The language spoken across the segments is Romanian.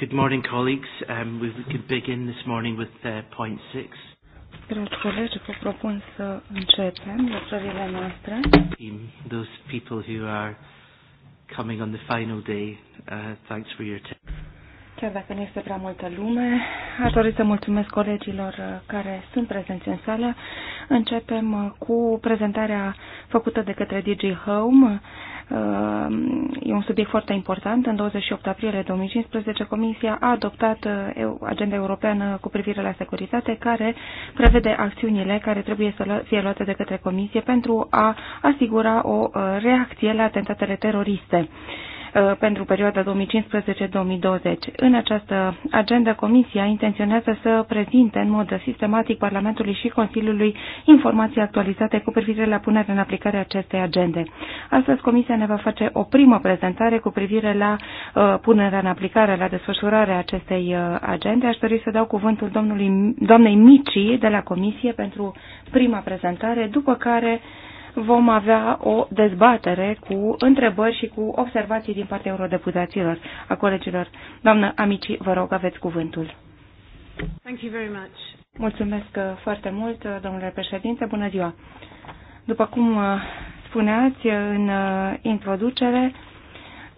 Good morning, colleagues. Um, we we could begin this morning with uh, point six. Dragi colegi, vă propun să începem lucrările noastre. Team, Those people who are coming on the final day, uh, thanks for your time. Chiar dacă nu este prea multă lume, aș dori să mulțumesc colegilor uh, care sunt prezenți în sală Începem uh, cu prezentarea făcută de către DJ Home. Uh, e un subiect foarte important. În 28 aprilie 2015, Comisia a adoptat uh, agenda europeană cu privire la securitate, care prevede acțiunile care trebuie să fie luate de către Comisie pentru a asigura o reacție la atentatele teroriste. Uh, pentru perioada 2015-2020. În această agendă, Comisia intenționează să prezinte în mod sistematic Parlamentului și Consiliului informații actualizate cu privire la punerea în aplicare a acestei agende. Astăzi, Comisia ne va face o primă prezentare cu privire la uh, punerea în aplicare, la desfășurarea acestei uh, agende. Aș dori să dau cuvântul domnului, doamnei Mici de la Comisie pentru prima prezentare, după care uh, vom avea o dezbatere cu întrebări și cu observații din partea eurodeputaților, a colegilor. Doamnă Amici, vă rog, aveți cuvântul. Thank you very much. Mulțumesc uh, foarte mult, uh, domnule președinte. Bună ziua! După cum uh, spuneați în introducere,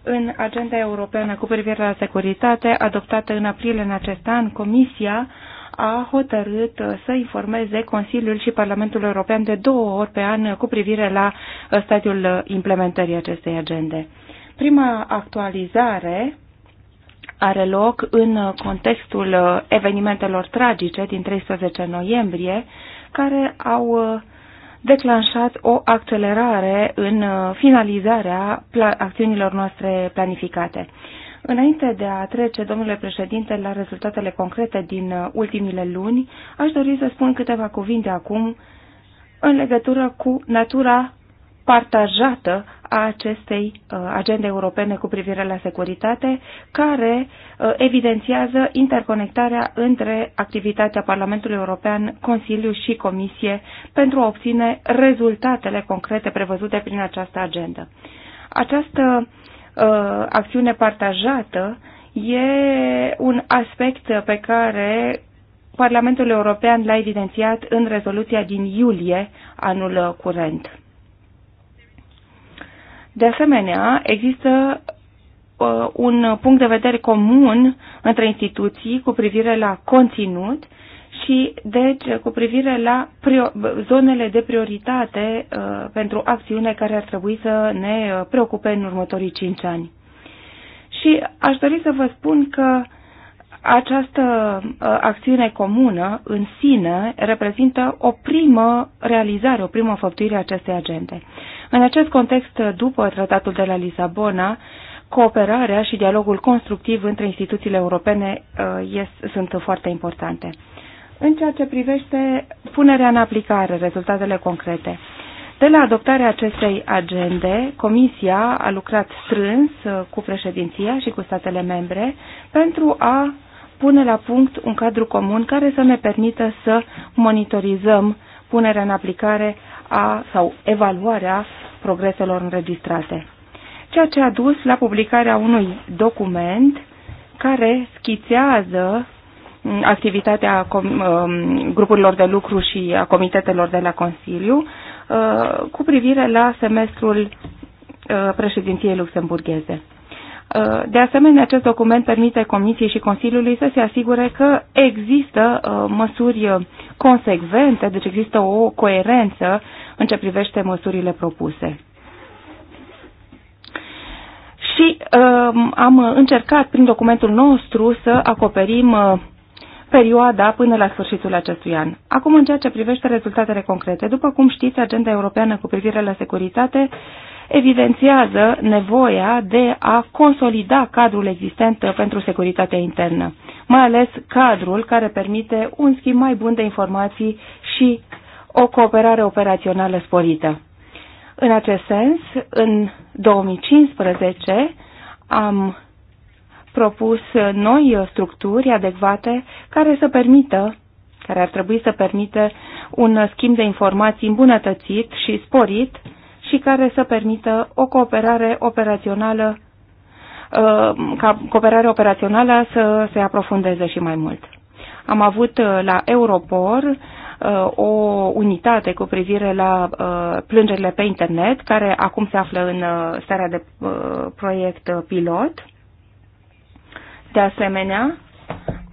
în agenda europeană cu privire la securitate, adoptată în aprilie în acest an, Comisia a hotărât să informeze Consiliul și Parlamentul European de două ori pe an cu privire la uh, stadiul uh, implementării acestei agende. Prima actualizare are loc în uh, contextul evenimentelor tragice din 13 noiembrie, care au declanșat o accelerare în finalizarea acțiunilor noastre planificate. Înainte de a trece, domnule președinte, la rezultatele concrete din uh, ultimile luni, aș dori să spun câteva cuvinte acum în legătură cu natura partajată a acestei uh, agende europene cu privire la securitate, care uh, evidențiază interconectarea între activitatea Parlamentului European, Consiliu și Comisie pentru a obține rezultatele concrete prevăzute prin această agendă. Această uh, uh, acțiune partajată e un aspect pe care Parlamentul European l-a evidențiat în rezoluția din iulie anul curent. De asemenea, există uh, un punct de vedere comun între instituții cu privire la conținut și deci cu privire la zonele de prioritate uh, pentru acțiune care ar trebui să ne uh, preocupe în următorii 5 ani. Și aș dori să vă spun că această uh, acțiune comună în sine reprezintă o primă realizare, o primă făptuire a acestei agende. În acest context, după tratatul de la Lisabona, cooperarea și dialogul constructiv între instituțiile europene uh, yes, sunt foarte importante. În ceea ce privește punerea în aplicare, rezultatele concrete, de la adoptarea acestei agende, Comisia a lucrat strâns uh, cu președinția și cu statele membre pentru a pune la punct un cadru comun care să ne permită să monitorizăm punerea în aplicare a, sau evaluarea progreselor înregistrate. Ceea ce a dus la publicarea unui document care schițează activitatea um, grupurilor de lucru și a comitetelor de la Consiliu uh, cu privire la semestrul uh, președinției luxemburgheze. Uh, de asemenea, acest document permite Comisiei și Consiliului să se asigure că există măsuri consecvente, deci există o coerență în ce privește măsurile propuse. Și um, am încercat prin documentul nostru să acoperim perioada până la sfârșitul acestui an. Acum, în ceea ce privește rezultatele concrete, după cum știți, agenda europeană cu privire la securitate evidențiază nevoia de a consolida cadrul existent pentru securitatea internă, mai ales cadrul care permite un schimb mai bun de informații și o cooperare operațională sporită. În acest sens, în 2015 am propus noi structuri adecvate care să permită, care ar trebui să permită un schimb de informații îmbunătățit și sporit și care să permită o cooperare operațională uh, ca cooperarea operațională să se aprofundeze și mai mult. Am avut uh, la Europor uh, o unitate cu privire la plângerile pe internet, care acum se află în starea de proiect pilot de asemenea,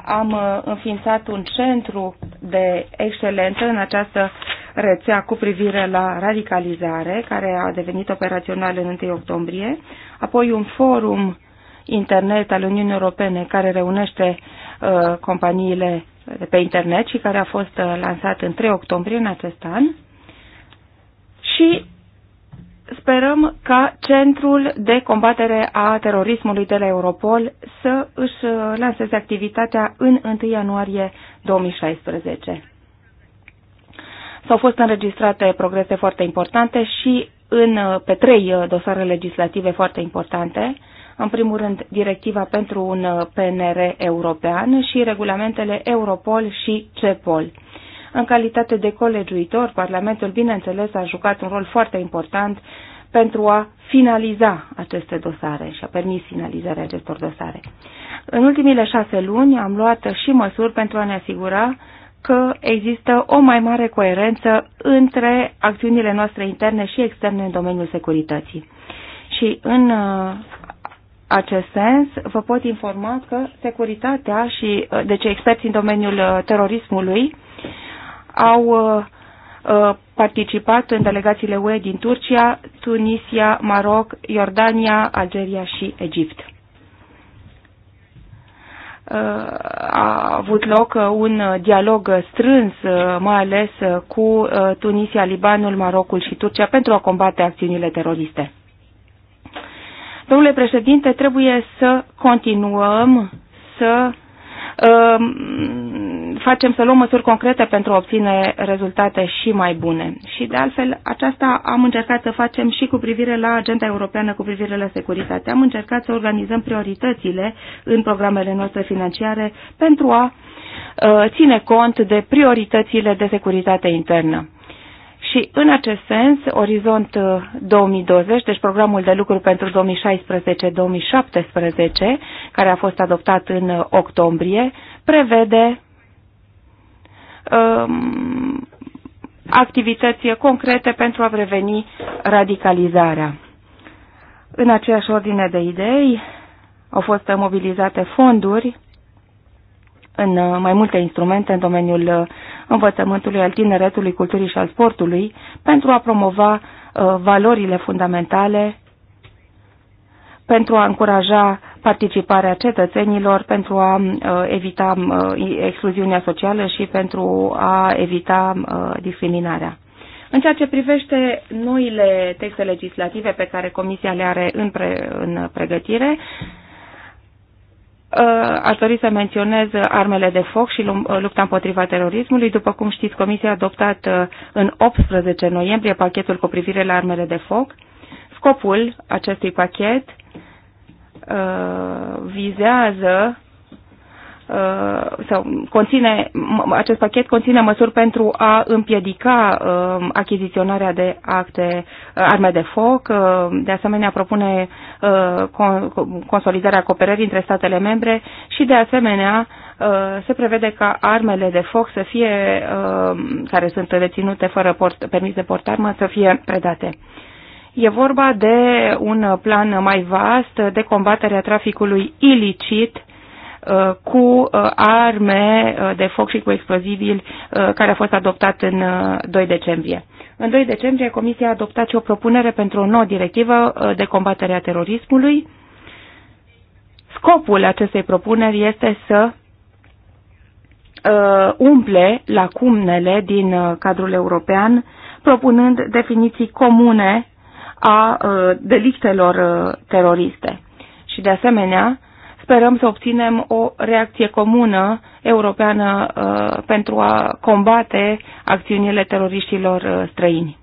am uh, înființat un centru de excelență în această rețea cu privire la radicalizare, care a devenit operațional în 1 octombrie, apoi un forum internet al Uniunii Europene care reunește uh, companiile de pe internet și care a fost uh, lansat în 3 octombrie în acest an și sperăm ca Centrul de Combatere a Terorismului de la Europol să își uh, lanseze activitatea în 1 ianuarie 2016. S-au fost înregistrate progrese foarte importante și în, uh, pe trei uh, dosare legislative foarte importante. În primul rând, directiva pentru un PNR european și regulamentele Europol și CEPOL în calitate de colegiuitor, Parlamentul, bineînțeles, a jucat un rol foarte important pentru a finaliza aceste dosare și a permis finalizarea acestor dosare. În ultimile șase luni am luat și măsuri pentru a ne asigura că există o mai mare coerență între acțiunile noastre interne și externe în domeniul securității. Și în uh, acest sens, vă pot informa că securitatea și, uh, deci experții în domeniul uh, terorismului, au uh, uh, participat în delegațiile UE din Turcia, Tunisia, Maroc, Iordania, Algeria și Egipt. Uh, a avut loc un dialog strâns, mai ales cu Tunisia, Libanul, Marocul și Turcia, pentru a combate acțiunile teroriste. Domnule președinte, trebuie să continuăm să facem să luăm măsuri concrete pentru a obține rezultate și mai bune. Și de altfel, aceasta am încercat să facem și cu privire la agenda europeană cu privire la securitate. Am încercat să organizăm prioritățile în programele noastre financiare pentru a uh, ține cont de prioritățile de securitate internă. Și în acest sens, Orizont 2020, uh, deci programul de lucru pentru 2016-2017, care a fost adoptat în uh, octombrie, prevede Um, activități concrete pentru a preveni radicalizarea. În aceeași ordine de idei au fost mobilizate fonduri în uh, mai multe instrumente în domeniul uh, învățământului, al tineretului, culturii și al sportului, pentru a promova uh, valorile fundamentale, pentru a încuraja participarea cetățenilor pentru a uh, evita uh, excluziunea socială și pentru a evita uh, discriminarea. În ceea ce privește noile texte legislative pe care Comisia le are în, pre, în pregătire, Aș dori să menționez armele de foc și lupta împotriva terorismului. După cum știți, Comisia a adoptat în 18 noiembrie pachetul cu privire la armele de foc. Scopul acestui pachet Uh, vizează uh, sau conține, acest pachet conține măsuri pentru a împiedica uh, achiziționarea de acte, arme de foc. De asemenea, propune consolidarea cooperării între statele membre și, de asemenea, se prevede ca armele de foc să fie, care sunt deținute fără port, permis de portarmă, să fie predate. E vorba de un plan mai vast de combaterea traficului ilicit uh, cu uh, arme uh, de foc și cu explozibili care a fost adoptat în 2 decembrie. În 2 decembrie, Comisia a adoptat și o propunere pentru o nouă directivă de combatere a terorismului. Scopul acestei propuneri este să umple lacunele din cadrul european, propunând definiții comune a uh, delictelor uh, teroriste. Și de asemenea, sperăm să obținem o reacție comună europeană uh, pentru a combate acțiunile teroriștilor străini.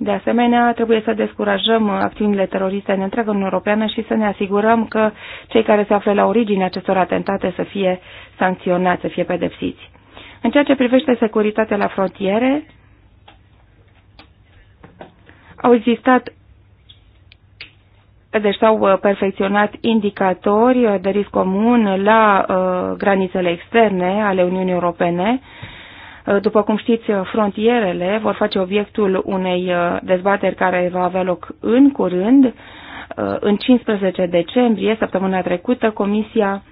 De asemenea, trebuie să descurajăm acțiunile teroriste în întreaga Uniune Europeană și să ne asigurăm că cei care se află la originea acestor atentate să fie sancționați, să fie pedepsiți. În ceea ce privește securitatea la frontiere, au existat deci s-au uh, perfecționat indicatori uh, de risc comun la uh, granițele externe ale Uniunii Europene. După cum știți, frontierele vor face obiectul unei dezbateri care va avea loc în curând. În 15 decembrie, săptămâna trecută, Comisia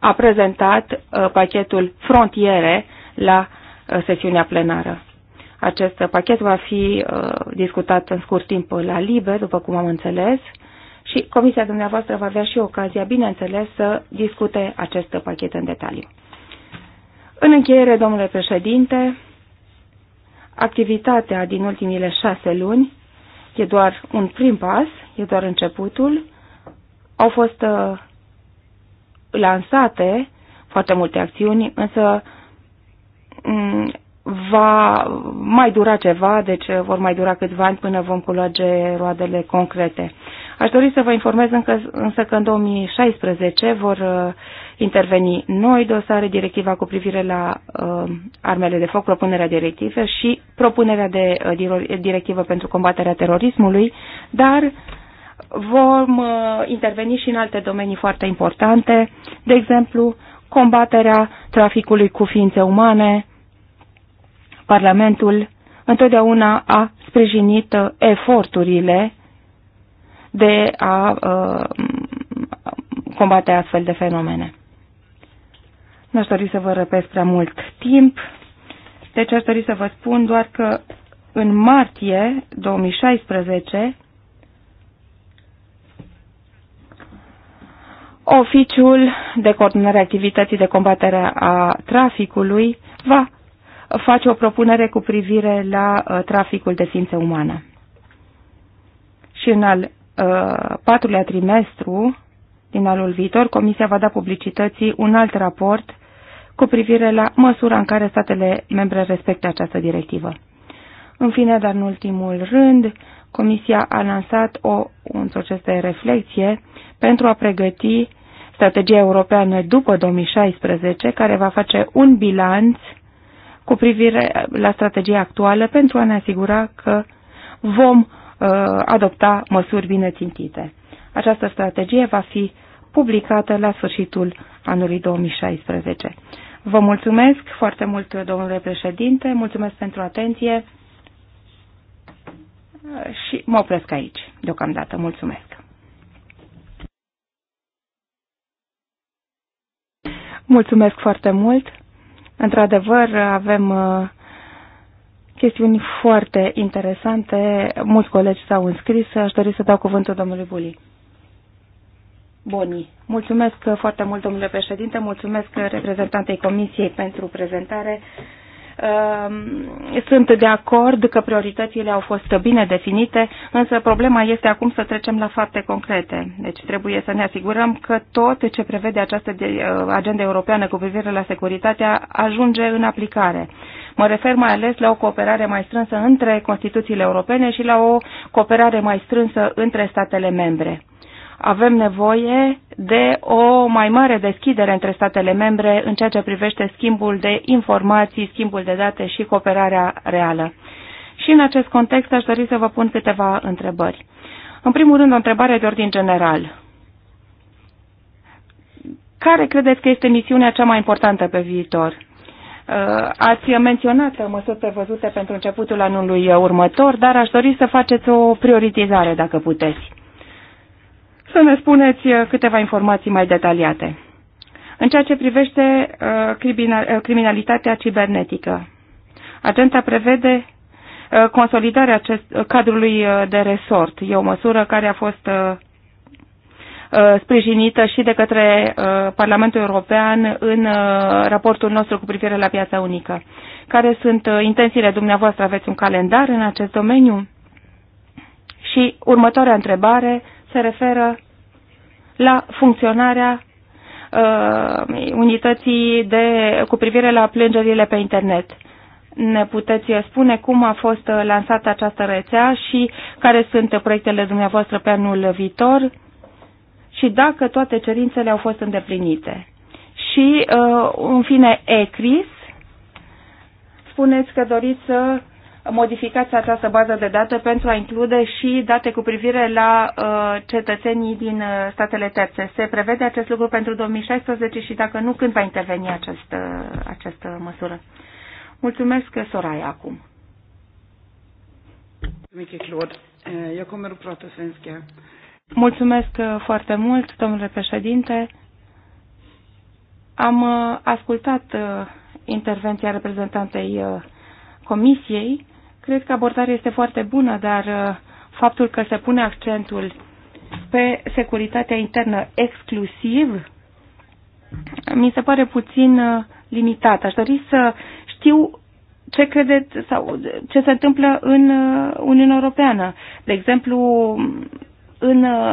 a prezentat pachetul frontiere la sesiunea plenară. Acest pachet va fi uh, discutat în scurt timp la liber, după cum am înțeles, și comisia dumneavoastră va avea și ocazia, bineînțeles, să discute acest pachet în detaliu. În încheiere, domnule președinte, activitatea din ultimile șase luni e doar un prim pas, e doar începutul. Au fost uh, lansate foarte multe acțiuni, însă mm, va mai dura ceva, deci vor mai dura câțiva ani până vom culoage roadele concrete. Aș dori să vă informez încă, însă că în 2016 vor uh, interveni noi dosare, directiva cu privire la uh, armele de foc, propunerea directivă și propunerea de uh, directivă pentru combaterea terorismului, dar vom uh, interveni și în alte domenii foarte importante, de exemplu, combaterea traficului cu ființe umane, Parlamentul întotdeauna a sprijinit uh, eforturile de a uh, combate astfel de fenomene. N-aș dori să vă răpesc prea mult timp, deci aș dori să vă spun doar că în martie 2016 Oficiul de coordonare a activității de combatere a traficului va face o propunere cu privire la uh, traficul de ființe umane. Și în al uh, patrulea trimestru din anul viitor, Comisia va da publicității un alt raport cu privire la măsura în care statele membre respectă această directivă. În fine, dar în ultimul rând, Comisia a lansat o, un proces de reflexie pentru a pregăti strategia europeană după 2016, care va face un bilanț cu privire la strategia actuală pentru a ne asigura că vom uh, adopta măsuri bine țintite. Această strategie va fi publicată la sfârșitul anului 2016. Vă mulțumesc foarte mult, domnule președinte, mulțumesc pentru atenție și mă opresc aici, deocamdată. Mulțumesc! Mulțumesc foarte mult! Într-adevăr, avem uh, chestiuni foarte interesante. Mulți colegi s-au înscris. Aș dori să dau cuvântul domnului Buli. Boni. Mulțumesc foarte mult, domnule președinte. Mulțumesc reprezentantei Comisiei pentru prezentare. Ehm, sunt de acord că prioritățile au fost bine definite, însă problema este acum să trecem la fapte concrete. Deci trebuie să ne asigurăm că tot ce prevede această eh, agenda europeană cu privire la securitatea ajunge în aplicare. Mă refer mai ales la o cooperare mai strânsă între constituțiile europene și la o cooperare mai strânsă între statele membre avem nevoie de o mai mare deschidere între statele membre în ceea ce privește schimbul de informații, schimbul de date și cooperarea reală. Și în acest context aș dori să vă pun câteva întrebări. În primul rând, o întrebare de ordin general. Care credeți că este misiunea cea mai importantă pe viitor? Uh, ați menționat măsuri prevăzute pentru începutul anului următor, dar aș dori să faceți o prioritizare, dacă puteți să ne spuneți uh, câteva informații mai detaliate. În ceea ce privește uh, uh, criminalitatea cibernetică, agenda prevede consolidarea acest, cadrului de resort. E o măsură care a fost sprijinită și de către Parlamentul European în raportul nostru cu privire la piața unică. Care sunt intențiile dumneavoastră? Aveți un calendar în acest domeniu? Și următoarea întrebare se referă la funcționarea uh, unității de, cu privire la plângerile pe internet. Ne puteți spune cum a fost lansată această rețea și care sunt proiectele dumneavoastră pe anul viitor și dacă toate cerințele au fost îndeplinite. Și, uh, în fine, ECRIS, spuneți că doriți să modificați această bază de date pentru a include și date cu privire la uh, cetățenii din uh, statele terțe. Se prevede acest lucru pentru 2016 și dacă nu, când va interveni această, uh, această măsură? Mulțumesc, Soraya, acum. Claude, eh, Mulțumesc uh, foarte mult, domnule președinte. Am uh, ascultat intervenția reprezentantei Comisiei Cred că abordarea este foarte bună, dar uh, faptul că se pune accentul pe securitatea internă exclusiv mi se pare puțin uh, limitat. Aș dori să știu ce credeți sau ce se întâmplă în uh, Uniunea Europeană. De exemplu, în uh,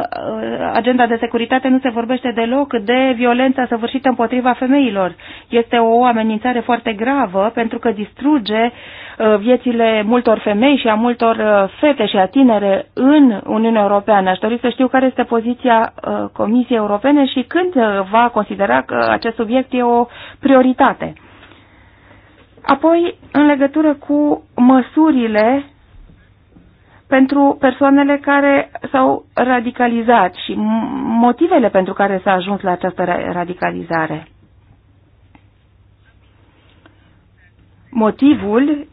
agenda de securitate nu se vorbește deloc de violența săvârșită împotriva femeilor. Este o amenințare foarte gravă pentru că distruge uh, viețile multor femei și a multor uh, fete și a tinere în Uniunea Europeană. Aș dori să știu care este poziția Comisiei Europene și când va considera că acest subiect e o prioritate. Apoi, în legătură cu măsurile pentru persoanele care s-au radicalizat și motivele pentru care s-a ajuns la această radicalizare. Motivul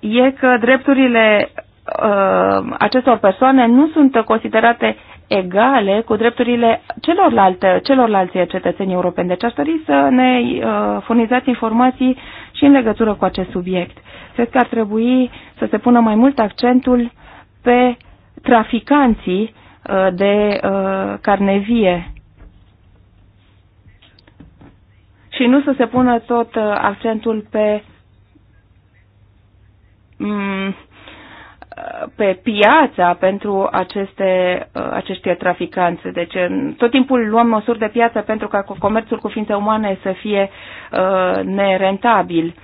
e că drepturile uh, acestor persoane nu sunt considerate egale cu drepturile celorlalte, celorlalți cetățeni europeni. Deci aș dori să ne uh, furnizați informații și în legătură cu acest subiect. Cred că ar trebui să se pună mai mult accentul pe traficanții uh, de uh, carne vie și nu să se pună tot uh, accentul pe mm, pe piața pentru aceste, uh, acești traficanți. Deci tot timpul luăm măsuri de piață pentru ca comerțul cu ființe umane să fie uh, nerentabil.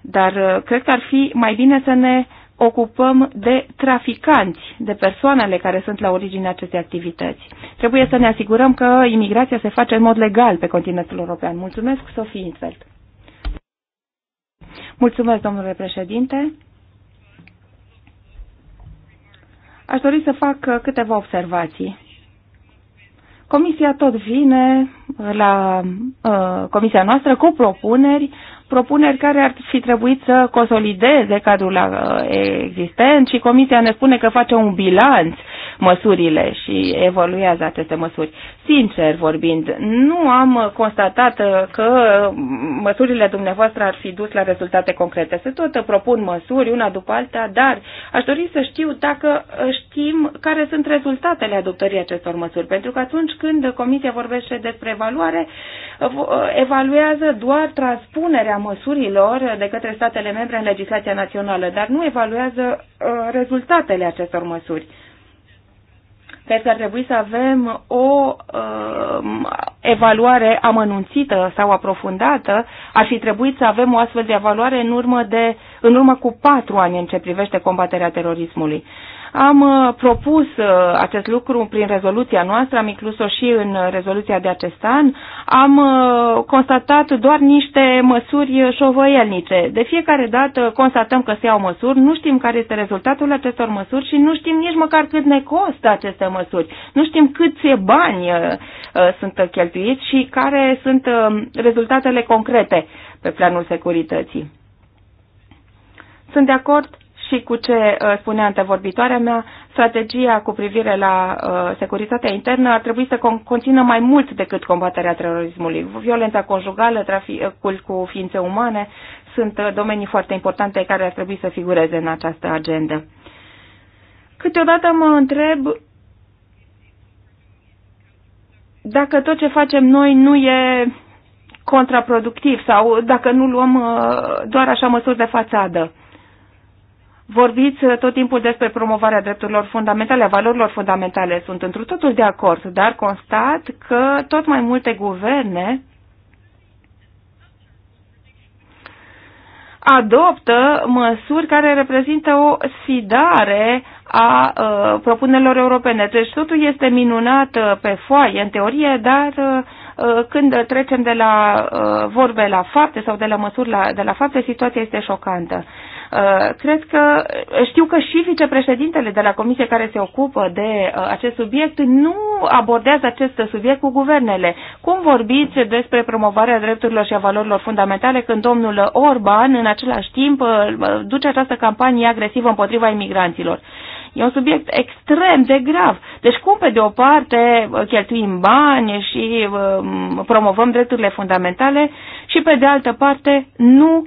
Dar uh, cred că ar fi mai bine să ne ocupăm de traficanți, de persoanele care sunt la originea acestei activități. Trebuie să ne asigurăm că imigrația se face în mod legal pe continentul european. Mulțumesc, Sofie Intveld. Mulțumesc, domnule președinte. Aș dori să fac uh, câteva observații. Comisia tot vine la uh, comisia noastră cu propuneri, propuneri care ar fi trebuit să consolideze cadrul uh, existent și comisia ne spune că face un bilanț măsurile și evoluează aceste măsuri. Sincer vorbind, nu am constatat că măsurile dumneavoastră ar fi dus la rezultate concrete. Se tot propun măsuri una după alta, dar aș dori să știu dacă știm care sunt rezultatele adoptării acestor măsuri, pentru că atunci când Comisia vorbește despre evaluare, evaluează doar transpunerea măsurilor de către statele membre în legislația națională, dar nu evaluează uh, rezultatele acestor măsuri. Cred că ar trebui să avem o uh, evaluare amănunțită sau aprofundată. Ar fi trebuit să avem o astfel de evaluare în urmă, de, în urmă cu patru ani în ce privește combaterea terorismului. Am uh, propus uh, acest lucru prin rezoluția noastră, am inclus-o și în uh, rezoluția de acest an. Am constatat doar niște măsuri șovăielnice. De fiecare dată constatăm că se iau măsuri, nu știm care este rezultatul acestor măsuri și nu știm nici măcar cât ne costă aceste măsuri. Nu știm câți bani sunt cheltuiți și care sunt rezultatele concrete pe planul securității. Sunt de acord și cu ce uh, spunea antevorbitoarea mea, strategia cu privire la uh, securitatea internă ar trebui să conțină mai mult decât combaterea terorismului. Violența conjugală, traficul uh, cu ființe umane sunt domenii foarte importante care ar trebui să figureze în această agendă. Câteodată mă întreb dacă tot ce facem noi nu e contraproductiv sau dacă nu luăm doar așa măsuri de fațadă vorbiți uh, tot timpul despre promovarea drepturilor fundamentale, a valorilor fundamentale. Sunt într totul de acord, dar constat că tot mai multe guverne adoptă măsuri care reprezintă o sfidare a uh, propunerilor europene. Deci totul este minunat uh, pe foaie, în teorie, dar uh, uh când trecem de la uh, vorbe la fapte sau de la măsuri la, de la fapte, situația este șocantă. Uh, cred că uh, știu că și vicepreședintele de la comisie care se ocupă de uh, acest subiect nu abordează acest subiect cu guvernele. Cum vorbiți despre promovarea drepturilor și a valorilor fundamentale când domnul Orban în același timp duce această campanie agresivă împotriva imigranților? E un subiect extrem de grav. Deci cum pe de o parte cheltuim bani și um, promovăm drepturile fundamentale și pe de altă parte nu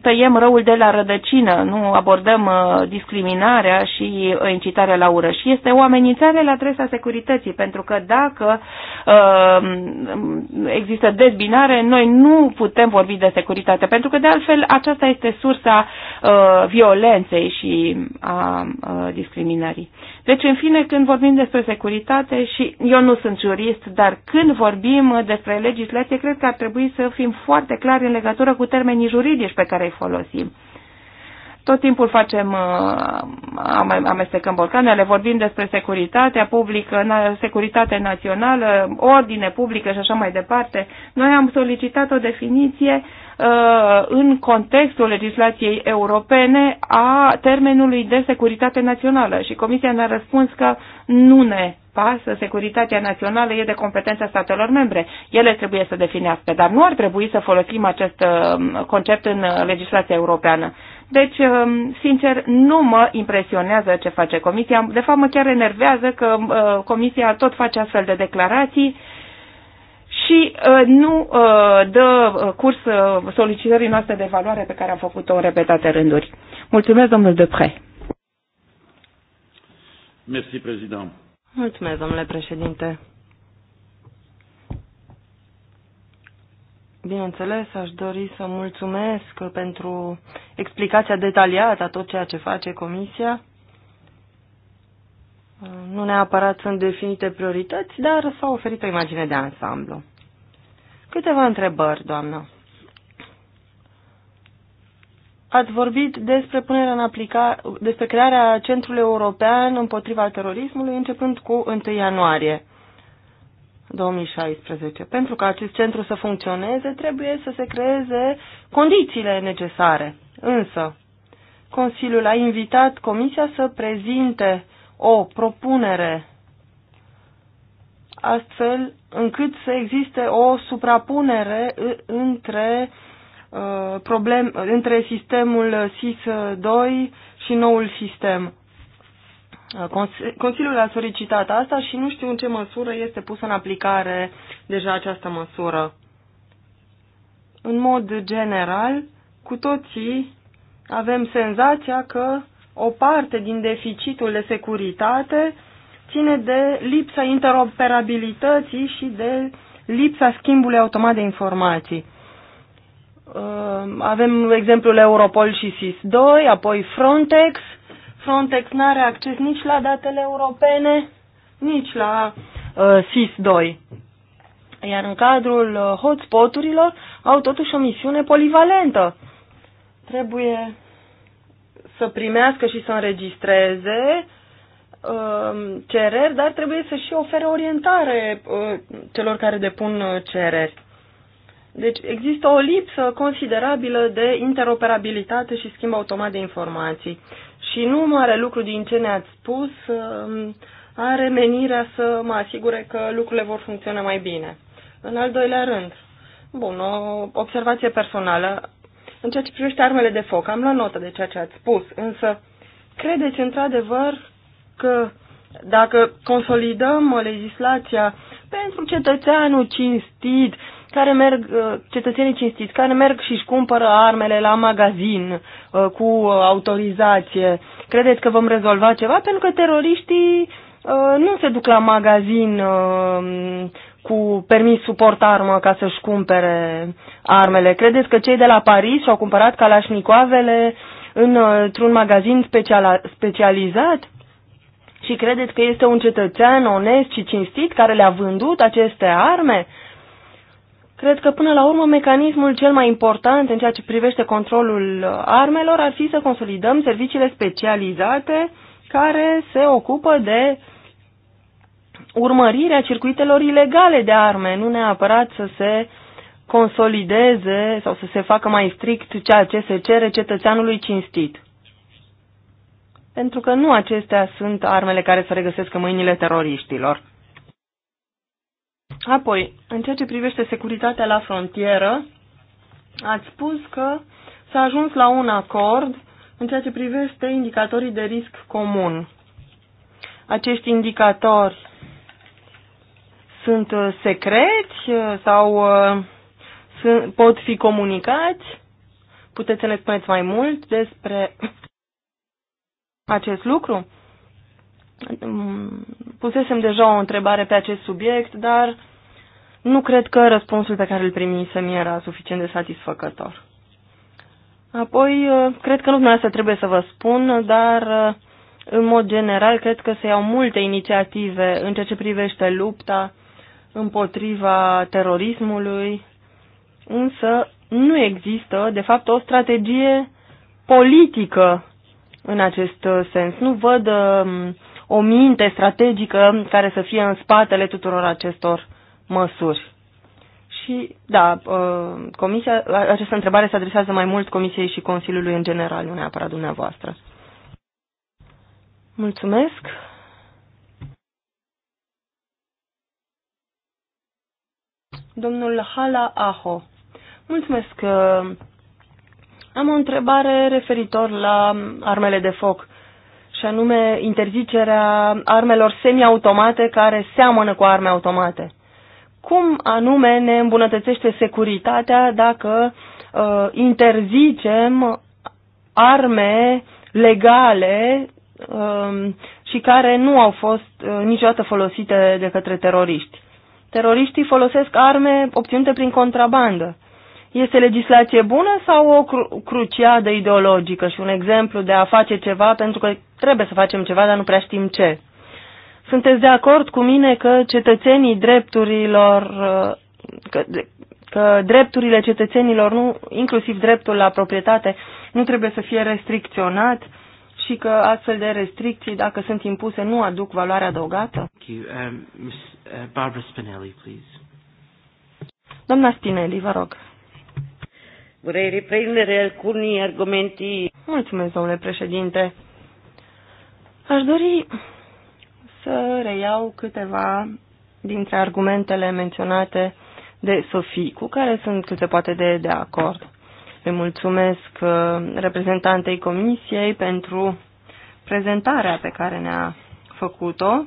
tăiem răul de la rădăcină, nu abordăm uh, discriminarea și uh, incitarea la ură. Și este o amenințare la adresa securității, pentru că dacă uh, există dezbinare, noi nu putem vorbi de securitate, pentru că de altfel aceasta este sursa violenței și a discriminării. Deci, în fine, când vorbim despre securitate și eu nu sunt jurist, dar când vorbim despre legislație, cred că ar trebui să fim foarte clari în legătură cu termenii juridici pe care îi folosim tot timpul facem, uh, amestecăm borcanele, vorbim despre securitatea publică, securitate națională, ordine publică și așa mai departe. Noi am solicitat o definiție Uh, în contextul legislației europene a termenului de securitate națională și Comisia ne-a răspuns că nu ne pasă, securitatea națională e de competența statelor membre. Ele trebuie să definească, dar nu ar trebui să folosim acest uh, concept în uh, legislația europeană. Deci, sincer, nu mă impresionează ce face Comisia. De fapt, mă chiar enervează că Comisia tot face astfel de declarații și uh, nu uh, dă uh, curs solicitării noastre de valoare pe care am făcut-o în repetate rânduri. Mulțumesc, domnul Depre. Mersi, prezident. Mulțumesc, domnule președinte. Bineînțeles, aș dori să mulțumesc pentru explicația detaliată a tot ceea ce face Comisia. Nu neapărat sunt definite priorități, dar s-a oferit o imagine de ansamblu. Câteva întrebări, doamnă. Ați vorbit despre punerea în aplicare, despre crearea Centrului European împotriva terorismului începând cu 1 ianuarie 2016. Pentru ca acest centru să funcționeze, trebuie să se creeze condițiile necesare. Însă, Consiliul a invitat Comisia să prezinte o propunere astfel încât să existe o suprapunere între, uh, problem, între sistemul SIS-2 și noul sistem. Uh, Consiliul a solicitat asta și nu știu în ce măsură este pusă în aplicare deja această măsură. În mod general, cu toții avem senzația că o parte din deficitul de securitate uh, ține de lipsa interoperabilității și de lipsa schimbului automat de informații. Uh, avem exemplul Europol și SIS-2, apoi Frontex. Frontex nu are acces nici la datele europene, nici la uh, SIS-2. Iar în cadrul uh, hotspoturilor au totuși o misiune polivalentă. Trebuie să primească și să înregistreze Um, cereri, dar trebuie să și ofere orientare uh, celor care depun uh, cereri. Deci există o lipsă considerabilă de interoperabilitate și schimb automat de informații. Și nu mare lucru din ce ne-ați spus um, are menirea să mă asigure că lucrurile vor funcționa mai bine. În al doilea rând, bun, o observație personală. În ceea ce privește armele de foc, am luat notă de ceea ce ați spus, însă credeți într-adevăr că dacă consolidăm legislația pentru cetățeanul cinstit, care merg, uh, cetățenii cinstiți, care merg și își cumpără armele la magazin uh, cu uh, autorizație, credeți că vom rezolva ceva? Pentru că teroriștii nu se duc la magazin cu permis suport armă ca să-și cumpere armele. Credeți că cei de la Paris și-au cumpărat calașnicoavele într-un magazin specializat? și credeți că este un cetățean onest și cinstit care le-a vândut aceste arme? Cred că până la urmă mecanismul cel mai important în ceea ce privește controlul armelor ar fi să consolidăm serviciile specializate care se ocupă de urmărirea circuitelor ilegale de arme, nu neapărat să se consolideze sau să se facă mai strict ceea ce se cere cetățeanului cinstit pentru că nu acestea sunt armele care se regăsesc în mâinile teroriștilor. Apoi, în ceea ce privește securitatea la frontieră, ați spus că s-a ajuns la un acord în ceea ce privește indicatorii de risc comun. Acești indicatori sunt uh, secreți uh, sau uh, pot fi comunicați? Puteți să ne spuneți mai mult despre acest lucru? Mm, Pusesem deja o întrebare pe acest subiect, dar nu cred că răspunsul pe care îl primisem era suficient de satisfăcător. Apoi, uh, cred că nu asta trebuie să vă spun, dar uh, în mod general cred că se iau multe inițiative în ceea ce privește lupta împotriva terorismului, însă nu există, de fapt, o strategie politică în acest uh, sens. Nu văd um, o minte strategică care să fie în spatele tuturor acestor măsuri. Și, da, uh, comisia, această întrebare se adresează mai mult Comisiei și Consiliului în general, nu neapărat dumneavoastră. Mulțumesc. Domnul Hala Aho. Mulțumesc, uh, am o întrebare referitor la armele de foc și anume interzicerea armelor semiautomate care seamănă cu arme automate. Cum anume ne îmbunătățește securitatea dacă uh, interzicem arme legale uh, și care nu au fost uh, niciodată folosite de către teroriști? Teroriștii folosesc arme obținute prin contrabandă. Uh, este legislație bună sau o cru cruciadă ideologică și un exemplu de a face ceva pentru că trebuie să facem ceva, dar nu prea știm ce? Sunteți de acord cu mine că cetățenii drepturilor, uh, că, că drepturile cetățenilor, nu, inclusiv dreptul la proprietate, nu trebuie să fie restricționat și că astfel de restricții, dacă sunt impuse, nu aduc valoare adăugată? Um, uh, Barbara Spinelli, please. Doamna Spinelli, vă rog. Vrei reprindere cu unii argumenti? Mulțumesc, domnule președinte. Aș dori să reiau câteva dintre argumentele menționate de Sofie, cu care sunt cât se poate de, de acord. Îi mulțumesc uh, reprezentantei Comisiei pentru prezentarea pe care ne-a făcut-o.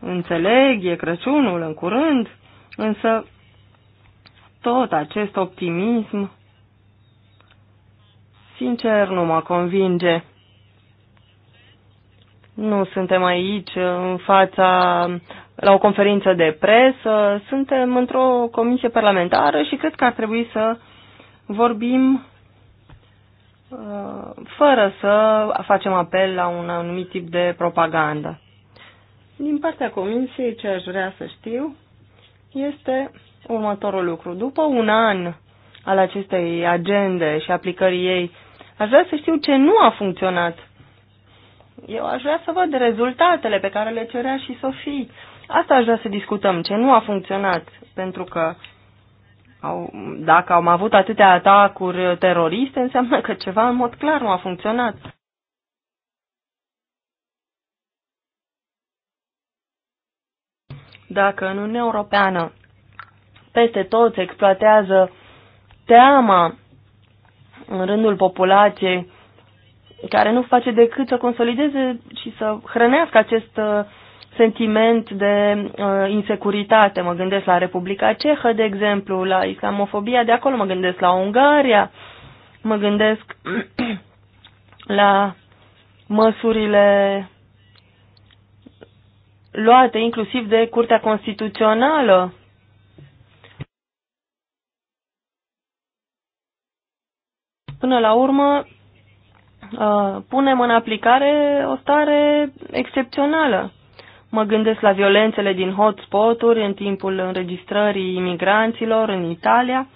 Înțeleg, e Crăciunul în curând, însă tot acest optimism, sincer, nu mă convinge. Nu suntem aici în fața, la o conferință de presă, suntem într-o comisie parlamentară și cred că ar trebui să vorbim uh, fără să facem apel la un anumit tip de propagandă. Din partea comisiei, ce aș vrea să știu este următorul lucru. După un an al acestei agende și aplicării ei, aș vrea să știu ce nu a funcționat. Eu aș vrea să văd rezultatele pe care le cerea și Sofie. Asta aș vrea să discutăm, ce nu a funcționat, pentru că au, dacă am avut atâtea atacuri teroriste, înseamnă că ceva în mod clar nu a funcționat. Dacă în Uniunea Europeană peste tot se exploatează teama în rândul populației care nu face decât să consolideze și să hrănească acest uh, sentiment de uh, insecuritate. Mă gândesc la Republica Cehă, de exemplu, la islamofobia de acolo, mă gândesc la Ungaria, mă gândesc la măsurile luate inclusiv de Curtea Constituțională Până la urmă, uh, punem în aplicare o stare excepțională. Mă gândesc la violențele din hotspot-uri în timpul înregistrării imigranților în Italia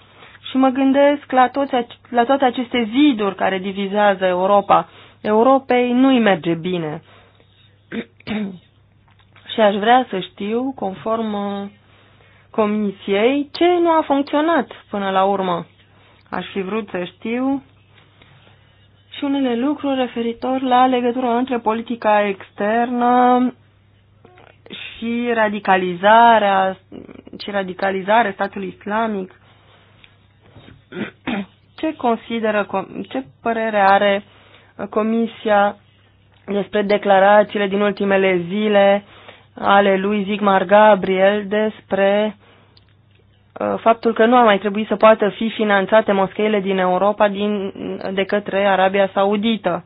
și mă gândesc la, toți, la toate aceste ziduri care divizează Europa. Europei nu-i merge bine. și aș vrea să știu, conform uh, comisiei, ce nu a funcționat până la urmă. Aș fi vrut să știu și unele lucruri referitor la legătura între politica externă și radicalizarea și radicalizarea statului islamic. Ce consideră, ce părere are Comisia despre declarațiile din ultimele zile ale lui Zigmar Gabriel despre Uh, faptul că nu ar mai trebui să poată fi finanțate moscheile din Europa din, de către Arabia Saudită.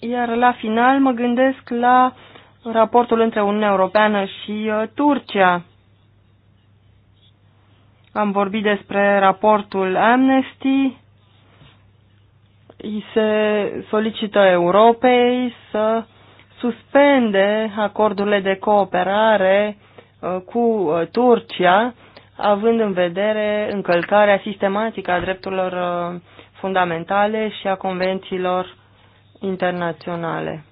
Iar la final mă gândesc la raportul între Uniunea Europeană și uh, Turcia. Am vorbit despre raportul Amnesty. Îi se solicită Europei să suspende acordurile de cooperare Uh, cu uh, Turcia, având în vedere încălcarea sistematică a drepturilor uh, fundamentale și a convențiilor internaționale.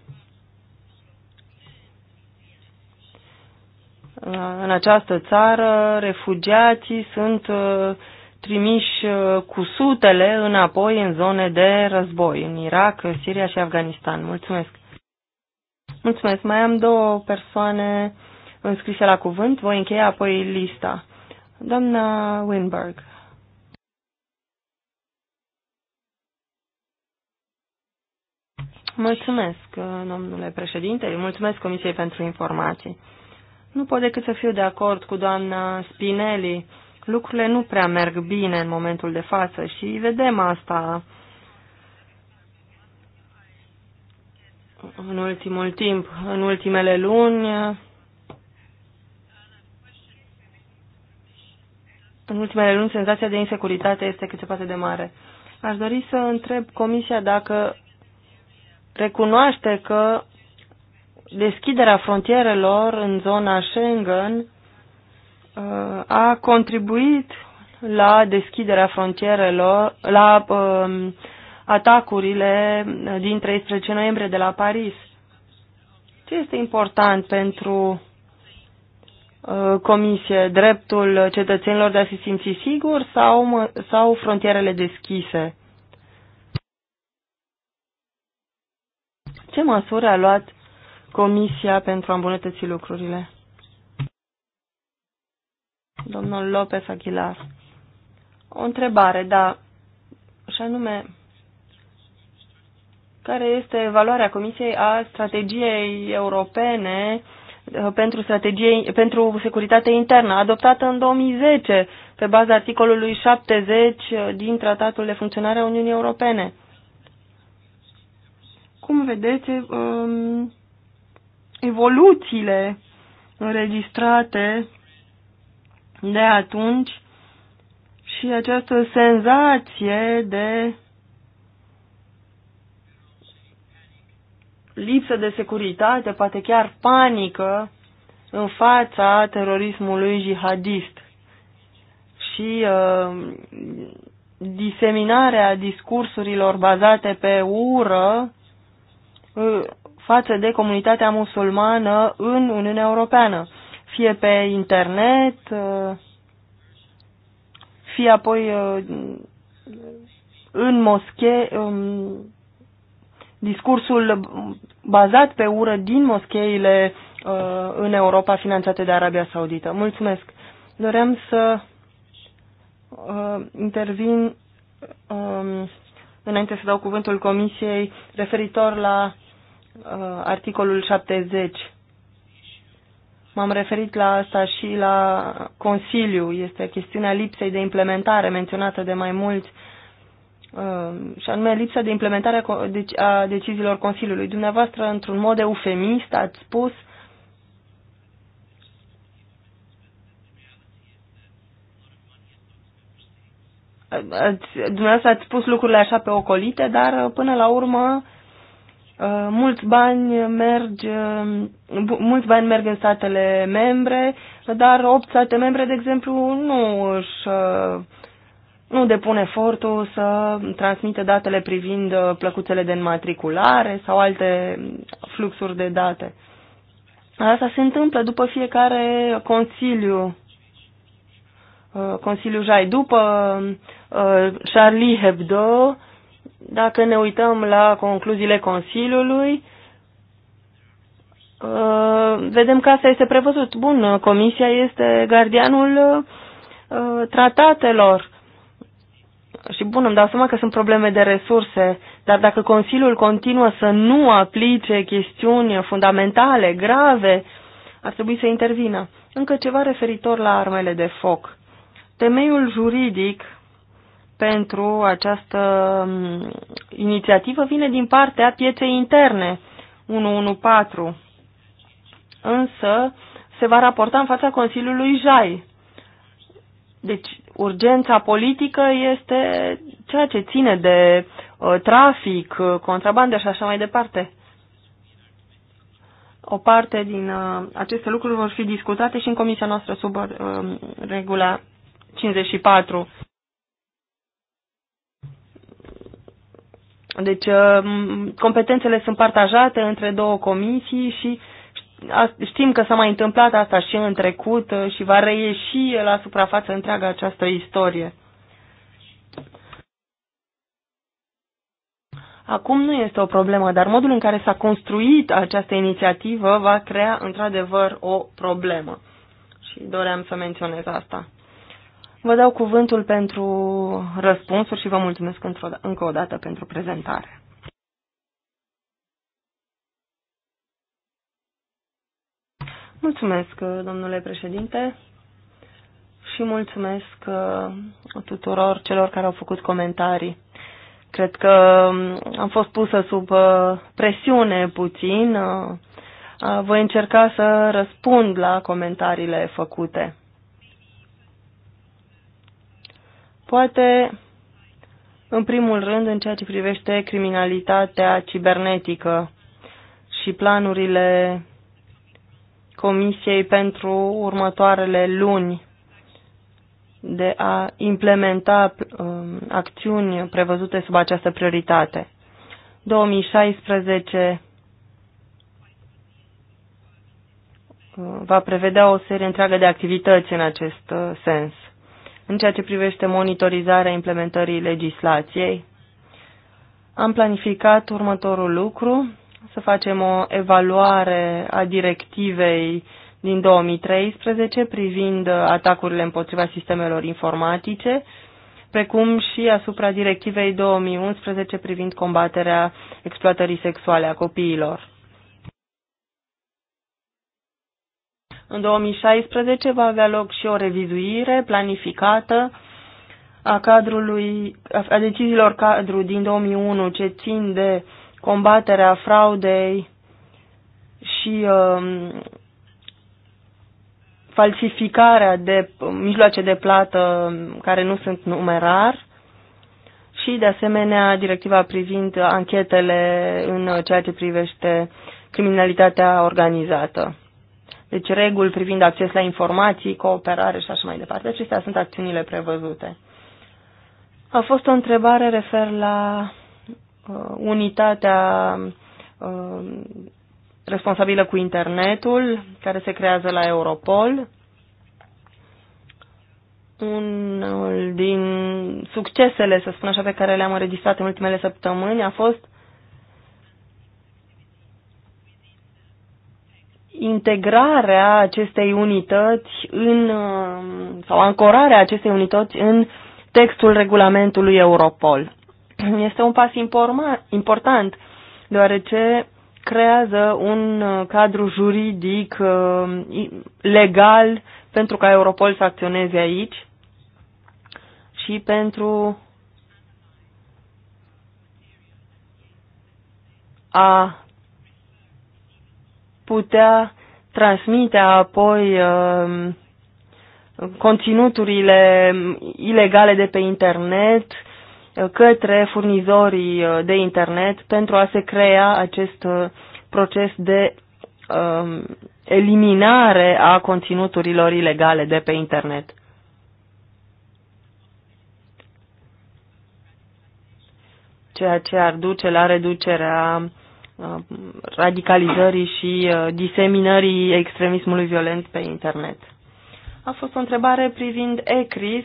În această țară, refugiații sunt trimiși cu sutele înapoi în zone de război, în Irak, Siria și Afganistan. Mulțumesc! Mulțumesc! Mai am două persoane înscrise la cuvânt. Voi încheia apoi lista. Doamna Winberg. Mulțumesc, domnule președinte, mulțumesc Comisiei pentru informații. Nu pot decât să fiu de acord cu doamna Spinelli. Lucrurile nu prea merg bine în momentul de față și vedem asta în ultimul timp, în ultimele luni în ultimele luni senzația de insecuritate este cât se poate de mare. Aș dori să întreb Comisia dacă recunoaște că deschiderea frontierelor în zona Schengen uh, a contribuit la deschiderea frontierelor, la uh, atacurile din 13 noiembrie de la Paris. Ce este important pentru Uh, comisie dreptul cetățenilor de a se simți sigur sau, sau frontierele deschise? Ce măsuri a luat comisia pentru a îmbunătăți lucrurile? Domnul Lopez Aguilar. O întrebare, da, și anume, care este valoarea Comisiei a strategiei europene Uh, pentru, strategie, pentru securitate internă, adoptată în 2010 pe baza articolului 70 din Tratatul de Funcționare a Uniunii Europene. Cum vedeți, um, evoluțiile înregistrate de atunci și această senzație de lipsă de securitate, poate chiar panică în fața terorismului jihadist și uh, diseminarea discursurilor bazate pe ură uh, față de comunitatea musulmană în Uniunea Europeană, fie pe internet, uh, fie apoi uh, în moschee, um, discursul bazat pe ură din moscheile uh, în Europa finanțate de Arabia Saudită. Mulțumesc. Doream să uh, intervin um, înainte să dau cuvântul Comisiei referitor la uh, articolul 70. M-am referit la asta și la Consiliu. Este chestiunea lipsei de implementare menționată de mai mulți uh, Um, și anume lipsa de implementare deci, a deciziilor Consiliului. Dumneavoastră, într-un mod eufemist, ați spus ați, dumneavoastră ați spus lucrurile așa pe ocolite, dar uh, până la urmă uh, mulți bani merg, uh, mulți bani merg în statele membre, dar 8 state membre, de exemplu, nu își nu depun efortul să transmită datele privind uh, plăcuțele de înmatriculare sau alte fluxuri de date. Asta se întâmplă după fiecare consiliu. Uh, Consiliul Jai. După uh, Charlie Hebdo, dacă ne uităm la concluziile Consiliului, vedem că asta este prevăzut. Bun, Comisia este gardianul tratatelor și bun, îmi dau seama că sunt probleme de resurse, dar dacă Consiliul continuă să nu aplice chestiuni fundamentale, grave, ar trebui să intervină. Încă ceva referitor la armele de foc. Temeiul juridic pentru această mm, inițiativă vine din partea pieței interne 114, însă se va raporta în fața Consiliului JAI. Deci, urgența politică este ceea ce ține de uh, trafic, uh, contrabandă și așa mai departe. O parte din uh, aceste lucruri vor fi discutate și în comisia noastră sub uh, regula 54. Deci, uh, competențele sunt partajate între două comisii și uh, Știm că s-a mai întâmplat asta și în trecut uh, și va reieși la suprafață întreaga această istorie. Acum nu este o problemă, dar modul în care s-a construit această inițiativă va crea într-adevăr o problemă. Și doream să menționez asta. Vă dau cuvântul pentru răspunsuri și vă mulțumesc încă o dată pentru prezentare. Mulțumesc, domnule președinte, și mulțumesc uh, tuturor celor care au făcut comentarii. Cred că um, am fost pusă sub uh, presiune puțin. Uh, voi încerca să răspund la comentariile făcute. Poate, în primul rând, în ceea ce privește criminalitatea cibernetică și planurile Comisiei pentru următoarele luni de a implementa um, acțiuni prevăzute sub această prioritate. 2016 uh, va prevedea o serie întreagă de activități în acest uh, sens. În ceea ce privește monitorizarea implementării legislației, am planificat următorul lucru să facem o evaluare a directivei din 2013 privind uh, atacurile împotriva sistemelor informatice, precum și asupra directivei 2011 privind combaterea exploatării sexuale a copiilor. În 2016 va avea loc și o revizuire planificată a, cadrului, a deciziilor cadru din 2001 ce țin de combaterea fraudei și uh, falsificarea de mijloace de plată care nu sunt numerar și, de asemenea, directiva privind anchetele în ceea ce privește criminalitatea organizată. Deci reguli privind acces la informații, cooperare și așa mai departe. Acestea sunt acțiunile prevăzute. A fost o întrebare refer la Uh, unitatea uh, responsabilă cu internetul care se creează la Europol. Unul din succesele, să spun așa, pe care le-am înregistrat în ultimele săptămâni a fost integrarea acestei unități în, uh, sau ancorarea acestei unități în textul regulamentului Europol. Este un pas important, deoarece creează un uh, cadru juridic uh, legal pentru ca Europol să acționeze aici și pentru a putea transmite apoi uh, conținuturile ilegale de pe internet către furnizorii uh, de internet pentru a se crea acest uh, proces de um, eliminare a conținuturilor ilegale de pe internet. Ceea ce ar duce la reducerea uh, radicalizării și diseminării extremismului violent pe internet. A fost o întrebare privind ECRIS,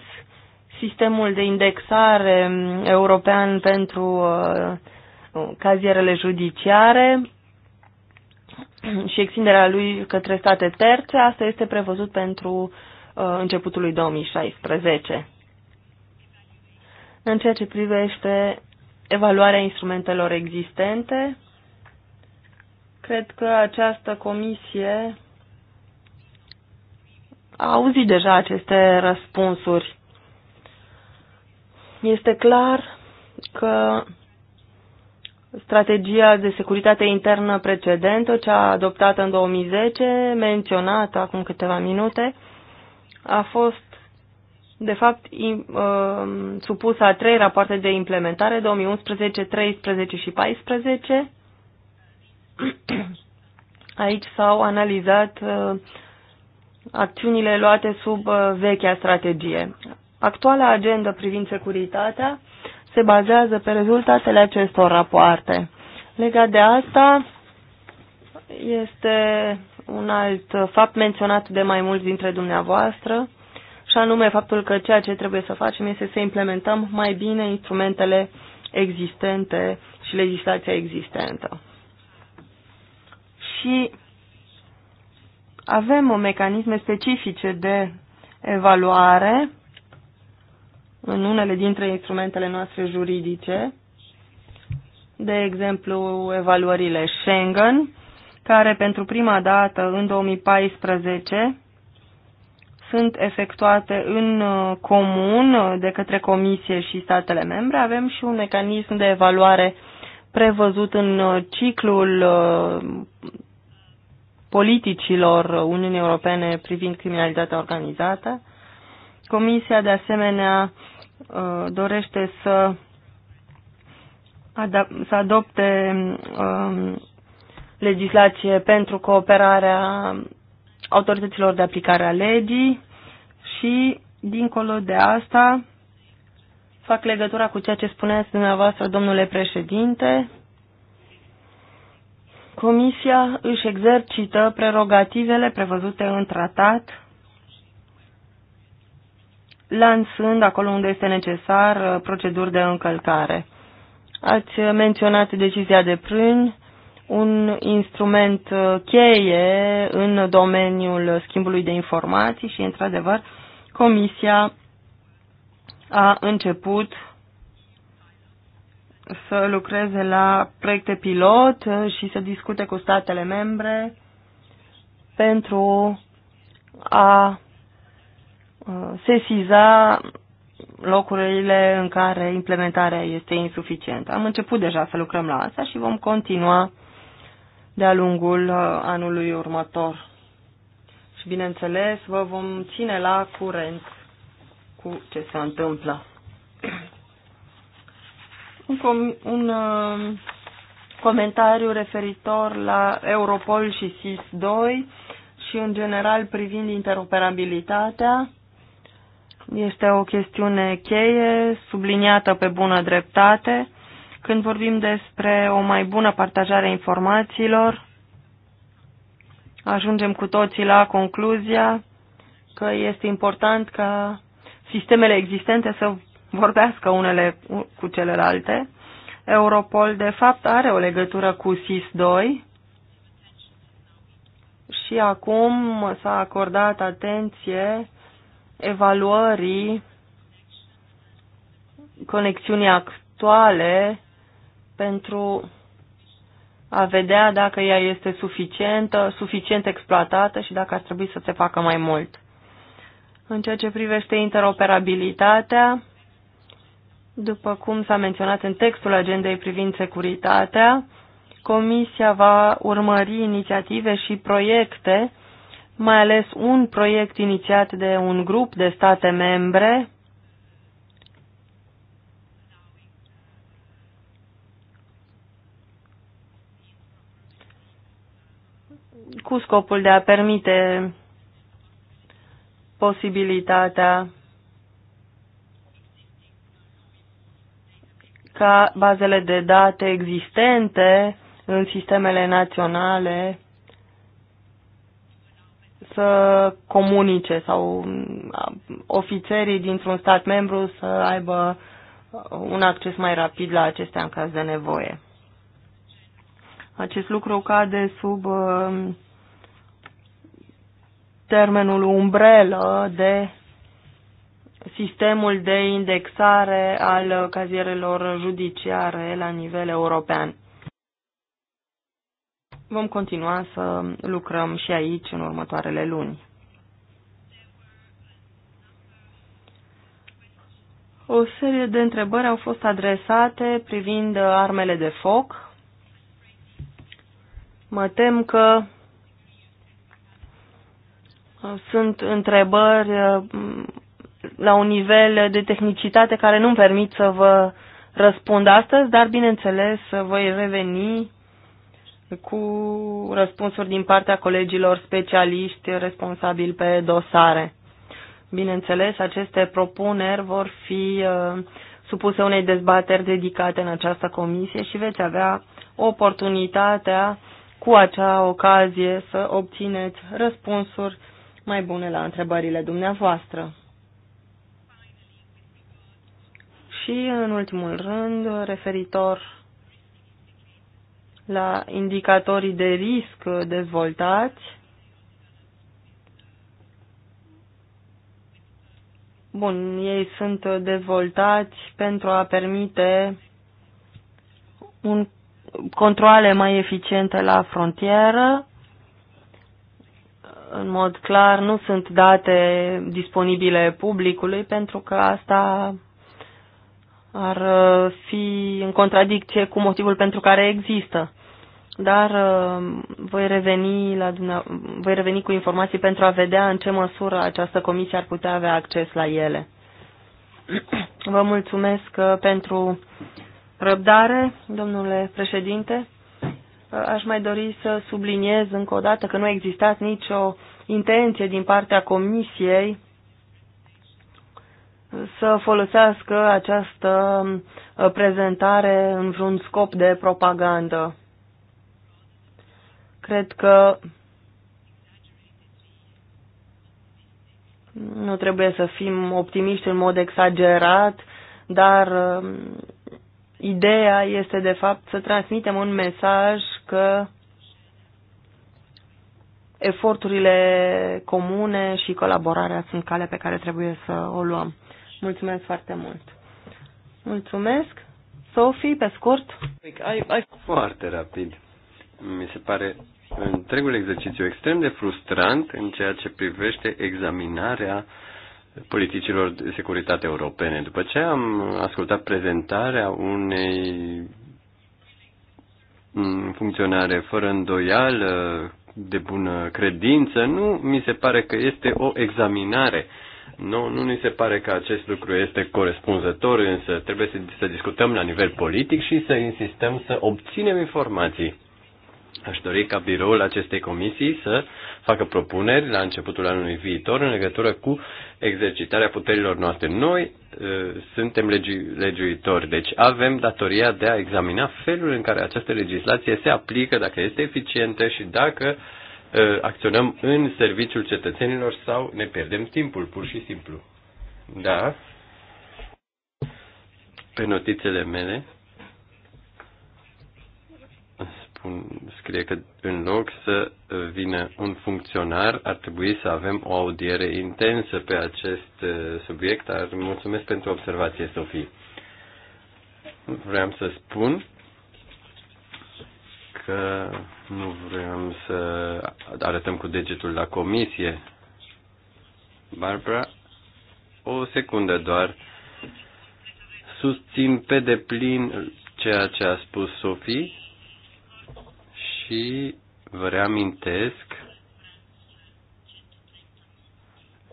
sistemul de indexare mm, european pentru uh, cazierele judiciare și extinderea lui către state terțe, asta este prevăzut pentru uh, începutul lui 2016. În ceea ce privește evaluarea instrumentelor existente, cred că această comisie a auzit deja aceste răspunsuri. Este clar că strategia de securitate internă precedentă, cea adoptată în 2010, menționată acum câteva minute, a fost de fapt uh, supusă a trei rapoarte de implementare, 2011, 13 și 14. Aici s-au analizat uh, acțiunile luate sub uh, vechea strategie. Actuala agendă privind securitatea se bazează pe rezultatele acestor rapoarte. Legat de asta este un alt fapt menționat de mai mulți dintre dumneavoastră, și anume faptul că ceea ce trebuie să facem este să implementăm mai bine instrumentele existente și legislația existentă. Și avem mecanisme specifice de evaluare în unele dintre instrumentele noastre juridice, de exemplu evaluările Schengen, care pentru prima dată în 2014 sunt efectuate în uh, comun uh, de către Comisie și statele membre. Avem și un mecanism de evaluare prevăzut în uh, ciclul politicilor Uniunii Europene privind criminalitatea organizată. Comisia, de asemenea, Uh, dorește să, să adopte um, legislație pentru cooperarea autorităților de aplicare a legii și, dincolo de asta, fac legătura cu ceea ce spuneați dumneavoastră, domnule președinte. Comisia își exercită prerogativele prevăzute în tratat lansând acolo unde este necesar uh, proceduri de încălcare. Ați menționat decizia de prân, un instrument uh, cheie în domeniul schimbului de informații și, într-adevăr, Comisia a început să lucreze la proiecte pilot uh, și să discute cu statele membre pentru a Uh, sesiza locurile în care implementarea este insuficientă. Am început deja să lucrăm la asta și vom continua de-a lungul uh, anului următor. Și, bineînțeles, vă vom ține la curent cu ce se întâmplă. Un, com- un uh, comentariu referitor la Europol și SIS-2 și, în general, privind interoperabilitatea este o chestiune cheie, subliniată pe bună dreptate, când vorbim despre o mai bună partajare a informațiilor, ajungem cu toții la concluzia că este important ca sistemele existente să vorbească unele cu celelalte. Europol, de fapt, are o legătură cu SIS-2 și acum s-a acordat atenție evaluării conexiunii actuale pentru a vedea dacă ea este suficientă, suficient exploatată și dacă ar trebui să se facă mai mult. În ceea ce privește interoperabilitatea, după cum s-a menționat în textul agendei privind securitatea, Comisia va urmări inițiative și proiecte mai ales un proiect inițiat de un grup de state membre cu scopul de a permite posibilitatea ca bazele de date existente în sistemele naționale să comunice sau uh, ofițerii dintr-un stat membru să aibă uh, un acces mai rapid la acestea în caz de nevoie. Acest lucru cade sub uh, termenul umbrelă de sistemul de indexare al cazierelor judiciare la nivel european vom continua să lucrăm și aici în următoarele luni. O serie de întrebări au fost adresate privind armele de foc. Mă tem că sunt întrebări mm, la un nivel de tehnicitate care nu-mi permit să vă răspund astăzi, dar bineînțeles voi reveni cu răspunsuri din partea colegilor specialiști responsabili pe dosare. Bineînțeles, aceste propuneri vor fi uh, supuse unei dezbateri dedicate în această comisie și veți avea oportunitatea cu acea ocazie să obțineți răspunsuri mai bune la întrebările dumneavoastră. Și, în ultimul rând, referitor la indicatorii de risc dezvoltați. Bun, ei sunt dezvoltați pentru a permite un controle mai eficiente la frontieră. În mod clar, nu sunt date disponibile publicului pentru că asta ar uh, fi în contradicție cu motivul pentru care există. Dar uh, voi reveni, la voi reveni cu informații pentru a vedea în ce măsură această comisie ar putea avea acces la ele. Vă mulțumesc uh, pentru răbdare, domnule președinte. Aș mai dori să subliniez încă o dată că nu a existat nicio intenție din partea comisiei să folosească această uh, prezentare în vreun scop de propagandă. Cred că nu trebuie să fim optimiști în mod exagerat, dar um, ideea este de fapt să transmitem un mesaj că eforturile comune și colaborarea sunt calea pe care trebuie să o luăm. Mulțumesc foarte mult. Mulțumesc. Sophie, pe scurt. Foarte rapid. Mi se pare întregul exercițiu extrem de frustrant în ceea ce privește examinarea politicilor de securitate europene. După ce am ascultat prezentarea unei funcționare fără îndoială, de bună credință, nu mi se pare că este o examinare nu, nu ni se pare că acest lucru este corespunzător, însă trebuie să, să discutăm la nivel politic și să insistăm să obținem informații. Aș dori ca biroul acestei comisii să facă propuneri la începutul anului viitor în legătură cu exercitarea puterilor noastre. Noi e, ă, suntem legi- legiuitori, deci avem datoria de a examina felul în care această legislație se aplică, dacă este eficientă și dacă Ă, acționăm în serviciul cetățenilor sau ne pierdem timpul, pur și simplu. Da, pe notițele mele spun, scrie că în loc să vină un funcționar, ar trebui să avem o audiere intensă pe acest ă, subiect. Dar mulțumesc pentru observație, Sofie. Vreau să spun că nu vrem să arătăm cu degetul la comisie. Barbara, o secundă doar. Susțin pe deplin ceea ce a spus Sophie și vă reamintesc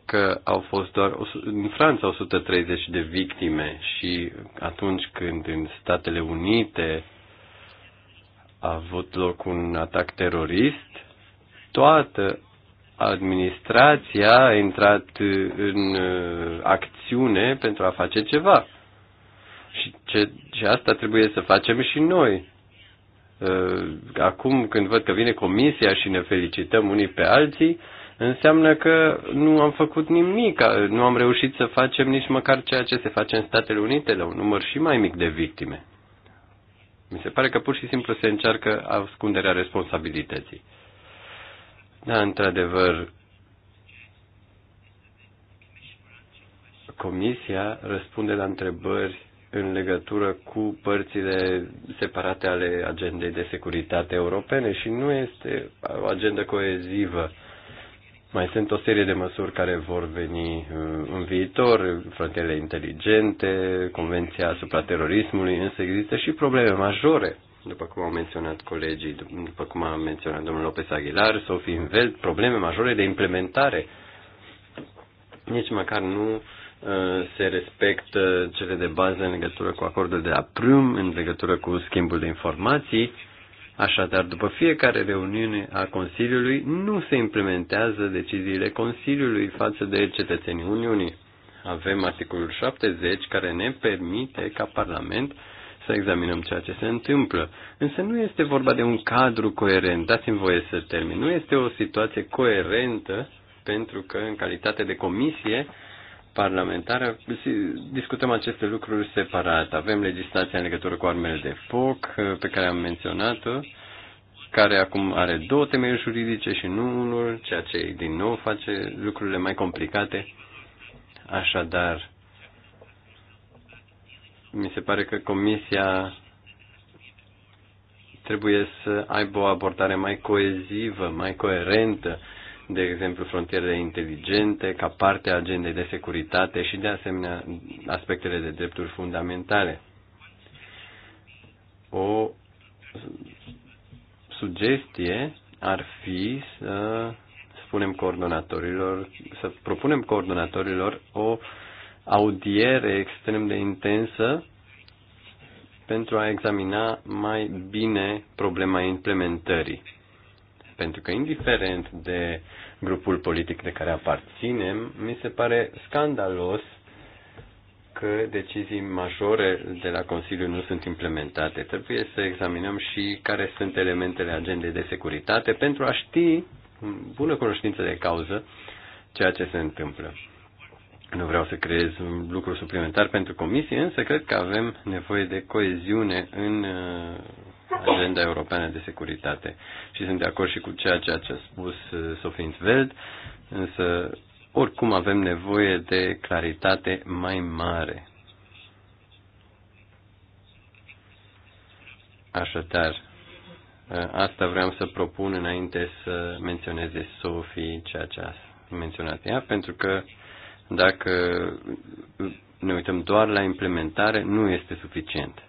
că au fost doar în Franța 130 de victime și atunci când în Statele Unite a avut loc un atac terorist, toată administrația a intrat în uh, acțiune pentru a face ceva. Și, ce, și asta trebuie să facem și noi. Uh, acum când văd că vine comisia și ne felicităm unii pe alții, înseamnă că nu am făcut nimic, nu am reușit să facem nici măcar ceea ce se face în Statele Unite la un număr și mai mic de victime. Mi se pare că pur și simplu se încearcă ascunderea responsabilității. Da, într-adevăr, Comisia răspunde la întrebări în legătură cu părțile separate ale agendei de securitate europene și nu este o agendă coezivă. Mai sunt o serie de măsuri care vor veni uh, în viitor, frontierele inteligente, Convenția asupra terorismului, însă există și probleme majore, după cum au menționat colegii, după cum a menționat domnul Lopez Aguilar, Sofie vel, probleme majore de implementare. Nici măcar nu uh, se respectă cele de bază în legătură cu acordul de la Prüm, în legătură cu schimbul de informații Așadar, după fiecare reuniune a Consiliului, nu se implementează deciziile Consiliului față de cetățenii Uniunii. Avem articolul 70 care ne permite ca Parlament să examinăm ceea ce se întâmplă. Însă nu este vorba de un cadru coerent, dați-mi voie să termin, nu este o situație coerentă pentru că în calitate de comisie parlamentară, discutăm aceste lucruri separat. Avem legislația în legătură cu armele de foc, uh, pe care am menționat-o, care acum are două temeiuri juridice și nu unul, ceea ce din nou face lucrurile mai complicate. Așadar, mi se pare că Comisia trebuie să aibă o abordare mai coezivă, mai coerentă de exemplu frontierele inteligente, ca parte a agendei de securitate și de asemenea aspectele de drepturi fundamentale. O sugestie ar fi să spunem coordonatorilor, să propunem coordonatorilor o audiere extrem de intensă pentru a examina mai bine problema implementării. Pentru că indiferent de grupul politic de care aparținem, mi se pare scandalos că decizii majore de la Consiliu nu sunt implementate. Trebuie să examinăm și care sunt elementele agendei de securitate pentru a ști, în bună cunoștință de cauză, ceea ce se întâmplă. Nu vreau să creez un lucru suplimentar pentru comisie, însă cred că avem nevoie de coeziune în uh, agenda europeană de securitate. Și sunt de acord și cu ceea ce a spus eh, Sofie Veld, însă oricum avem nevoie de claritate mai mare. Așadar, eh, asta vreau să propun înainte să menționeze Sofie ceea ce a menționat ea, pentru că dacă ne uităm doar la implementare, nu este suficient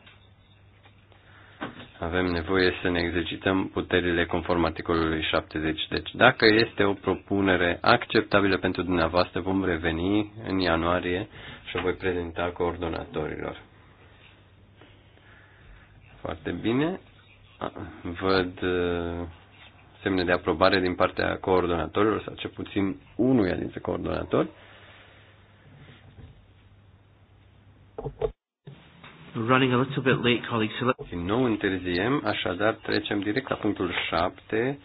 avem nevoie să ne exercităm puterile conform articolului 70. Deci, dacă este o propunere acceptabilă pentru dumneavoastră, vom reveni în ianuarie și o voi prezenta coordonatorilor. Foarte bine. Văd uh, semne de aprobare din partea coordonatorilor, sau ce puțin unuia dintre coordonatori running a little bit late, colleagues. So let's... nu întârziem, așadar trecem direct la punctul 7,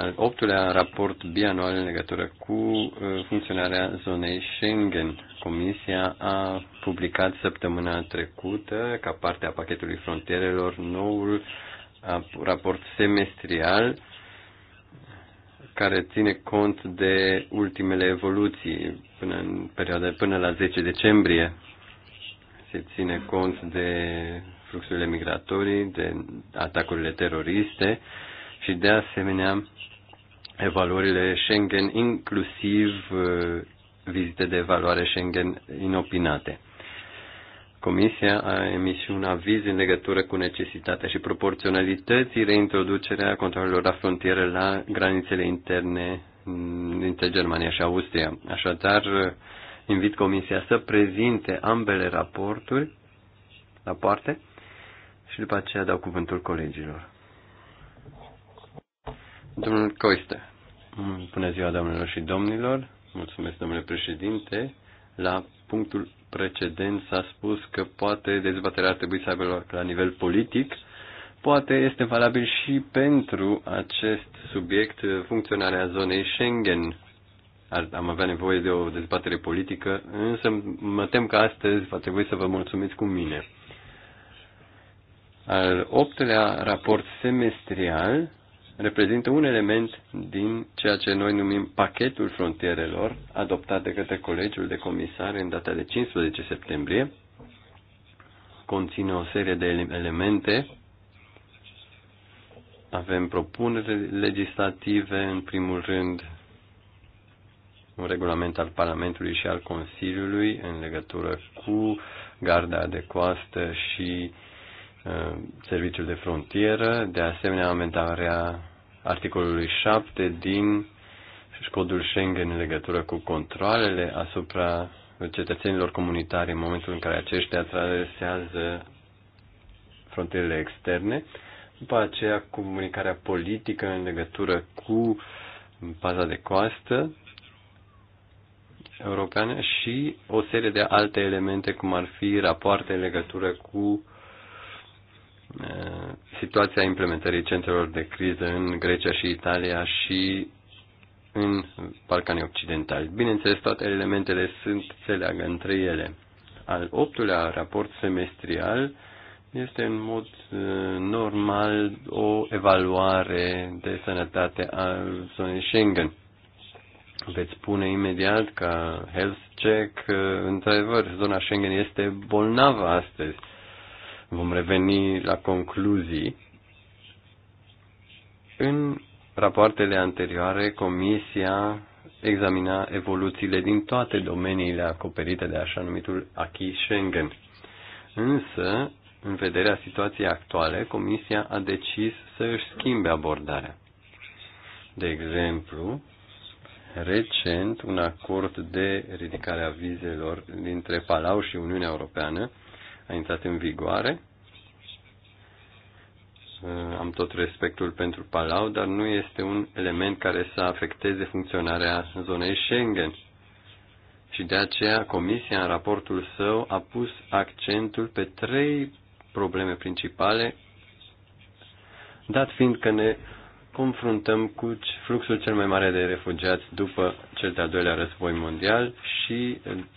optul optulea raport bianual în legătură cu uh, funcționarea zonei Schengen. Comisia a publicat săptămâna trecută, ca parte a pachetului frontierelor, noul uh, raport semestrial care ține cont de ultimele evoluții până în perioada până la 10 decembrie se ține cont de fluxurile migratorii, de atacurile teroriste și de asemenea evaluările Schengen, inclusiv uh, vizite de evaluare Schengen inopinate. Comisia a emis un aviz în legătură cu necesitatea și proporționalității reintroducerea controlelor la frontieră la granițele interne dintre Germania și Austria. Așadar, Invit Comisia să prezinte ambele raporturi, parte și după aceea dau cuvântul colegilor. Domnul Coiste. Bună ziua, doamnelor și domnilor. Mulțumesc, domnule președinte. La punctul precedent s-a spus că poate dezbaterea ar trebui să aibă loc la nivel politic. Poate este valabil și pentru acest subiect funcționarea zonei Schengen am avea nevoie de o dezbatere politică, însă mă tem că astăzi va trebui să vă mulțumiți cu mine. Al optelea raport semestrial reprezintă un element din ceea ce noi numim pachetul frontierelor, adoptat de către Colegiul de Comisare în data de 15 septembrie. Conține o serie de elemente. Avem propuneri legislative, în primul rând, un regulament al Parlamentului și al Consiliului în legătură cu garda de coastă și uh, serviciul de frontieră, de asemenea amendarea articolului 7 din codul Schengen în legătură cu controlele asupra cetățenilor comunitari în momentul în care aceștia traversează frontierele externe, după aceea comunicarea politică în legătură cu paza de coastă Europeană și o serie de alte elemente, cum ar fi rapoarte în legătură cu situația implementării centrelor de criză în Grecia și Italia și în Balcanii Occidentali. Bineînțeles, toate elementele sunt, se leagă între ele. Al optulea raport semestrial este în mod normal o evaluare de sănătate a zonei Schengen veți spune imediat ca health check, într-adevăr, zona Schengen este bolnavă astăzi. Vom reveni la concluzii. În rapoartele anterioare, Comisia examina evoluțiile din toate domeniile acoperite de așa numitul Aki Schengen. Însă, în vederea situației actuale, Comisia a decis să își schimbe abordarea. De exemplu, recent un acord de ridicare a vizelor dintre Palau și Uniunea Europeană a intrat în vigoare. Uh, am tot respectul pentru Palau, dar nu este un element care să afecteze funcționarea zonei Schengen. Și de aceea Comisia, în raportul său, a pus accentul pe trei probleme principale, dat fiind că ne confruntăm cu fluxul cel mai mare de refugiați după cel de-al doilea război mondial și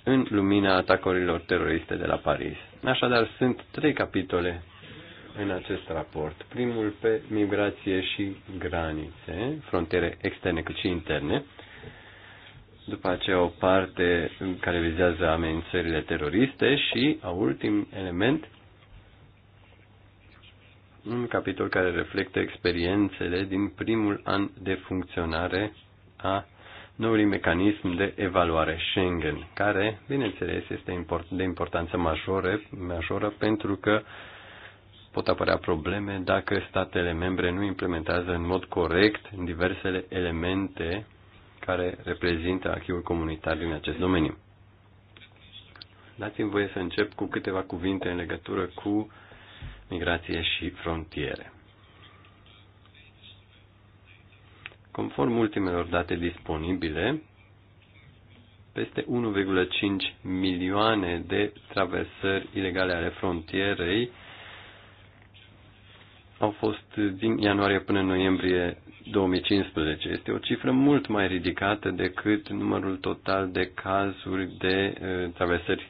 în lumina atacurilor teroriste de la Paris. Așadar, sunt trei capitole în acest raport. Primul pe migrație și granițe, frontiere externe cât și interne. După aceea o parte care vizează amenințările teroriste și, a ultim element, un capitol care reflectă experiențele din primul an de funcționare a noului mecanism de evaluare Schengen, care, bineînțeles, este de importanță majoră, majoră pentru că pot apărea probleme dacă statele membre nu implementează în mod corect diversele elemente care reprezintă acquis comunitar din acest domeniu. Dați-mi voie să încep cu câteva cuvinte în legătură cu migrație și frontiere. Conform ultimelor date disponibile, peste 1,5 milioane de traversări ilegale ale frontierei au fost din ianuarie până în noiembrie 2015. Este o cifră mult mai ridicată decât numărul total de cazuri de uh, traversări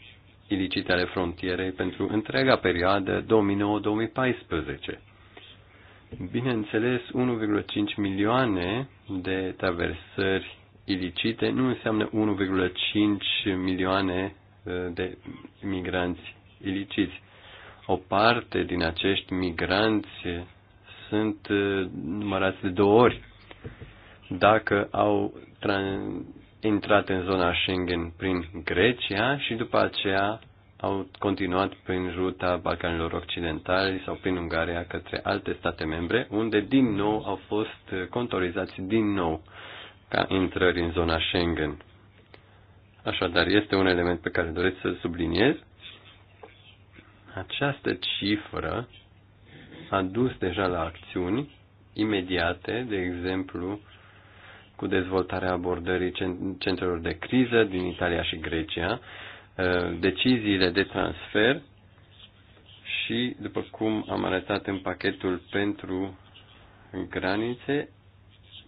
ilicite ale frontierei pentru întreaga perioadă 2009-2014. Bineînțeles, 1,5 milioane de traversări ilicite nu înseamnă 1,5 milioane uh, de migranți iliciți. O parte din acești migranți sunt uh, numărați de două ori dacă au intrat în zona Schengen prin Grecia și după aceea au continuat prin ruta Balcanilor Occidentali sau prin Ungaria către alte state membre, unde din nou au fost contorizați din nou ca intrări în zona Schengen. Așadar, este un element pe care doresc să-l subliniez. Această cifră a dus deja la acțiuni imediate, de exemplu, cu dezvoltarea abordării centrelor de criză din Italia și Grecia, uh, deciziile de transfer și, după cum am arătat în pachetul pentru granițe,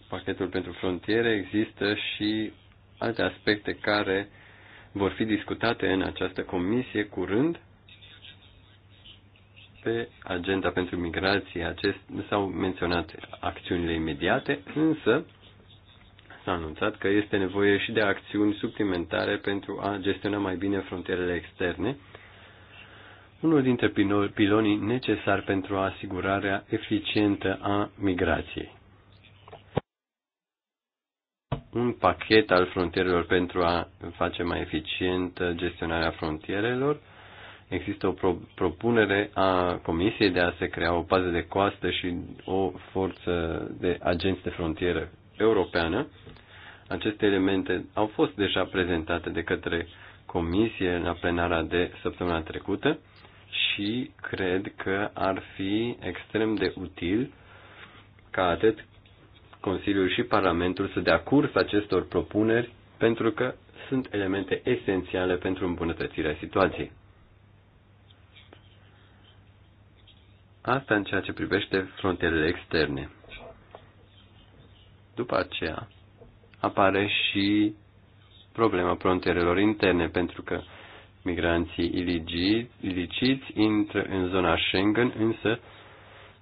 pachetul pentru frontiere, există și alte aspecte care vor fi discutate în această comisie curând pe agenda pentru migrație. Acest, s-au menționat acțiunile imediate, însă s-a anunțat că este nevoie și de acțiuni suplimentare pentru a gestiona mai bine frontierele externe, unul dintre pilonii necesari pentru asigurarea eficientă a migrației. Un pachet al frontierelor pentru a face mai eficientă gestionarea frontierelor. Există o pro- propunere a Comisiei de a se crea o bază de coastă și o forță de agenți de frontieră europeană. Aceste elemente au fost deja prezentate de către comisie la plenara de săptămâna trecută și cred că ar fi extrem de util ca atât Consiliul și Parlamentul să dea curs acestor propuneri pentru că sunt elemente esențiale pentru îmbunătățirea situației. Asta în ceea ce privește frontierele externe. După aceea apare și problema frontierelor interne, pentru că migranții iliciți, intră în zona Schengen, însă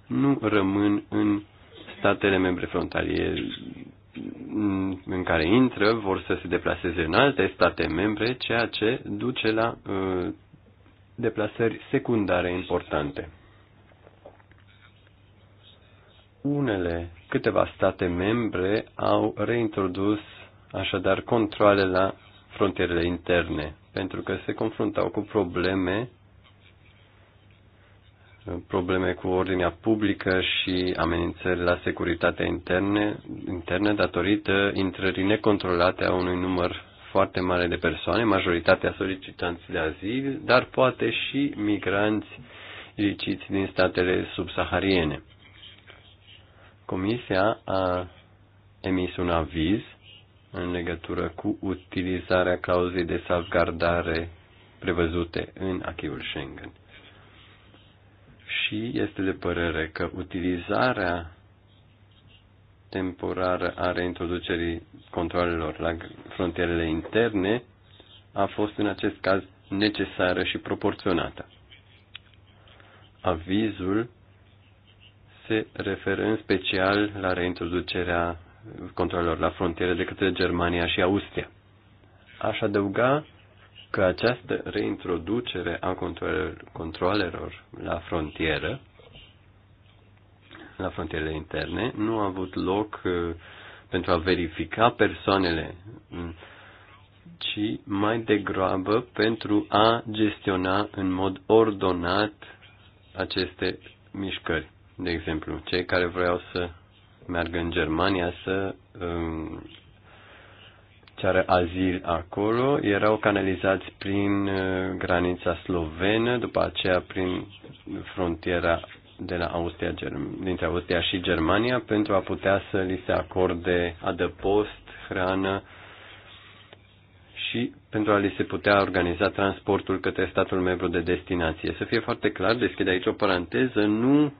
nu rămân în statele membre frontaliere în care intră, vor să se deplaseze în alte state membre, ceea ce duce la uh, deplasări secundare importante. Unele Câteva state membre au reintrodus așadar controle la frontierele interne, pentru că se confruntau cu probleme probleme cu ordinea publică și amenințări la securitatea interne, interne datorită intrării necontrolate a unui număr foarte mare de persoane, majoritatea solicitanți de azil, dar poate și migranți iliciți din statele subsahariene. Comisia a emis un aviz în legătură cu utilizarea clauzei de salvgardare prevăzute în achiul Schengen. Și este de părere că utilizarea temporară a reintroducerii controlelor la frontierele interne a fost în acest caz necesară și proporționată. Avizul se referă în special la reintroducerea controlelor la frontiere de către Germania și Austria. Aș adăuga că această reintroducere a controlelor la frontieră, la frontierele interne, nu a avut loc uh, pentru a verifica persoanele, mm, ci mai degrabă pentru a gestiona în mod ordonat aceste mișcări de exemplu, cei care vreau să meargă în Germania să um, ceară azil acolo, erau canalizați prin uh, granița slovenă, după aceea prin frontiera de la Austria, dintre Austria și Germania, pentru a putea să li se acorde adăpost, hrană și pentru a li se putea organiza transportul către statul membru de destinație. Să fie foarte clar, deschid aici o paranteză, nu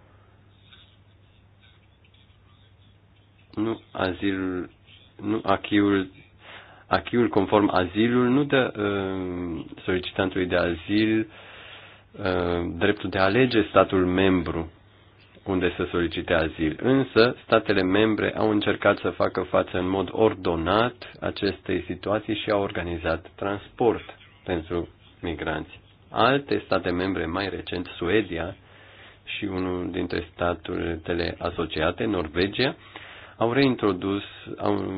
Nu azilul, nu achiul, achiul conform azilul nu dă uh, solicitantului de azil uh, dreptul de a alege statul membru unde să solicite azil. Însă, statele membre au încercat să facă față în mod ordonat acestei situații și au organizat transport pentru migranți. Alte state membre, mai recent Suedia și unul dintre statele asociate, Norvegia, au reintrodus au,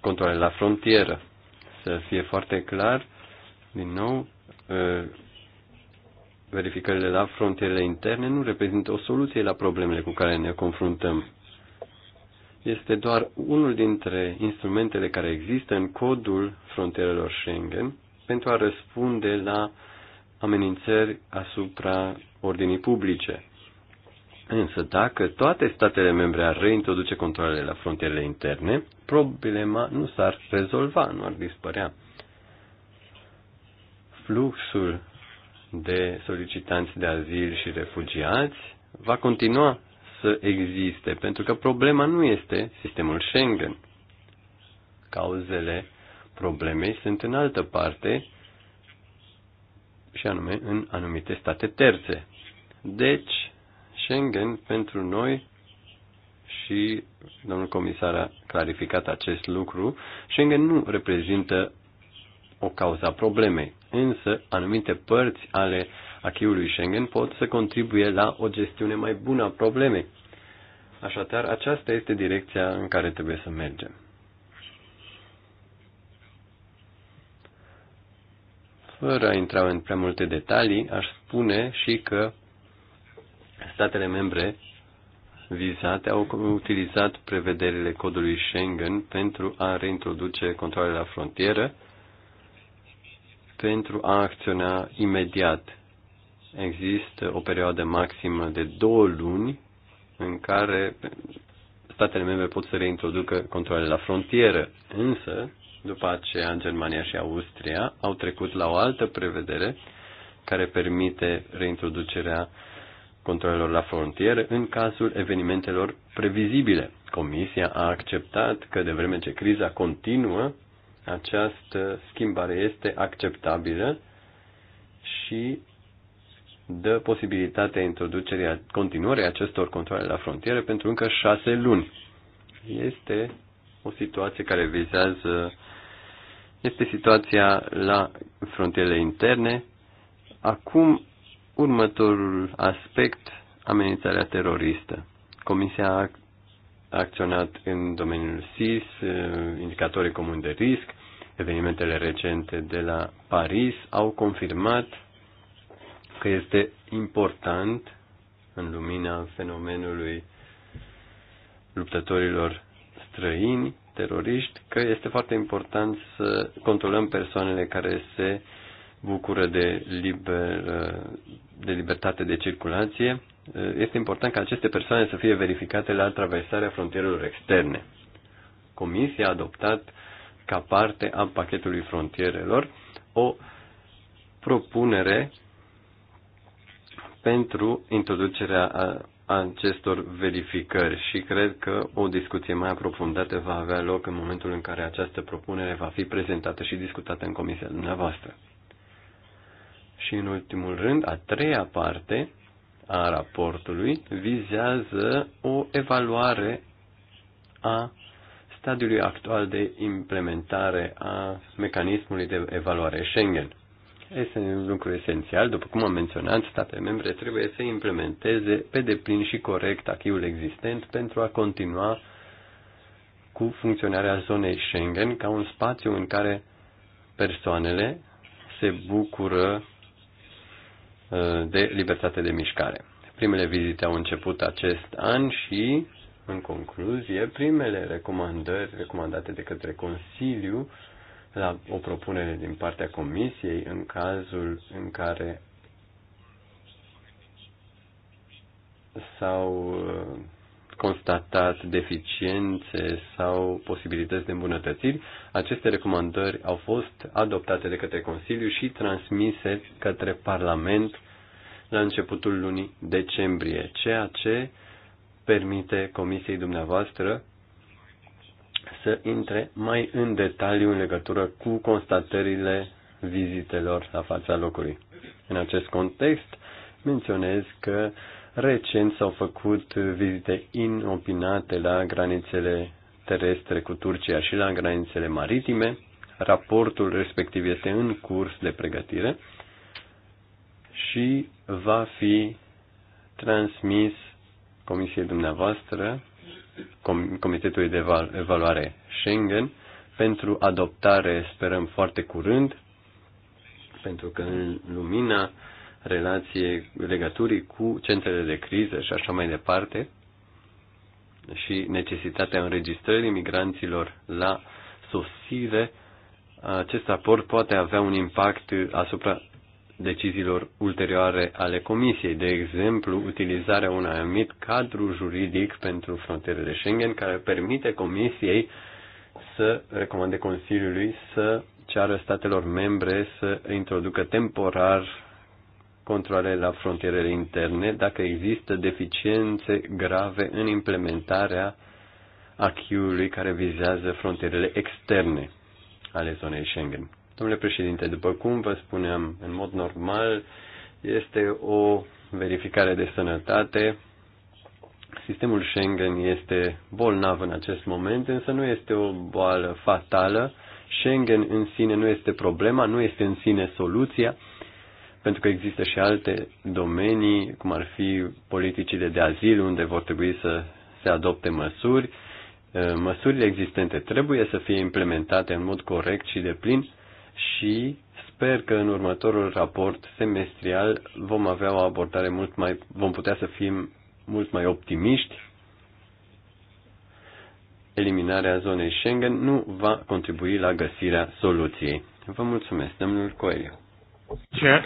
controle la frontieră. Să fie foarte clar, din nou, ă, verificările la frontierele interne nu reprezintă o soluție la problemele cu care ne confruntăm. Este doar unul dintre instrumentele care există în codul frontierelor Schengen pentru a răspunde la amenințări asupra ordinii publice. Însă dacă toate statele membre ar reintroduce controlele la frontierele interne, problema nu s-ar rezolva, nu ar dispărea. Fluxul de solicitanți de azil și refugiați va continua să existe, pentru că problema nu este sistemul Schengen. Cauzele problemei sunt în altă parte, și anume în anumite state terțe. Deci, Schengen pentru noi și domnul comisar a clarificat acest lucru, Schengen nu reprezintă o cauza problemei, însă anumite părți ale achiului Schengen pot să contribuie la o gestiune mai bună a problemei. Așadar, aceasta este direcția în care trebuie să mergem. Fără a intra în prea multe detalii, aș spune și că Statele membre vizate au utilizat prevederile codului Schengen pentru a reintroduce controlele la frontieră, pentru a acționa imediat. Există o perioadă maximă de două luni în care statele membre pot să reintroducă controlele la frontieră, însă, după aceea, Germania și Austria au trecut la o altă prevedere care permite reintroducerea uh, controlelor la frontiere în cazul evenimentelor previzibile. Comisia a acceptat că de vreme ce criza continuă, această schimbare este acceptabilă și dă posibilitatea introducerii, continuării acestor controle la frontiere pentru încă șase luni. Este o situație care vizează, este situația la frontierele interne. Acum Următorul aspect, amenințarea teroristă. Comisia a acționat în domeniul SIS, eh, indicatorii comuni de risc, evenimentele recente de la Paris au confirmat că este important în lumina fenomenului luptătorilor străini, teroriști, că este foarte important să controlăm persoanele care se bucură de, liber, de libertate de circulație, este important ca aceste persoane să fie verificate la traversarea frontierelor externe. Comisia a adoptat ca parte a pachetului frontierelor o propunere pentru introducerea acestor verificări și cred că o discuție mai aprofundată va avea loc în momentul în care această propunere va fi prezentată și discutată în comisia dumneavoastră. Și în ultimul rând, a treia parte a raportului vizează o evaluare a stadiului actual de implementare a mecanismului de evaluare Schengen. Este un lucru esențial, după cum am menționat, statele membre trebuie să implementeze pe deplin și corect acquis existent pentru a continua cu funcționarea zonei Schengen ca un spațiu în care persoanele se bucură Uh, de libertate de mișcare. Primele vizite au început acest an și, în concluzie, primele recomandări recomandate de către Consiliu la o propunere din partea Comisiei în cazul în care s-au uh, constatat deficiențe sau posibilități de îmbunătățiri, aceste recomandări au fost adoptate de către Consiliu și transmise către Parlament la începutul lunii decembrie, ceea ce permite Comisiei dumneavoastră să intre mai în detaliu în legătură cu constatările vizitelor la fața locului. În acest context, menționez că uh, Recent s-au făcut vizite inopinate la granițele terestre cu Turcia și la granițele maritime. Raportul respectiv este în curs de pregătire și va fi transmis Comisiei dumneavoastră, Com Comitetului de Evaluare Schengen, pentru adoptare sperăm foarte curând, pentru că în lumina relație, legăturii cu centrele de criză și așa mai departe și necesitatea înregistrării migranților la sosire, acest raport poate avea un impact asupra deciziilor ulterioare ale Comisiei, de exemplu, utilizarea unui anumit cadru juridic pentru frontierele Schengen care permite Comisiei să recomande Consiliului să ceară statelor membre să introducă temporar controle la frontierele interne dacă există deficiențe grave în implementarea acquis care vizează frontierele externe ale zonei Schengen. Domnule președinte, după cum vă spuneam, în mod normal este o verificare de sănătate. Sistemul Schengen este bolnav în acest moment, însă nu este o boală fatală. Schengen în sine nu este problema, nu este în sine soluția pentru că există și alte domenii, cum ar fi politicile de azil, unde vor trebui să se adopte măsuri. Măsurile existente trebuie să fie implementate în mod corect și de plin. și sper că în următorul raport semestrial vom avea o abordare mult mai, vom putea să fim mult mai optimiști. Eliminarea zonei Schengen nu va contribui la găsirea soluției. Vă mulțumesc, domnul Coelho. Ce?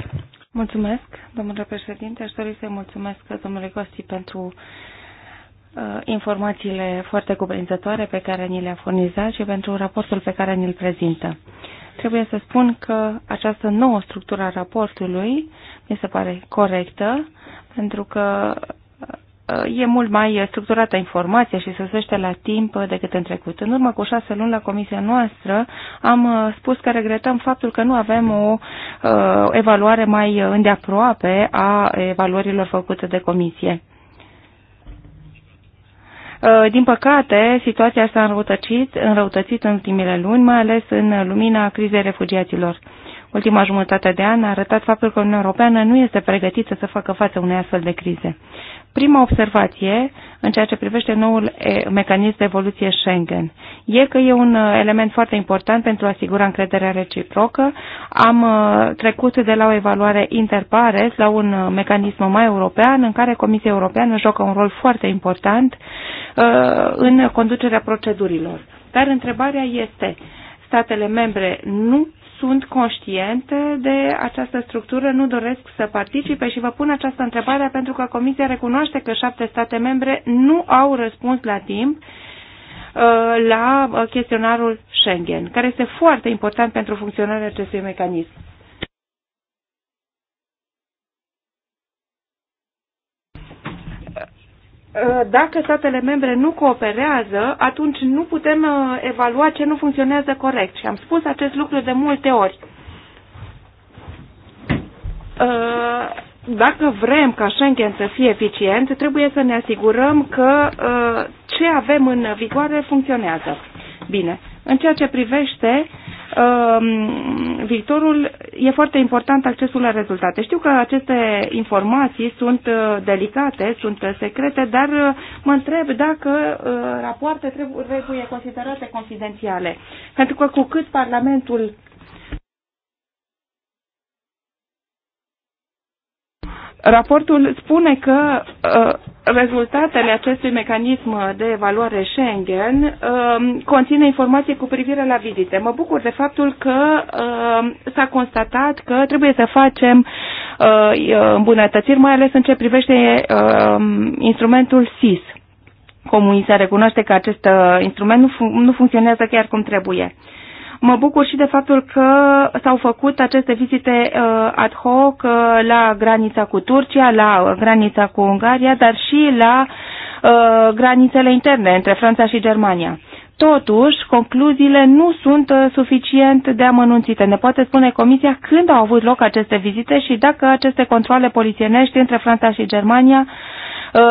Mulțumesc, domnule președinte. Aș dori să mulțumesc domnului Costi pentru uh, informațiile foarte cuprinzătoare pe care ni le-a furnizat și pentru raportul pe care ni-l prezintă. Trebuie să spun că această nouă structură a raportului mi se pare corectă, pentru că Uh, e mult mai structurată informația și sosește la timp decât în trecut. În urmă cu șase luni la comisia noastră am uh, spus că regretăm faptul că nu avem o uh, evaluare mai îndeaproape a evaluărilor făcute de comisie. Din păcate, situația s-a înrăutățit, înrăutățit în ultimile luni, mai ales în lumina crizei refugiaților. Ultima jumătate de an a arătat faptul că Uniunea Europeană nu este pregătită să facă față unei astfel de crize prima observație în ceea ce privește noul mecanism de evoluție Schengen e că e un uh, element foarte important pentru a asigura încrederea reciprocă. Am uh, trecut de la o evaluare interpares la un uh, mecanism mai european în care Comisia Europeană joacă un rol foarte important în conducerea procedurilor. Dar întrebarea este, statele membre nu sunt conștiente de această structură, nu doresc să participe și vă pun această întrebare pentru că Comisia recunoaște că șapte state membre nu au răspuns la timp uh, la uh, chestionarul Schengen, care este foarte important pentru funcționarea acestui mecanism. Ă, dacă statele membre nu cooperează, atunci nu putem ă, evalua ce nu funcționează corect. Și am spus acest lucru de multe ori. Ă, dacă vrem ca Schengen să fie eficient, trebuie să ne asigurăm că ce avem în vigoare funcționează. Bine, în ceea ce privește Ehm, viitorul e foarte important accesul la rezultate. Știu că aceste informații sunt uh, delicate, sunt secrete, dar uh, mă întreb dacă uh, rapoarte trebuie considerate confidențiale. Pentru că cu cât Parlamentul Raportul spune că uh, rezultatele acestui mecanism de evaluare Schengen um, conține informații cu privire la vizite. Mă bucur de faptul că um, s-a constatat că trebuie să facem uh, îmbunătățiri, mai ales în ce privește um, instrumentul SIS. Comunii se recunoaște că acest uh, instrument nu, fun- nu funcționează chiar cum trebuie. Uh, Mă bucur și de faptul că s-au făcut aceste vizite uh, ad hoc uh, la granița cu Turcia, la granița cu Ungaria, dar și la uh, granițele interne între Franța și Germania. Totuși, concluziile nu sunt suficient de amănunțite. Ne poate spune Comisia când au avut loc aceste vizite și dacă aceste controle polițienești între Franța și Germania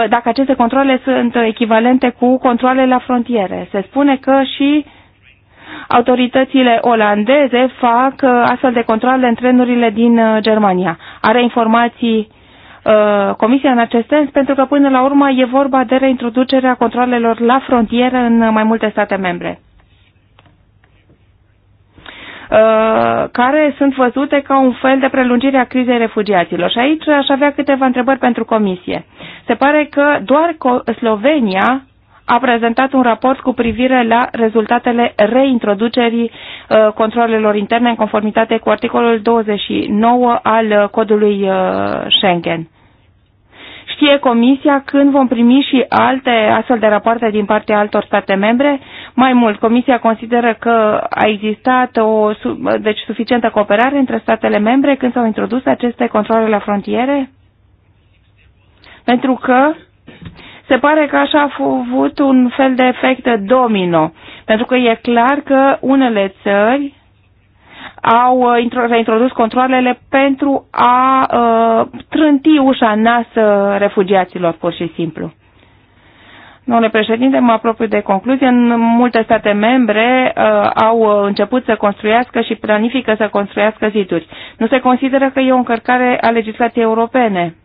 dacă aceste controle sunt echivalente cu controle la frontiere. Se spune că și uh, autoritățile olandeze fac uh, astfel de controle în trenurile din uh, Germania. Are informații uh, Comisia în acest sens, pentru că până la urmă e vorba de reintroducerea controlelor la frontieră în mai multe state membre care sunt văzute ca un fel de prelungire a crizei refugiaților. Și aici aș avea câteva întrebări pentru Comisie. Se pare că doar Slovenia a prezentat un raport cu privire la rezultatele reintroducerii uh, controlelor interne în conformitate cu articolul 29 al uh, codului uh, Schengen. Știe Comisia când vom primi și alte astfel de rapoarte din partea altor state membre? Mai mult, Comisia consideră că a existat o deci, suficientă cooperare între statele membre când s-au introdus aceste controle la frontiere? Pentru că se pare că așa a avut un fel de efect domino, pentru că e clar că unele țări au uh, reintrodus controlele pentru a uh, trânti ușa nasă uh, refugiaților, pur și simplu. Domnule președinte, mă apropiu de concluzie. În multe state membre uh, au uh, început să construiască și planifică să construiască ziduri. Nu se consideră că e o încărcare a legislației europene.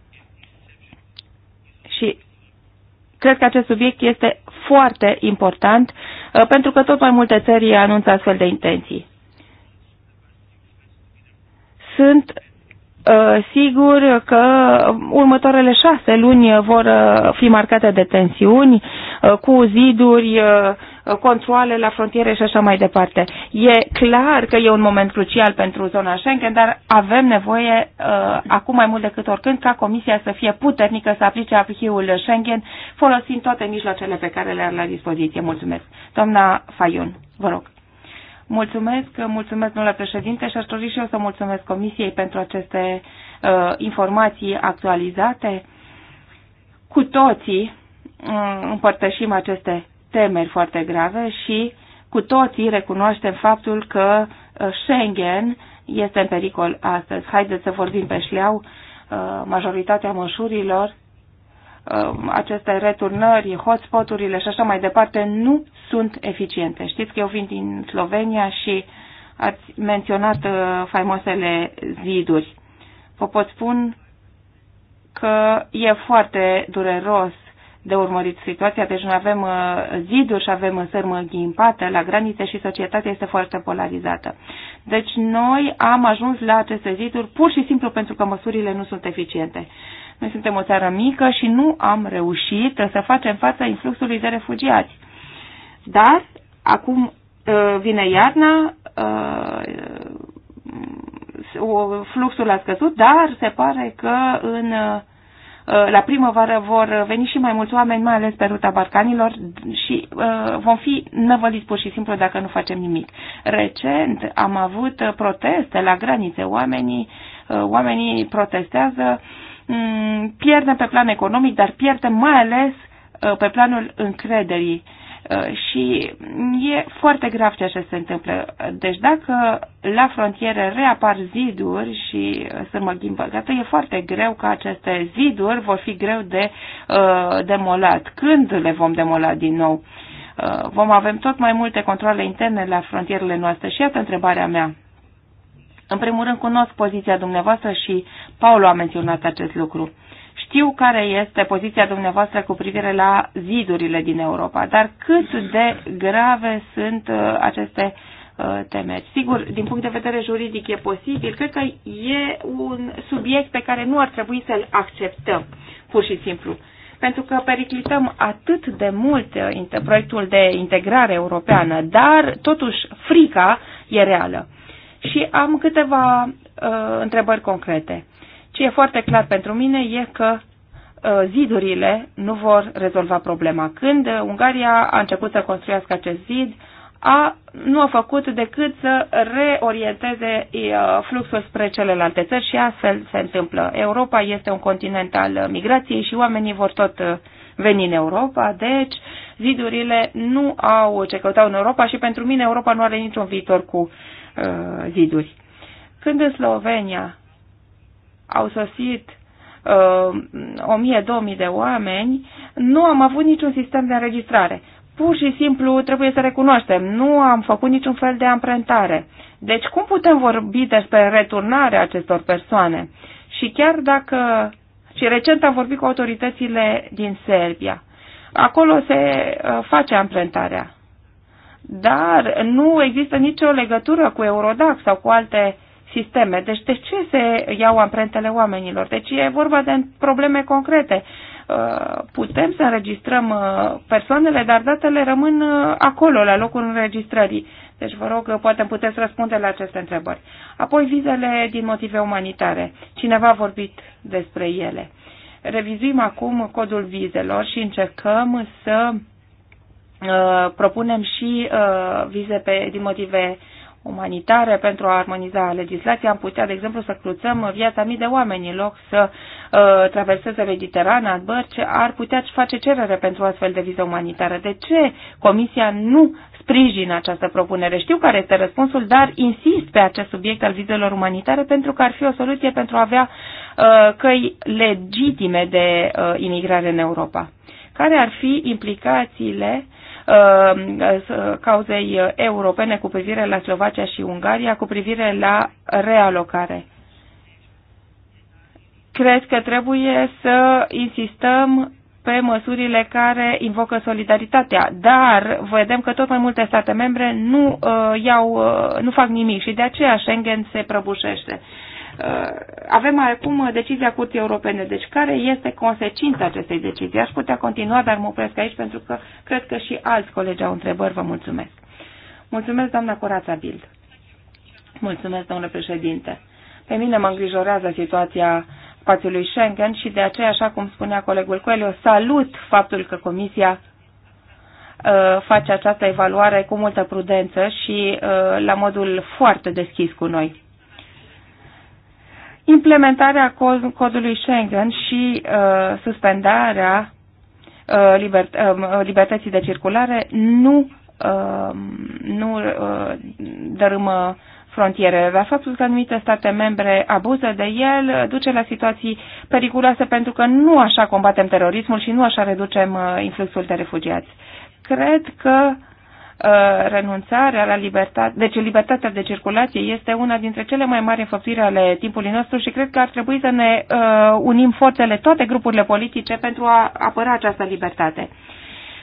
Cred că acest subiect este foarte important uh, pentru că tot mai multe țări anunță astfel de intenții. Sunt uh, sigur că următoarele șase luni vor uh, fi marcate de tensiuni cu ziduri, controle la frontiere și așa mai departe. E clar că e un moment crucial pentru zona Schengen, dar avem nevoie uh, acum mai mult decât oricând ca Comisia să fie puternică să aplice aplihiul Schengen folosind toate mijloacele pe care le are la dispoziție. Mulțumesc. Doamna Fayun, vă rog. Mulțumesc, mulțumesc, domnule președinte, și aș dori și eu să mulțumesc Comisiei pentru aceste uh, informații actualizate. Cu toții uh, împărtășim aceste temeri foarte grave și cu toții recunoaștem faptul că uh, Schengen este în pericol astăzi. Haideți să vorbim pe șleau. Uh, majoritatea mășurilor, uh, aceste returnări, hotspoturile și așa mai departe nu sunt eficiente. Știți că eu vin din Slovenia și ați menționat faimoasele ziduri. Vă pot spun că e foarte dureros de urmărit situația. Deci noi avem uh, ziduri și avem uh, sârmă ghimpată la granițe și societatea este foarte polarizată. Deci noi am ajuns la aceste ziduri pur și simplu pentru că măsurile nu sunt eficiente. Noi suntem o țară mică și nu am reușit să facem față influxului de refugiați. Dar acum uh, vine iarna, fluxul a scăzut, dar se pare că în Uh, la primăvară vor veni și mai mulți oameni, mai ales pe ruta Balcanilor și uh, vom fi năvăliți pur și simplu dacă nu facem nimic. Recent am avut proteste la granițe, oamenii, uh, oamenii protestează, mm, pierdem pe plan economic, dar pierdem mai ales pe planul încrederii Uh, și e foarte grav ceea ce se întâmplă. Deci dacă la frontiere reapar ziduri și să sârmă gata, e foarte greu că aceste ziduri vor fi greu de uh, demolat. Când le vom demola din nou? Uh, vom avem tot mai multe controle interne la frontierele noastre și iată întrebarea mea. În primul rând cunosc poziția dumneavoastră și Paolo a menționat acest lucru. Știu care este poziția dumneavoastră cu privire la zidurile din Europa, dar cât de grave sunt uh, aceste uh, temeri. Sigur, din punct de vedere juridic e posibil, cred că e un subiect pe care nu ar trebui să-l acceptăm, pur și simplu. Pentru că periclităm atât de mult uh, proiectul de integrare europeană, dar totuși frica e reală. Și am câteva uh, întrebări concrete. Ce e foarte clar pentru mine e că uh, zidurile nu vor rezolva problema. Când uh, Ungaria a început să construiască acest zid, a, nu a făcut decât să reorienteze uh, fluxul spre celelalte țări și astfel se întâmplă. Europa este un continent al migrației și oamenii vor tot veni în Europa, deci zidurile nu au ce căutau în Europa și pentru mine Europa nu are niciun viitor cu uh, ziduri. Când în Slovenia au sosit uh, o mie, două mii de oameni, nu am avut niciun sistem de înregistrare. Pur și simplu trebuie să recunoaștem, nu am făcut niciun fel de amprentare. Deci cum putem vorbi despre returnarea acestor persoane? Și chiar dacă... Și recent am vorbit cu autoritățile din Serbia. Acolo se uh, face amprentarea. Dar nu există nicio legătură cu Eurodac sau cu alte sisteme. Deci de ce se iau amprentele oamenilor? Deci e vorba de probleme concrete. Uh, putem să înregistrăm uh, persoanele, dar datele rămân uh, acolo, la locul înregistrării. Deci vă rog, poate puteți răspunde la aceste întrebări. Apoi vizele din motive umanitare. Cineva a vorbit despre ele. Revizuim acum codul vizelor și încercăm să propunem și vize pe, din motive umanitare pentru a armoniza legislația. Am putea, de exemplu, să cruțăm viața mii de oameni în loc să uh, traverseze Mediterana, bărci, ar putea face cerere pentru astfel de viză umanitară. De ce Comisia nu sprijină această propunere? Știu care este răspunsul, dar insist pe acest subiect al vizelor umanitare pentru că ar fi o soluție pentru a avea uh, căi legitime de uh, imigrare în Europa. Care ar fi implicațiile Uh, uh, cauzei europene cu privire la Slovacia și Ungaria, cu privire la realocare. Cred că trebuie să insistăm pe măsurile care invocă solidaritatea, dar vedem că tot mai multe state membre nu, uh, iau, uh, nu fac nimic și de aceea Schengen se prăbușește. Uh, Uh, avem acum decizia Curții Europene. Deci care este consecința acestei decizii? Aș putea continua, dar mă opresc aici pentru că cred că și alți colegi au întrebări. Vă mulțumesc. Mulțumesc, doamna Corața Bild. Mulțumesc, domnule președinte. Pe mine mă îngrijorează situația spațiului Schengen și de aceea, așa cum spunea colegul Coelho, salut faptul că Comisia uh, face această evaluare cu multă prudență și uh, la modul foarte deschis cu noi implementarea codului Schengen și uh, suspendarea uh, liber, uh, libertății de circulare nu, uh, nu uh, dărâmă frontiere. La faptul că anumite state membre abuză de el uh, duce la situații periculoase pentru că nu așa combatem terorismul și nu așa reducem uh, influxul de refugiați. Cred că uh, Uh, renunțarea la libertate, deci libertatea de circulație este una dintre cele mai mari înfăpiri ale timpului nostru și cred că ar trebui să ne uh, unim forțele toate grupurile politice pentru a apăra această libertate.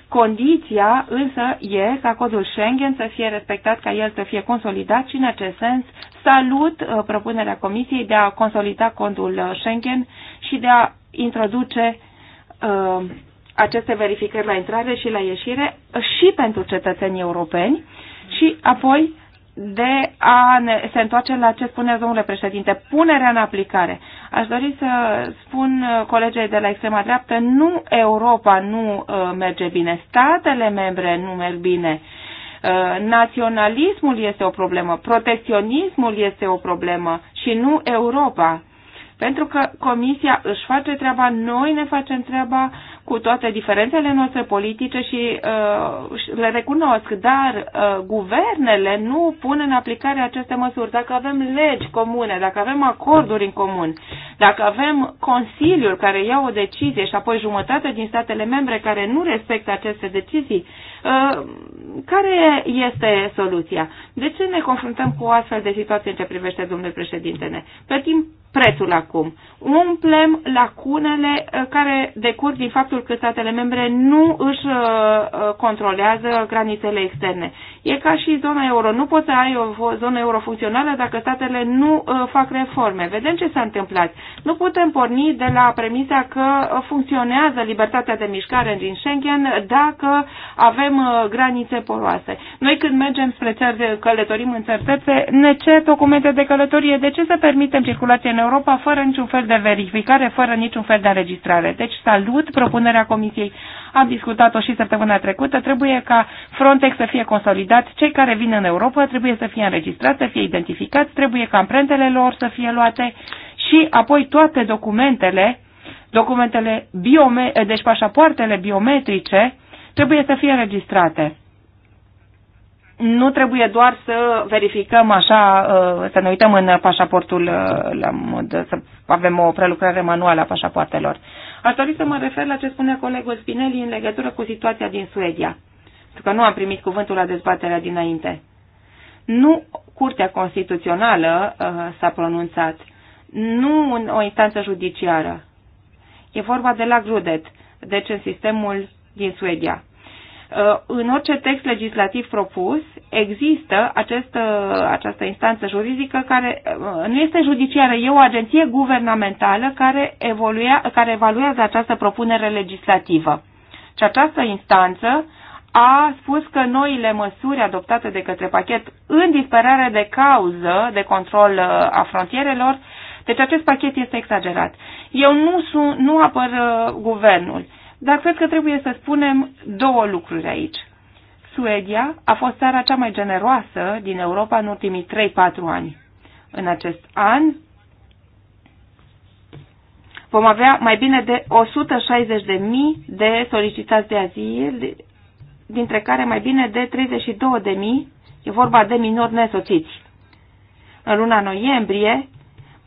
Condiția însă e ca codul Schengen să fie respectat, ca el să fie consolidat și în acest sens salut uh, propunerea Comisiei de a consolida codul Schengen și de a introduce uh, aceste verificări la intrare și la ieșire și pentru cetățenii europeni și apoi de a ne, se întoarce la ce spune domnule președinte, punerea în aplicare. Aș dori să spun uh, colegei de la extrema dreaptă, nu Europa nu uh, merge bine, statele membre nu merg bine, uh, naționalismul este o problemă, protecționismul este o problemă și nu Europa. Pentru că Comisia își face treaba, noi ne facem treaba, cu toate diferențele noastre politice și uh, le recunosc, dar uh, guvernele nu pun în aplicare aceste măsuri. Dacă avem legi comune, dacă avem acorduri în comun, dacă avem Consiliul care ia o decizie și apoi jumătate din statele membre care nu respectă aceste decizii, uh, care este soluția? De ce ne confruntăm cu o astfel de situație în ce privește, domnul președintele? Pe timp prețul acum. Umplem lacunele uh, care decurg din faptul că statele membre nu își uh, uh, controlează granițele externe. E ca și zona euro. Nu poți să ai o zonă euro funcțională dacă statele nu fac reforme. Vedem ce s-a întâmplat. Nu putem porni de la premisa că funcționează libertatea de mișcare din Schengen dacă avem granițe poroase. Noi când mergem spre țări, călătorim în țări ne cer documente de călătorie. De ce să permitem circulație în Europa fără niciun fel de verificare, fără niciun fel de înregistrare. Deci salut propunerea Comisiei. Am discutat-o și săptămâna trecută. Trebuie ca Frontex să fie consolidat. Cei care vin în Europa trebuie să fie înregistrați, să fie identificați, trebuie ca amprentele lor să fie luate și apoi toate documentele, documentele biome- deci pașapoartele biometrice, trebuie să fie înregistrate nu trebuie doar să verificăm așa, uh, să ne uităm în pașaportul, uh, la mod, să avem o prelucrare manuală a pașapoartelor. Aș dori să mă refer la ce spune colegul Spinelli în legătură cu situația din Suedia, pentru că nu am primit cuvântul la dezbaterea dinainte. Nu Curtea Constituțională uh, s-a pronunțat, nu în o instanță judiciară. E vorba de la Grudet, deci în sistemul din Suedia. Uh, în orice text legislativ propus există această, uh, această instanță juridică care uh, nu este judiciară, e o agenție guvernamentală care, evoluia, care evaluează această propunere legislativă. Și această instanță a spus că noile măsuri adoptate de către pachet în disperare de cauză de control a frontierelor, deci acest pachet este exagerat. Eu nu, sunt, nu apăr uh, guvernul. Dar cred că trebuie să spunem două lucruri aici. Suedia a fost țara cea mai generoasă din Europa în ultimii 3-4 ani. În acest an vom avea mai bine de 160.000 de solicitați de azil, dintre care mai bine de 32.000 e vorba de minori nesoțiți. În luna noiembrie,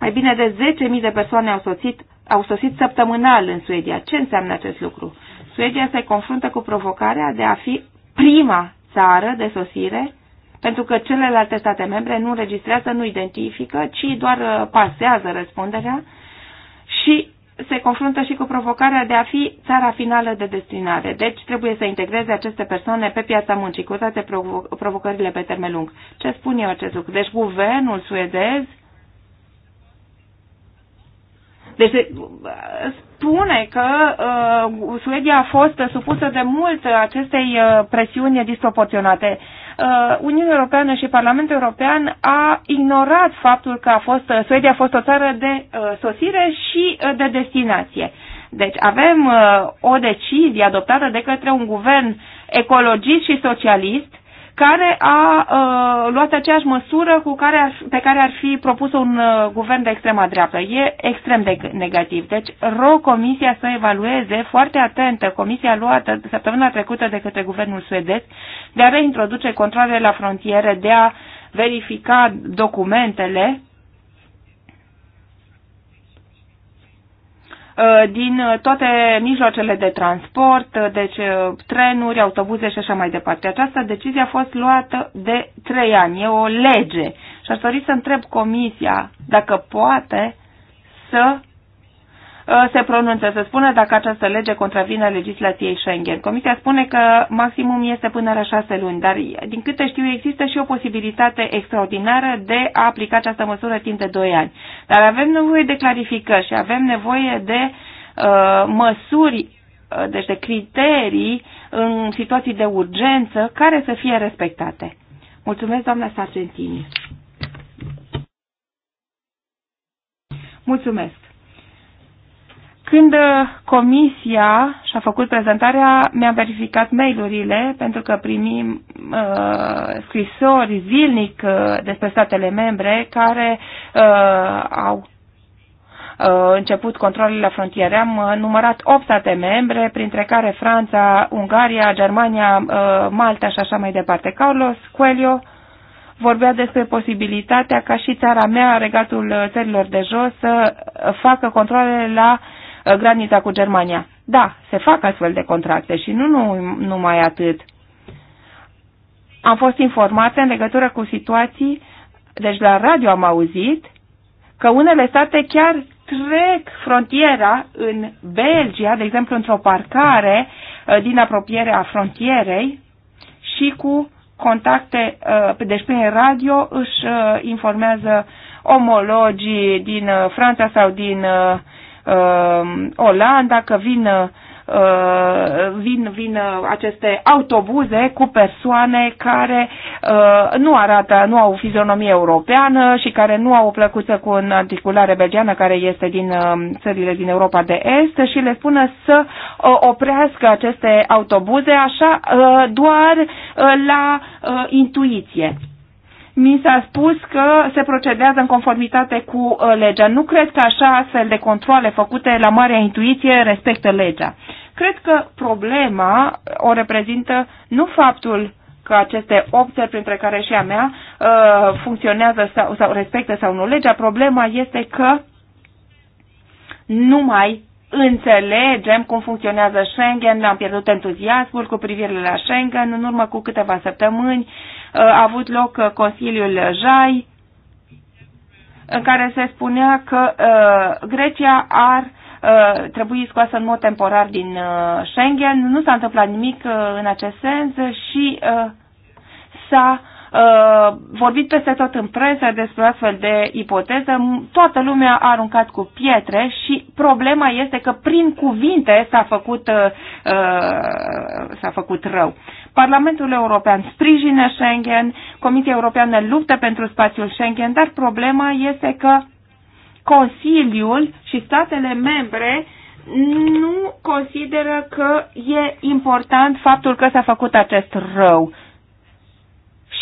mai bine de 10.000 de persoane au soțit au sosit săptămânal în Suedia. Ce înseamnă acest lucru? Suedia se confruntă cu provocarea de a fi prima țară de sosire, pentru că celelalte state membre nu registrează, nu identifică, ci doar uh, pasează răspunderea și se confruntă și cu provocarea de a fi țara finală de destinare. Deci trebuie să integreze aceste persoane pe piața muncii, cu toate provo provocările pe termen lung. Ce spun eu acest lucru? Deci guvernul suedez deci uh, spune că uh, Suedia a fost supusă de mult acestei uh, presiuni disproporționate. Uh, Uniunea Europeană și Parlamentul European a ignorat faptul că a fost, uh, Suedia a fost o țară de uh, sosire și uh, de destinație. Deci avem uh, o decizie adoptată de către un guvern ecologist și socialist care a uh, luat aceeași măsură cu care ar, pe care ar fi propus un uh, guvern de extrema dreaptă. E extrem de negativ. Deci rog Comisia să evalueze foarte atentă comisia luată săptămâna trecută de către guvernul suedez de a reintroduce controlele la frontiere, de a verifica documentele Uh, din uh, toate mijloacele de transport, uh, deci trenuri, autobuze și așa mai departe. Această decizie a fost luată de trei ani, e o lege și aș dori să întreb Comisia dacă poate să Uh, se pronunță să spună dacă această lege contravine legislației Schengen. Comisia spune că maximum este până la șase luni, dar din câte știu există și o posibilitate extraordinară de a aplica această măsură timp de doi ani. Dar avem nevoie de clarificări și avem nevoie de uh, măsuri, uh, deci de criterii în situații de urgență care să fie respectate. Mulțumesc, doamna Sargentini. Mulțumesc. Când uh, comisia și-a făcut prezentarea, mi-am verificat mail-urile, pentru că primim uh, scrisori zilnic uh, despre statele membre care uh, au uh, început controlele la frontiere. Am uh, numărat 8 state membre, printre care Franța, Ungaria, Germania, Malta și așa mai departe. Carlos Coelho vorbea despre posibilitatea ca și țara mea, regatul țărilor de jos, să facă controlele la uh, Uh, granița cu Germania. Da, se fac astfel de contracte și nu, nu numai atât. Am fost informate în legătură cu situații, deci la radio am auzit că unele state chiar trec frontiera în Belgia, de exemplu într-o parcare uh, din apropierea frontierei și cu contacte, uh, deci prin radio își informează omologii din Franța sau din uh, Olanda, că vin, uh, vin, vin aceste autobuze cu persoane care uh, nu arată, nu au fizionomie europeană și care nu au o plăcuță cu un articulare belgeană care este din uh, țările din Europa de Est și le spună să uh, oprească aceste autobuze așa uh, doar uh, la uh, intuiție mi s-a spus că se procedează în conformitate cu uh, legea. Nu cred că așa astfel de controle făcute la marea intuiție respectă legea. Cred că problema uh, o reprezintă nu faptul că aceste opțiuni, printre care și a mea, uh, funcționează sau, sau respectă sau nu legea. Problema este că nu mai înțelegem cum funcționează Schengen, am pierdut entuziasmul cu privire la Schengen în urmă cu câteva săptămâni, a avut loc uh, Consiliul Jai, în care se spunea că uh, Grecia ar uh, trebui scoasă în mod temporar din Schengen. Nu s-a întâmplat nimic în acest sens și s-a uh, Uh, vorbit peste tot în presă despre astfel de ipoteză, toată lumea a aruncat cu pietre și problema este că prin cuvinte s-a făcut, uh, uh, s-a făcut rău. Parlamentul European sprijină Schengen, Comisia Europeană luptă pentru spațiul Schengen, dar problema este că Consiliul și statele membre nu consideră că e important faptul că s-a făcut acest rău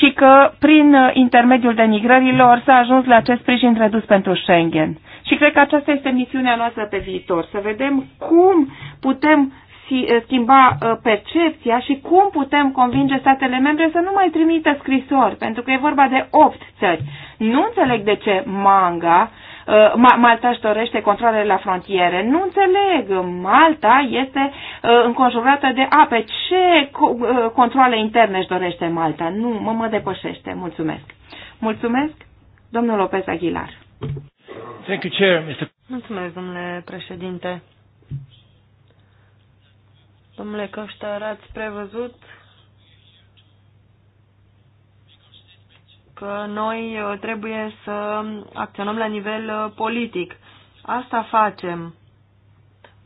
și că prin uh, intermediul denigrărilor s-a ajuns la acest sprijin redus pentru Schengen. Și cred că aceasta este misiunea noastră pe viitor, să vedem cum putem uh, schimba uh, percepția și cum putem convinge statele membre să nu mai trimită scrisori, pentru că e vorba de opt țări. Nu înțeleg de ce manga Uh, Malta își dorește controlele la frontiere. Nu înțeleg. Malta este uh, înconjurată de ape. Ce uh, controle interne își dorește Malta? Nu, mă, mă depășește. Mulțumesc. Mulțumesc, domnul Lopez Aguilar. Thank you, Chair, Mr. Mulțumesc, domnule președinte. Domnule Căștar, ați prevăzut că noi uh, trebuie să acționăm la nivel uh, politic. Asta facem.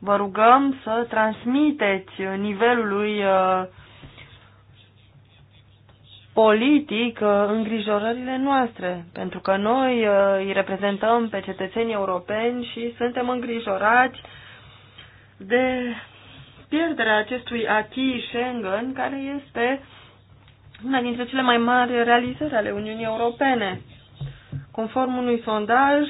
Vă rugăm să transmiteți nivelului uh, politic îngrijorările noastre, pentru că noi îi reprezentăm pe cetățenii europeni și suntem îngrijorați de pierderea acestui acquis Schengen, care este una dintre cele mai mari realizări ale Uniunii Europene. Conform unui sondaj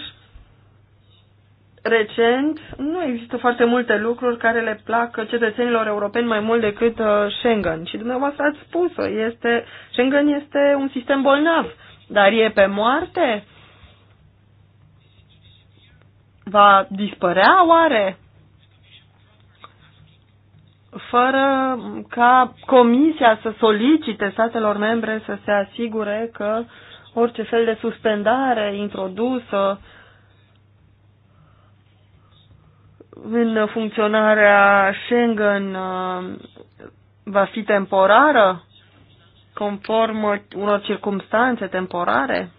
recent, nu există foarte multe lucruri care le plac cetățenilor europeni mai mult decât uh, Schengen. Și dumneavoastră ați spus-o, este, Schengen este un sistem bolnav, dar e pe moarte? Va dispărea oare? fără ca Comisia să solicite statelor membre să se asigure că orice fel de suspendare introdusă în funcționarea Schengen uh, va fi temporară, conform unor circumstanțe temporare?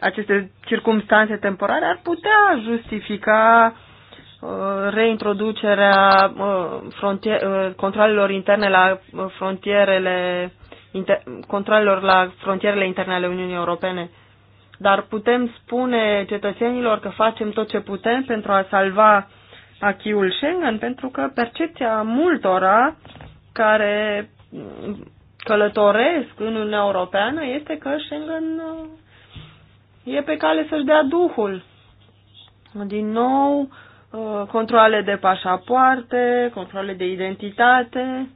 Aceste circumstanțe temporare ar putea justifica Uh, reintroducerea uh, uh, controlelor interne la frontierele inter, controlelor la frontierele interne ale Uniunii Europene. Dar putem spune cetățenilor că facem tot ce putem pentru a salva achiul Schengen, pentru că percepția multora care călătoresc în Uniunea Europeană este că Schengen e pe cale să-și dea duhul. Din nou, uh, Uh, controle de pașapoarte, controle de identitate.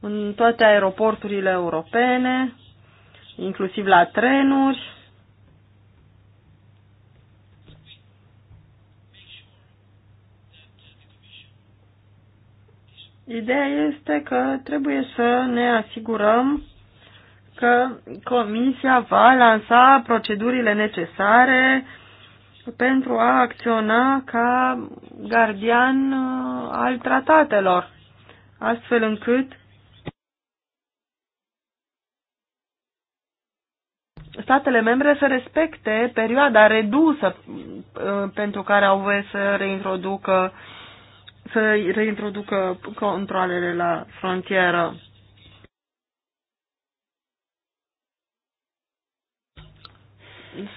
În toate aeroporturile europene, inclusiv la trenuri. Ideea este că trebuie să ne asigurăm că Comisia va lansa procedurile necesare pentru a acționa ca gardian uh, al tratatelor, astfel încât statele membre să respecte perioada redusă uh, pentru care au voie să reintroducă să reintroducă controlele la frontieră.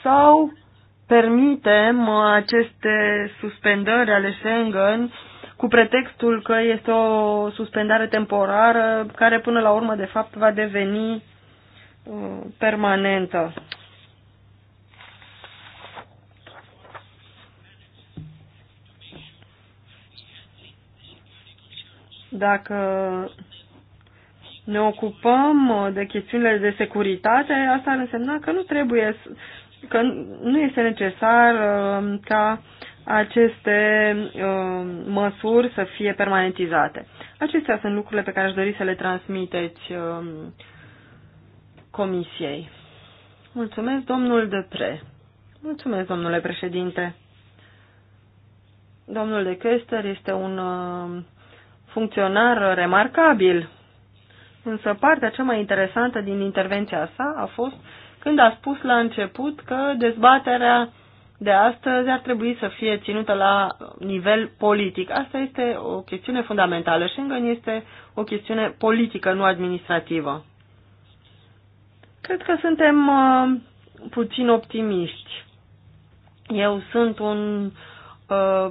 sau permitem aceste suspendări ale Schengen cu pretextul că este o suspendare temporară care până la urmă de fapt va deveni uh, permanentă. Dacă ne ocupăm de chestiunile de securitate, asta ar însemna că nu trebuie că nu este necesar uh, ca aceste uh, măsuri să fie permanentizate. Acestea sunt lucrurile pe care aș dori să le transmiteți uh, comisiei. Mulțumesc, domnul Depre. Mulțumesc, domnule președinte. Domnul de Chester este un funcționar remarcabil, însă partea cea mai interesantă din intervenția sa a fost când a spus la început că dezbaterea de astăzi ar trebui să fie ținută la nivel politic. Asta este o chestiune fundamentală. Schengen este o chestiune politică, nu administrativă. Cred că suntem uh, puțin optimiști. Eu sunt un uh,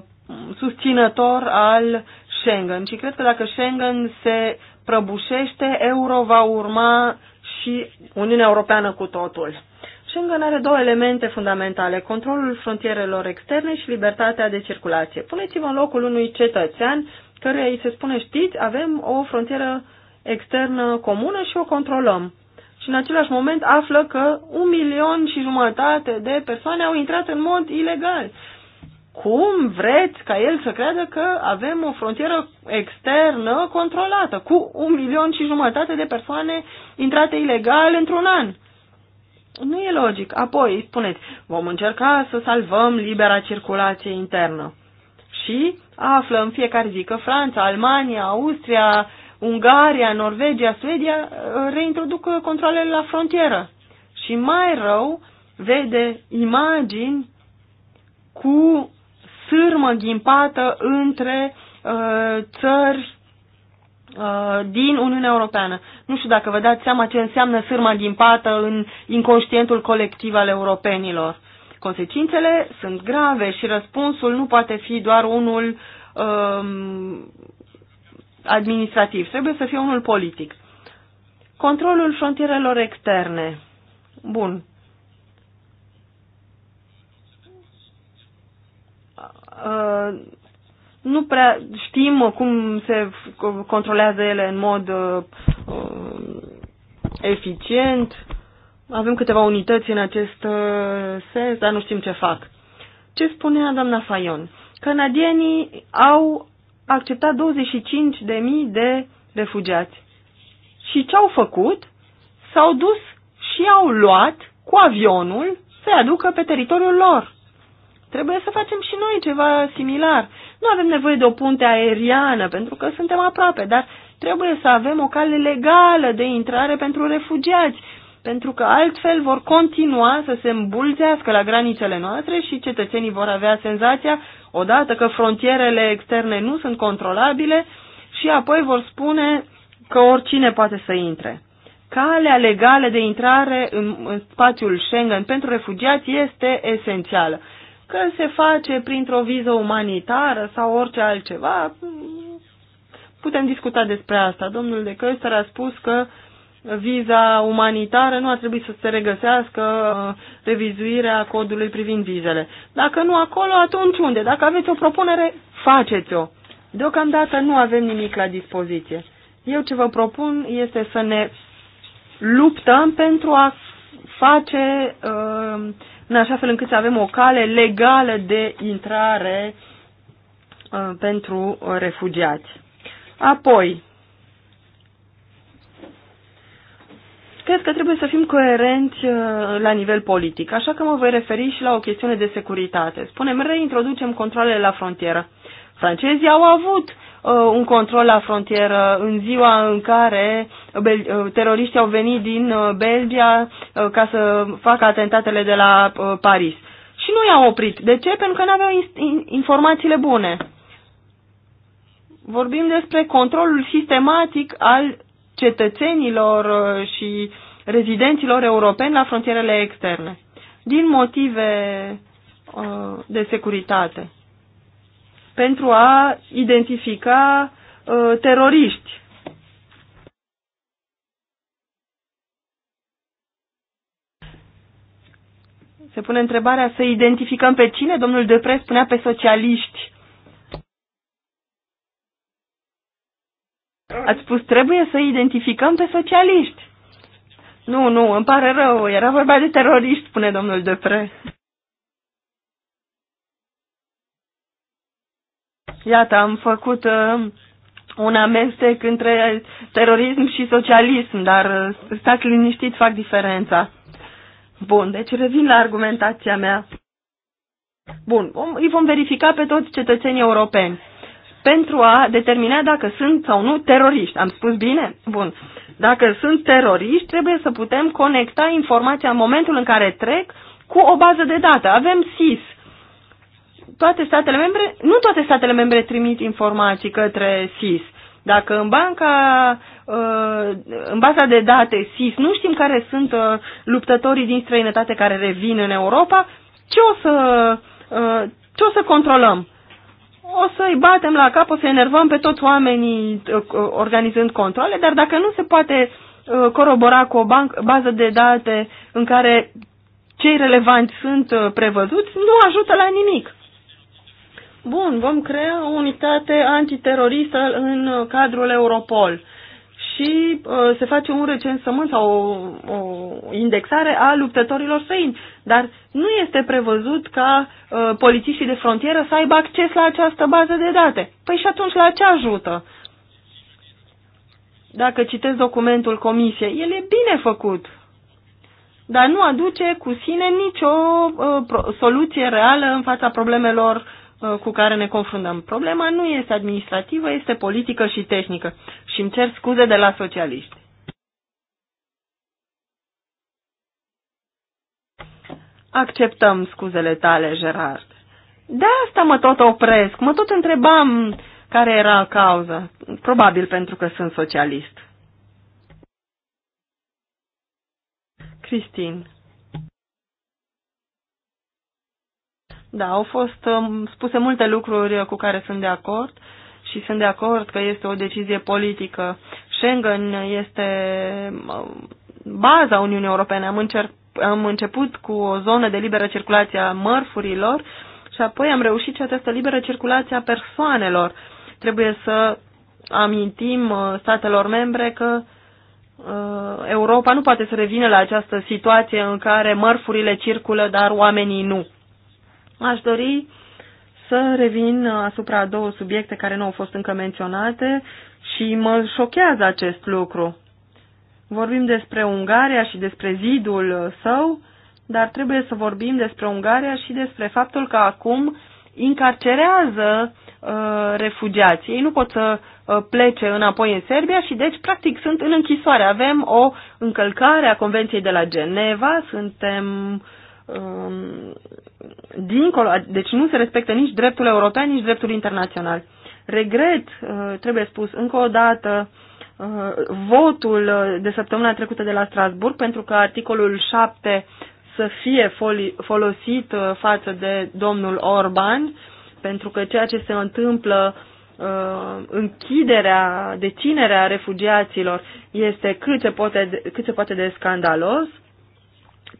susținător al Schengen și cred că dacă Schengen se prăbușește, euro va urma și Uniunea Europeană cu totul. Schengen are două elemente fundamentale, controlul frontierelor externe și libertatea de circulație. Puneți-vă în locul unui cetățean căruia îi se spune, știți, avem o frontieră externă comună și o controlăm. Și în același moment află că un milion și jumătate de persoane au intrat în mod ilegal cum vreți ca el să creadă că avem o frontieră externă controlată cu un milion și jumătate de persoane intrate ilegal într-un an? Nu e logic. Apoi spuneți, vom încerca să salvăm libera circulație internă. Și află în fiecare zi că Franța, Almania, Austria, Ungaria, Norvegia, Suedia uh, reintroduc controlele la frontieră. Și mai rău, vede imagini cu țârmă ghimpată între uh, țări uh, din Uniunea Europeană. Nu știu dacă vă dați seama ce înseamnă sârma ghimpată în inconștientul colectiv al europenilor. Consecințele sunt grave și răspunsul nu poate fi doar unul um, uh, administrativ, trebuie să fie unul politic. Controlul frontierelor externe. Bun, Uh, nu prea știm cum se controlează ele în mod uh, uh, eficient. Avem câteva unități în acest sens, dar nu știm ce fac. Ce spunea doamna Fayon? Canadienii au acceptat 25.000 de refugiați. Și ce au făcut? S-au dus și au luat cu avionul să-i aducă pe teritoriul lor. Trebuie să facem și noi ceva similar. Nu avem nevoie de o punte aeriană, pentru că suntem aproape, dar trebuie să avem o cale legală de intrare pentru refugiați, pentru că altfel vor continua să se îmbulzească la granițele noastre și cetățenii vor avea senzația, odată că frontierele externe nu sunt controlabile, și apoi vor spune că oricine poate să intre. Calea legală de intrare în, în spațiul Schengen pentru refugiați este esențială. Că se face printr-o viză umanitară sau orice altceva, putem discuta despre asta. Domnul de Căster a spus că viza umanitară nu ar trebui să se regăsească uh, revizuirea codului privind vizele. Dacă nu acolo, atunci unde? Dacă aveți o propunere, faceți-o. Deocamdată nu avem nimic la dispoziție. Eu ce vă propun este să ne luptăm pentru a face uh, în așa fel încât să avem o cale legală de intrare uh, pentru uh, refugiați. Apoi, cred că trebuie să fim coerenți uh, la nivel politic, așa că mă voi referi și la o chestiune de securitate. Spunem, reintroducem controlele la frontieră. Francezii au avut Uh, un control la frontieră în ziua în care uh, uh, teroriștii au venit din Belgia ca să facă atentatele de la Paris. Și nu i-au oprit. De ce? Pentru că nu aveau informațiile bune. Vorbim despre controlul sistematic al cetățenilor și rezidenților europeni la frontierele externe, din motive de securitate pentru a identifica uh, teroriști. Se pune întrebarea să identificăm pe cine? Domnul Depres spunea pe socialiști. Ați spus trebuie să identificăm pe socialiști. Nu, nu, îmi pare rău, era vorba de teroriști, spune domnul Depres. Iată, am făcut uh, un amestec între terorism și socialism, dar uh, stați liniștit, fac diferența. Bun, deci revin la argumentația mea. Bun, îi vom verifica pe toți cetățenii europeni pentru a determina dacă sunt sau nu teroriști. Am spus bine? Bun. Dacă sunt teroriști, trebuie să putem conecta informația în momentul în care trec cu o bază de date. Avem SIS, toate statele membre, nu toate statele membre trimit informații către SIS. Dacă în banca, uh, în baza de date SIS nu știm care sunt uh, luptătorii din străinătate care revin în Europa, ce o să, uh, ce o să controlăm? O să-i batem la cap, o să enervăm pe toți oamenii organizând controle, dar dacă nu se poate corobora cu o banc, bază de date în care cei relevanți sunt prevăzuți, nu ajută la nimic bun, vom crea o unitate antiteroristă în cadrul Europol și uh, se face un recensământ sau o, o indexare a luptătorilor străini. Dar nu este prevăzut ca uh, polițiștii de frontieră să aibă acces la această bază de date. Păi și atunci la ce ajută? Dacă citesc documentul comisiei, el e bine făcut, dar nu aduce cu sine nicio uh, soluție reală în fața problemelor Uh, cu care ne confruntăm. Problema nu este administrativă, este politică și tehnică. Și îmi cer scuze de la socialiști. Acceptăm scuzele tale, Gerard. De asta mă tot opresc, mă tot întrebam care era cauza. Probabil pentru că sunt socialist. Cristin. Da, au fost um, spuse multe lucruri cu care sunt de acord și sunt de acord că este o decizie politică. Schengen este um, baza Uniunii Europene. Am, încerc- am început cu o zonă de liberă circulație a mărfurilor și apoi am reușit și această liberă circulație a persoanelor. Trebuie să amintim uh, statelor membre că uh, Europa nu poate să revină la această situație în care mărfurile circulă, dar oamenii nu. Aș dori să revin asupra două subiecte care nu au fost încă menționate și mă șochează acest lucru. Vorbim despre Ungaria și despre zidul său, dar trebuie să vorbim despre Ungaria și despre faptul că acum incarcerează uh, refugiații. Ei nu pot să uh, plece înapoi în Serbia și deci practic sunt în închisoare. Avem o încălcare a Convenției de la Geneva, suntem uh, dincolo, deci nu se respectă nici dreptul european, nici dreptul internațional. Regret, uh, trebuie spus încă o dată, uh, votul uh, de săptămâna trecută de la Strasburg pentru că articolul 7 să fie folosit față de domnul Orban, pentru că ceea ce se întâmplă închiderea, deținerea refugiaților este cât se poate, cât se poate de scandalos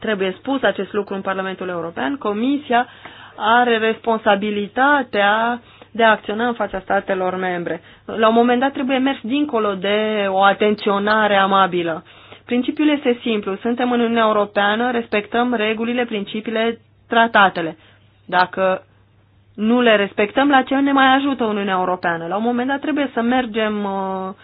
trebuie spus acest lucru în Parlamentul European, Comisia are responsabilitatea de a acționa în fața statelor membre. La un moment dat trebuie mers dincolo de o atenționare amabilă. Principiul este simplu. Suntem în Uniunea Europeană, respectăm regulile, principiile, tratatele. Dacă nu le respectăm, la ce ne mai ajută Uniunea Europeană? La un moment dat trebuie să mergem uh,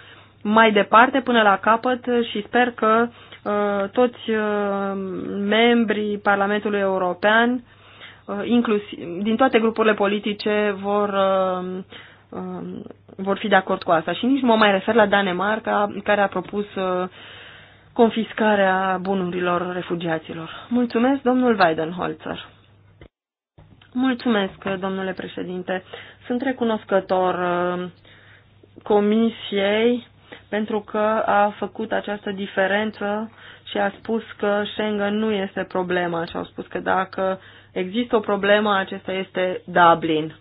mai departe până la capăt și sper că Uh, toți uh, membrii Parlamentului European, uh, inclusiv, din toate grupurile politice, vor, um, vor fi de acord cu asta. Și nici nu mă mai refer la Danemarca, care a propus confiscarea bunurilor refugiaților. Mulțumesc, domnul Weidenholzer. Mulțumesc, domnule președinte. Sunt recunoscător comisiei pentru că a făcut această diferență și a spus că Schengen nu este problema și au spus că dacă există o problemă, acesta este Dublin.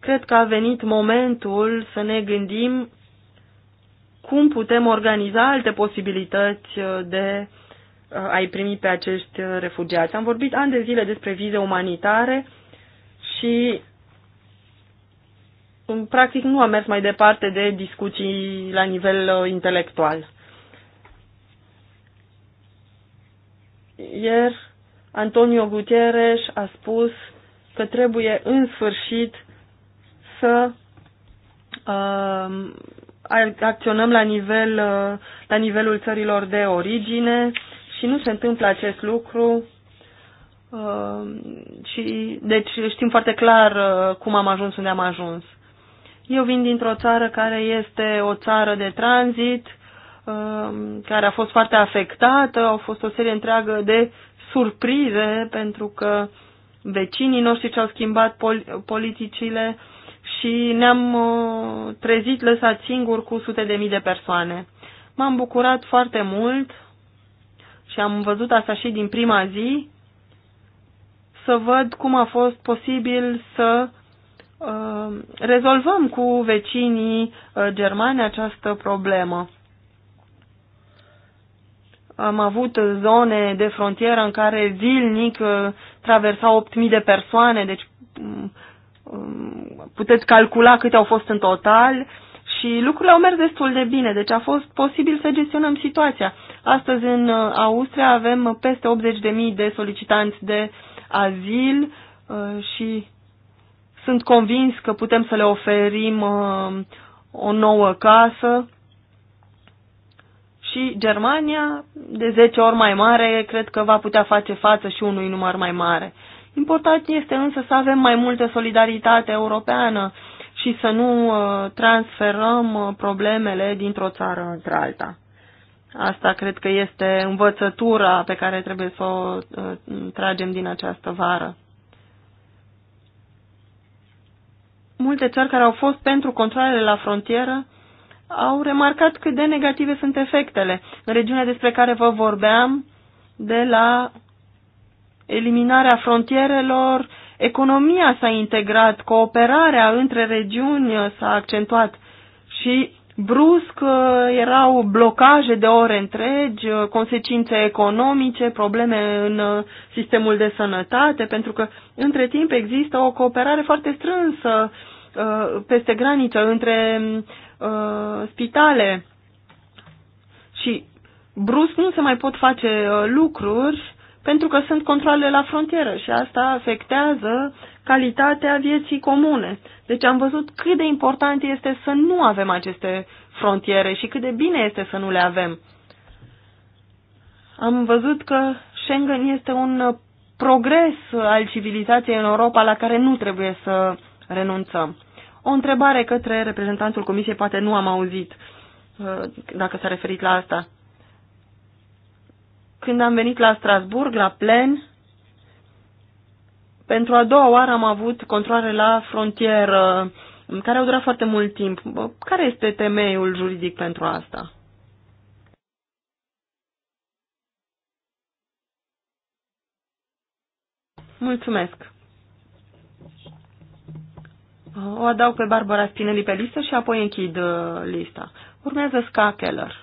Cred că a venit momentul să ne gândim cum putem organiza alte posibilități uh, de uh, a-i primi pe acești uh, refugiați. Am vorbit ani de zile despre vize umanitare și practic nu a mers mai departe de discuții la nivel uh, intelectual. Ieri Antonio Guterres a spus că trebuie în sfârșit să uh, acționăm la, nivel, uh, la nivelul țărilor de origine și nu se întâmplă acest lucru. Uh, și, deci știm foarte clar uh, cum am ajuns unde am ajuns. Eu vin dintr-o țară care este o țară de tranzit, um, care a fost foarte afectată, au fost o serie întreagă de surprize pentru că vecinii noștri ce au schimbat pol- politicile și ne-am uh, trezit lăsați singuri cu sute de mii de persoane. M-am bucurat foarte mult și am văzut asta și din prima zi, să văd cum a fost posibil să Uh, rezolvăm cu vecinii uh, germani această problemă. Am avut zone de frontieră în care zilnic uh, traversau 8.000 de persoane, deci mm, mm, puteți calcula câte au fost în total și lucrurile au mers destul de bine, deci a fost posibil să gestionăm situația. Astăzi în Austria avem peste 80.000 de solicitanți de azil și sunt convins că putem să le oferim uh, o nouă casă și Germania, de 10 ori mai mare, cred că va putea face față și unui număr mai mare. Important este însă să avem mai multă solidaritate europeană și să nu uh, transferăm uh, problemele dintr-o țară într-alta. Asta cred că este învățătura pe care trebuie să o tragem din această vară. multe țări care au fost pentru controlele la frontieră au remarcat cât de negative sunt efectele. În regiunea despre care vă vorbeam, de la eliminarea frontierelor, economia s-a integrat, cooperarea între regiuni s-a accentuat și brusc uh, erau blocaje de ore întregi, uh, consecințe economice, probleme în uh, sistemul de sănătate, pentru că între timp există o cooperare foarte strânsă Uh, peste graniță între uh, spitale și brusc nu se mai pot face uh, lucruri pentru că sunt controle la frontieră și asta afectează calitatea vieții comune. Deci am văzut cât de important este să nu avem aceste frontiere și cât de bine este să nu le avem. Am văzut că Schengen este un progres al civilizației în Europa la care nu trebuie să renunțăm. O întrebare către reprezentantul Comisiei, poate nu am auzit uh, dacă s-a referit la asta. Când am venit la Strasburg, la plen, pentru a doua oară am avut controle la frontieră, care au durat foarte mult timp. Care este temeiul juridic pentru asta? Mulțumesc. O adaug pe Barbara Spinelli pe listă și apoi închid uh, lista. Urmează Ska Keller.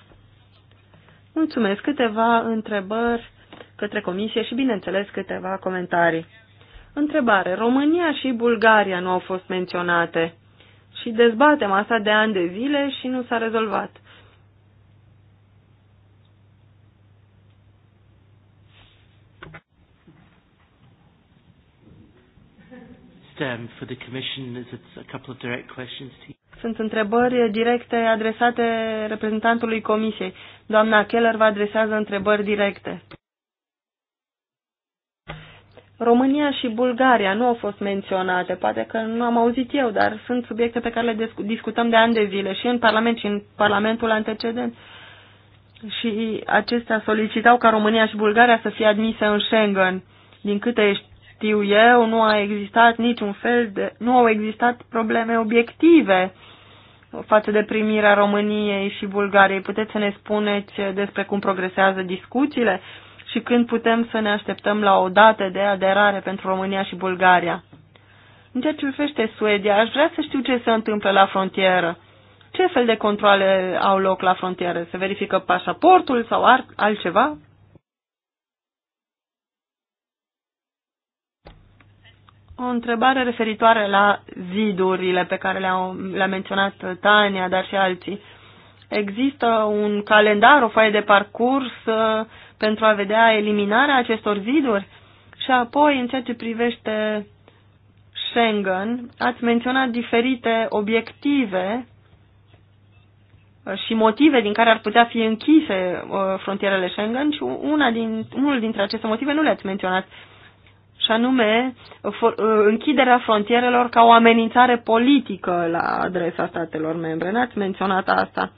Mulțumesc. Câteva întrebări către comisie și, bineînțeles, câteva comentarii. Întrebare. România și Bulgaria nu au fost menționate și dezbatem asta de ani de zile și nu s-a rezolvat. Sunt întrebări directe adresate reprezentantului Comisiei. Doamna Keller vă adresează întrebări directe. România și Bulgaria nu au fost menționate, poate că nu am auzit eu, dar sunt subiecte pe care le discutăm de ani de zile și în Parlament și în Parlamentul antecedent. Și acestea solicitau ca România și Bulgaria să fie admise în Schengen. Din câte știu eu, nu a existat niciun fel de, nu au existat probleme obiective față de primirea României și Bulgariei. Puteți să ne spuneți despre cum progresează discuțiile și când putem să ne așteptăm la o dată de aderare pentru România și Bulgaria. În ceea ce privește Suedia, aș vrea să știu ce se întâmplă la frontieră. Ce fel de controle au loc la frontieră? Se verifică pașaportul sau altceva? O întrebare referitoare la zidurile pe care le-a le menționat Tania, dar și alții. Există un calendar, o foaie de parcurs uh, pentru a vedea eliminarea acestor ziduri? Și apoi, în ceea ce privește Schengen, ați menționat diferite obiective uh, și motive din care ar putea fi închise uh, frontierele Schengen și una din, unul dintre aceste motive nu le-ați menționat și anume uh, închiderea frontierelor ca o amenințare politică la adresa statelor membre. N-ați menționat asta.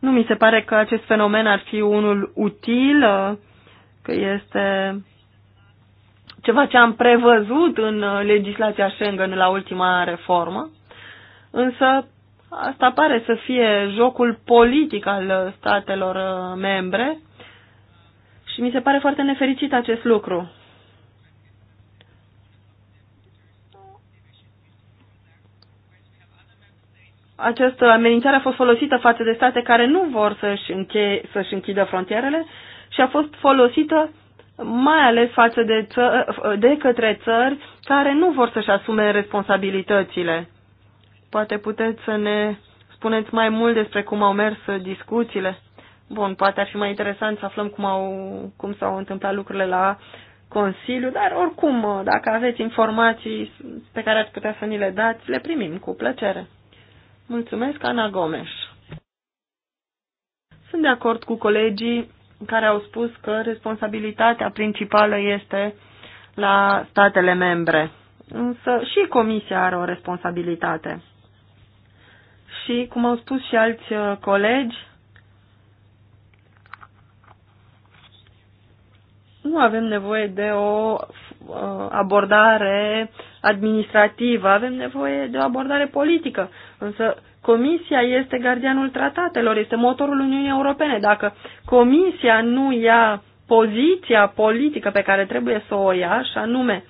Nu mi se pare că acest fenomen ar fi unul util, uh, că este ceva ce am prevăzut în uh, legislația Schengen la ultima reformă, însă asta pare să fie jocul politic al statelor membre și mi se pare foarte nefericit acest lucru. această amenințare a fost folosită față de state care nu vor să-și, încheie, să-și închidă frontierele și a fost folosită mai ales față de, ță, de către țări care nu vor să-și asume responsabilitățile. Poate puteți să ne spuneți mai mult despre cum au mers discuțiile. Bun, poate ar fi mai interesant să aflăm cum, au, cum s-au întâmplat lucrurile la Consiliu, dar oricum, dacă aveți informații pe care ați putea să ni le dați, le primim cu plăcere. Mulțumesc, Ana Gomes. Sunt de acord cu colegii care au spus că responsabilitatea principală este la statele membre. Însă și Comisia are o responsabilitate. Și, cum au spus și alți uh, colegi, nu avem nevoie de o uh, abordare administrativă, avem nevoie de o abordare politică. Însă Comisia este gardianul tratatelor, este motorul Uniunii Europene. Dacă Comisia nu ia poziția politică pe care trebuie să o ia, și anume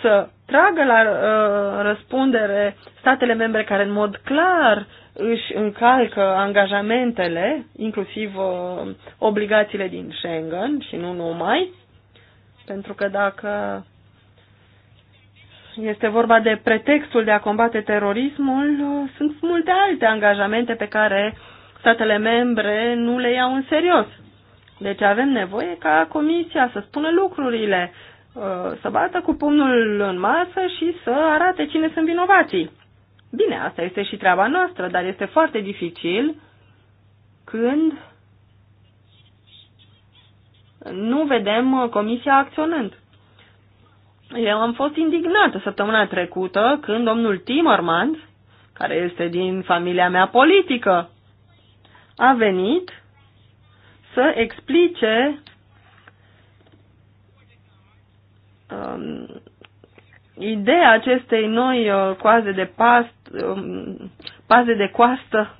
să tragă la uh, răspundere statele membre care în mod clar își încalcă angajamentele, inclusiv uh, obligațiile din Schengen și nu numai, pentru că dacă este vorba de pretextul de a combate terorismul, sunt multe alte angajamente pe care statele membre nu le iau în serios. Deci avem nevoie ca Comisia să spună lucrurile, uh, să bată cu pumnul în masă și să arate cine sunt vinovații. Bine, asta este și treaba noastră, dar este foarte dificil când nu vedem uh, Comisia acționând. Eu am fost indignată săptămâna trecută când domnul Timmermans, care este din familia mea politică, a venit să explice um, ideea acestei noi uh, coaze de past, um, paze de coastă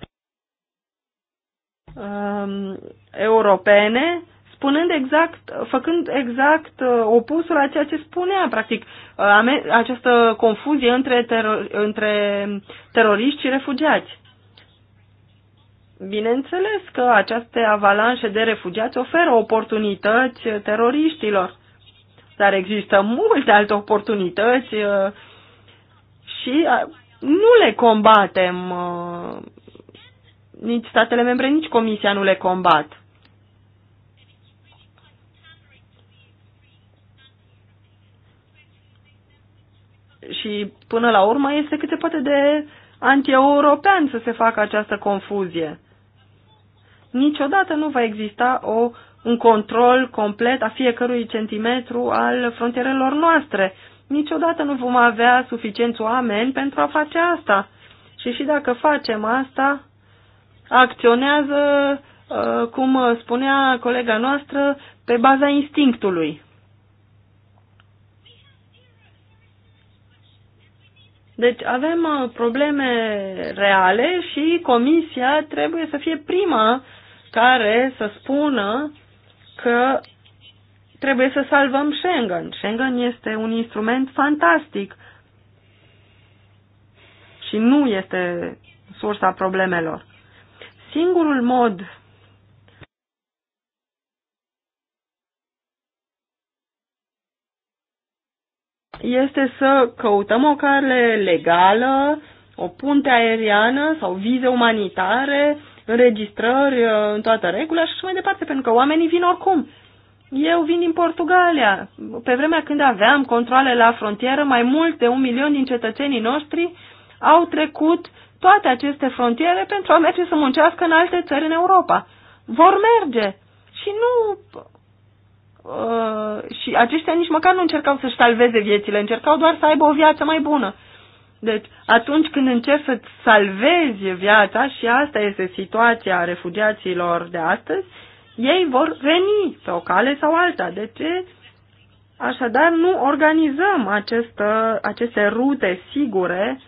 um, europene spunând exact, făcând exact uh, opusul a ceea ce spunea, practic, uh, această confuzie între, teror, între teroriști și refugiați. Bineînțeles că aceste avalanșe de refugiați oferă oportunități teroriștilor, dar există multe alte oportunități uh, și nu le combatem nici statele membre, nici Comisia nu le combat. și până la urmă este cât se poate de anti-european să se facă această confuzie. Niciodată nu va exista o, un control complet a fiecărui centimetru al frontierelor noastre. Niciodată nu vom avea suficienți oameni pentru a face asta. Și și dacă facem asta, acționează, uh, cum spunea colega noastră, pe baza instinctului. Deci avem uh, probleme reale și comisia trebuie să fie prima care să spună că trebuie să salvăm Schengen. Schengen este un instrument fantastic și nu este sursa problemelor. Singurul mod este să căutăm o cale legală, o punte aeriană sau vize umanitare, înregistrări uh, în toată regula și așa mai departe, pentru că oamenii vin oricum. Eu vin din Portugalia. Pe vremea când aveam controle la frontieră, mai mult de un milion din cetățenii noștri au trecut toate aceste frontiere pentru a merge să muncească în alte țări în Europa. Vor merge și nu Uh, și aceștia nici măcar nu încercau să-și salveze viețile, încercau doar să aibă o viață mai bună. Deci, atunci când încerci să-ți salvezi viața, și asta este situația refugiaților de astăzi, ei vor veni pe o cale sau alta. De ce? Așadar, nu organizăm acestă, uh, aceste rute sigure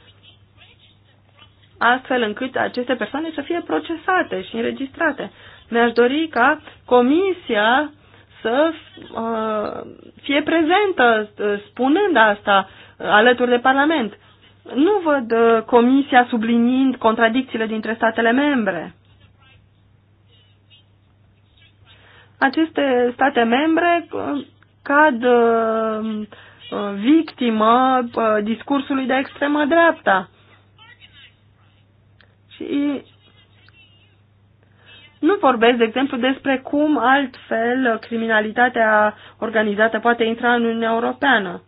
astfel încât aceste persoane să fie procesate și înregistrate. Mi-aș dori ca Comisia să uh, fie prezentă uh, spunând asta uh, alături de Parlament. Nu văd Comisia subliniind contradicțiile dintre statele membre. Aceste state membre cad victimă discursului de extremă dreapta. Și nu vorbesc, de exemplu, despre cum altfel criminalitatea organizată poate intra în Uniunea Europeană.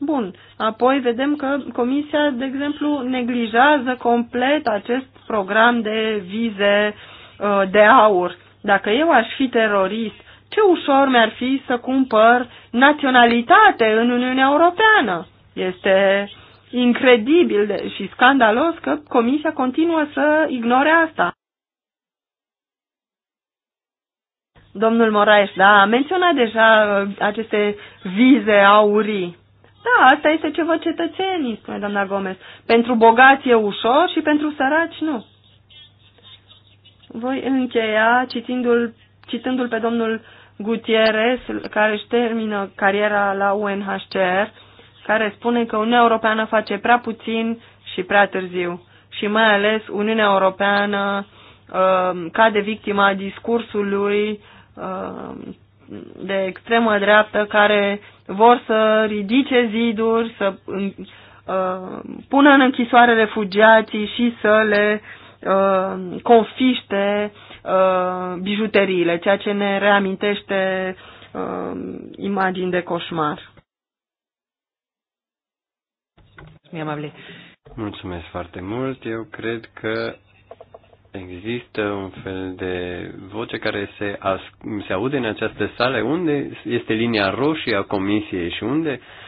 Bun. Apoi vedem că Comisia, de exemplu, neglijează complet acest program de vize uh, de aur. Dacă eu aș fi terorist ce ușor mi-ar fi să cumpăr naționalitate în Uniunea Europeană. Este incredibil și scandalos că Comisia continuă să ignore asta. Domnul Moraes, da, a menționat deja uh, aceste vize aurii. Da, asta este ce văd cetățenii, spune doamna Gomez. Pentru bogați e ușor și pentru săraci nu. Voi încheia citindu-l, citându pe domnul Gutierrez, care își termină cariera la UNHCR, care spune că Uniunea Europeană face prea puțin și prea târziu. Și mai ales Uniunea Europeană uh, cade victima discursului uh, de extremă dreaptă care vor să ridice ziduri, să uh, pună în închisoare refugiații și să le uh, confiște Uh, bijuteriile, ceea ce ne reamintește uh, imagini de coșmar. Mi-am Mulțumesc foarte mult. Eu cred că există un fel de voce care se, se aude în această sală unde este linia roșie a comisiei și unde uh,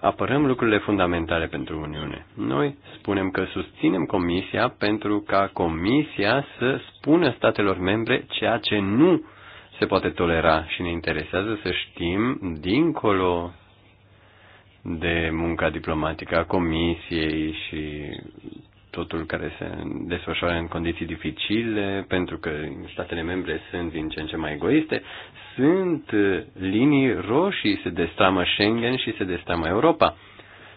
apărăm lucrurile fundamentale pentru Uniune. Noi spunem că susținem Comisia pentru ca Comisia să spună statelor membre ceea ce nu se poate tolera și ne interesează să știm dincolo de munca diplomatică a Comisiei și totul care se desfășoară în condiții dificile, pentru că statele membre sunt din ce în ce mai egoiste, sunt linii roșii, se destramă Schengen și se destramă Europa.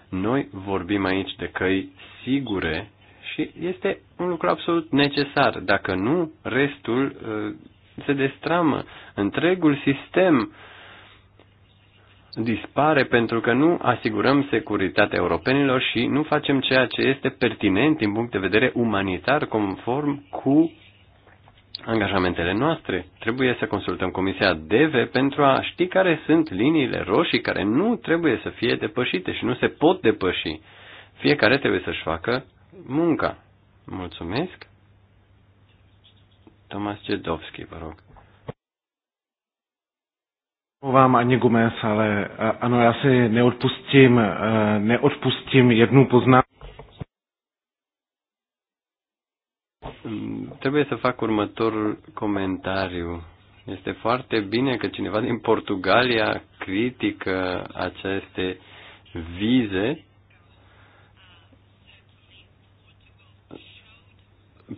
Noi vorbim aici de căi sigure și este un lucru absolut necesar. Dacă nu, restul uh, se destramă. Întregul sistem dispare pentru că nu asigurăm securitatea europenilor și nu facem ceea ce este pertinent din punct de vedere umanitar conform cu angajamentele noastre. Trebuie să consultăm Comisia DEVE pentru a ști care sunt liniile roșii care nu trebuie să fie depășite și nu se pot depăși. Fiecare trebuie să-și facă munca. Mulțumesc. Tomas Cedovski, vă rog. Vám ani Gomez, ale eh, ano, já si neodpustím, eh, neodpustím jednu poznámku trebuie să fac următorul comentariu. Este foarte bine că cineva din Portugalia critică aceste vize.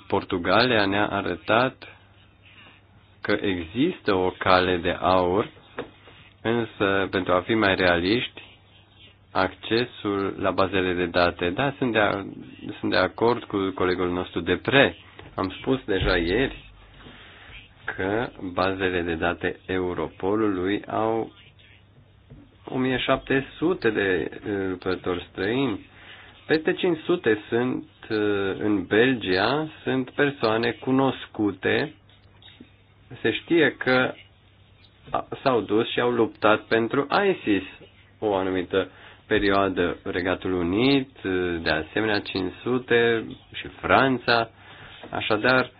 Portugalia ne-a arătat că există o cale de aur, însă, pentru a fi mai realiști, accesul la bazele de date. Da, sunt de, sunt de acord cu colegul nostru de pre. Am spus deja ieri că bazele de date Europolului au 1700 de uh, lucrători străini. Peste 500 sunt uh, în Belgia, sunt persoane cunoscute. Se știe că s-au dus și au luptat pentru ISIS o anumită perioadă. Regatul Unit, uh, de asemenea 500 și Franța Așadar,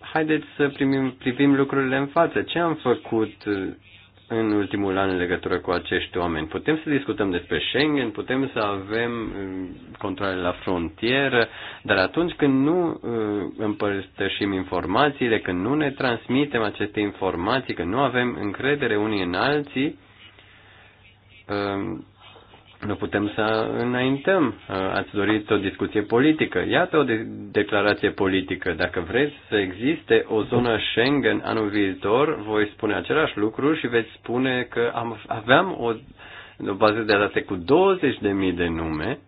haideți să primim, privim lucrurile în față. Ce am făcut uh, în ultimul an în legătură cu acești oameni? Putem să discutăm despre Schengen, putem să avem uh, controle la frontieră, dar atunci când nu uh, împărtășim informațiile, când nu ne transmitem aceste informații, când nu avem încredere unii în alții, nu putem să înaintăm. Ați dorit o discuție politică. Iată o de- declarație politică. Dacă vreți să existe o zonă Schengen anul viitor, voi spune același lucru și veți spune că am, aveam o, o bază de date cu 20.000 de nume,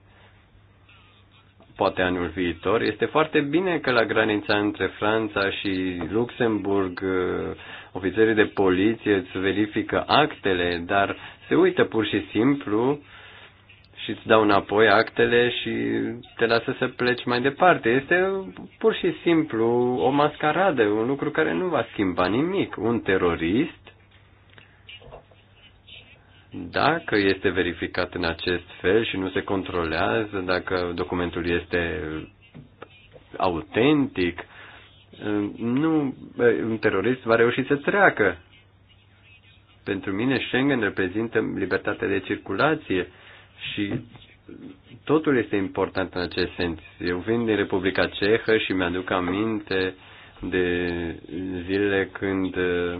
poate anul viitor. Este foarte bine că la granița între Franța și Luxemburg uh, ofițerii de poliție îți verifică actele, dar se uită pur și simplu și îți dau înapoi actele și te lasă să pleci mai departe. Este pur și simplu o mascaradă, un lucru care nu va schimba nimic. Un terorist, dacă este verificat în acest fel și nu se controlează dacă documentul este autentic, nu, un terorist va reuși să treacă. Pentru mine Schengen reprezintă libertatea de circulație și totul este important în acest sens. Eu vin din Republica Cehă și mi-aduc aminte de zilele când uh,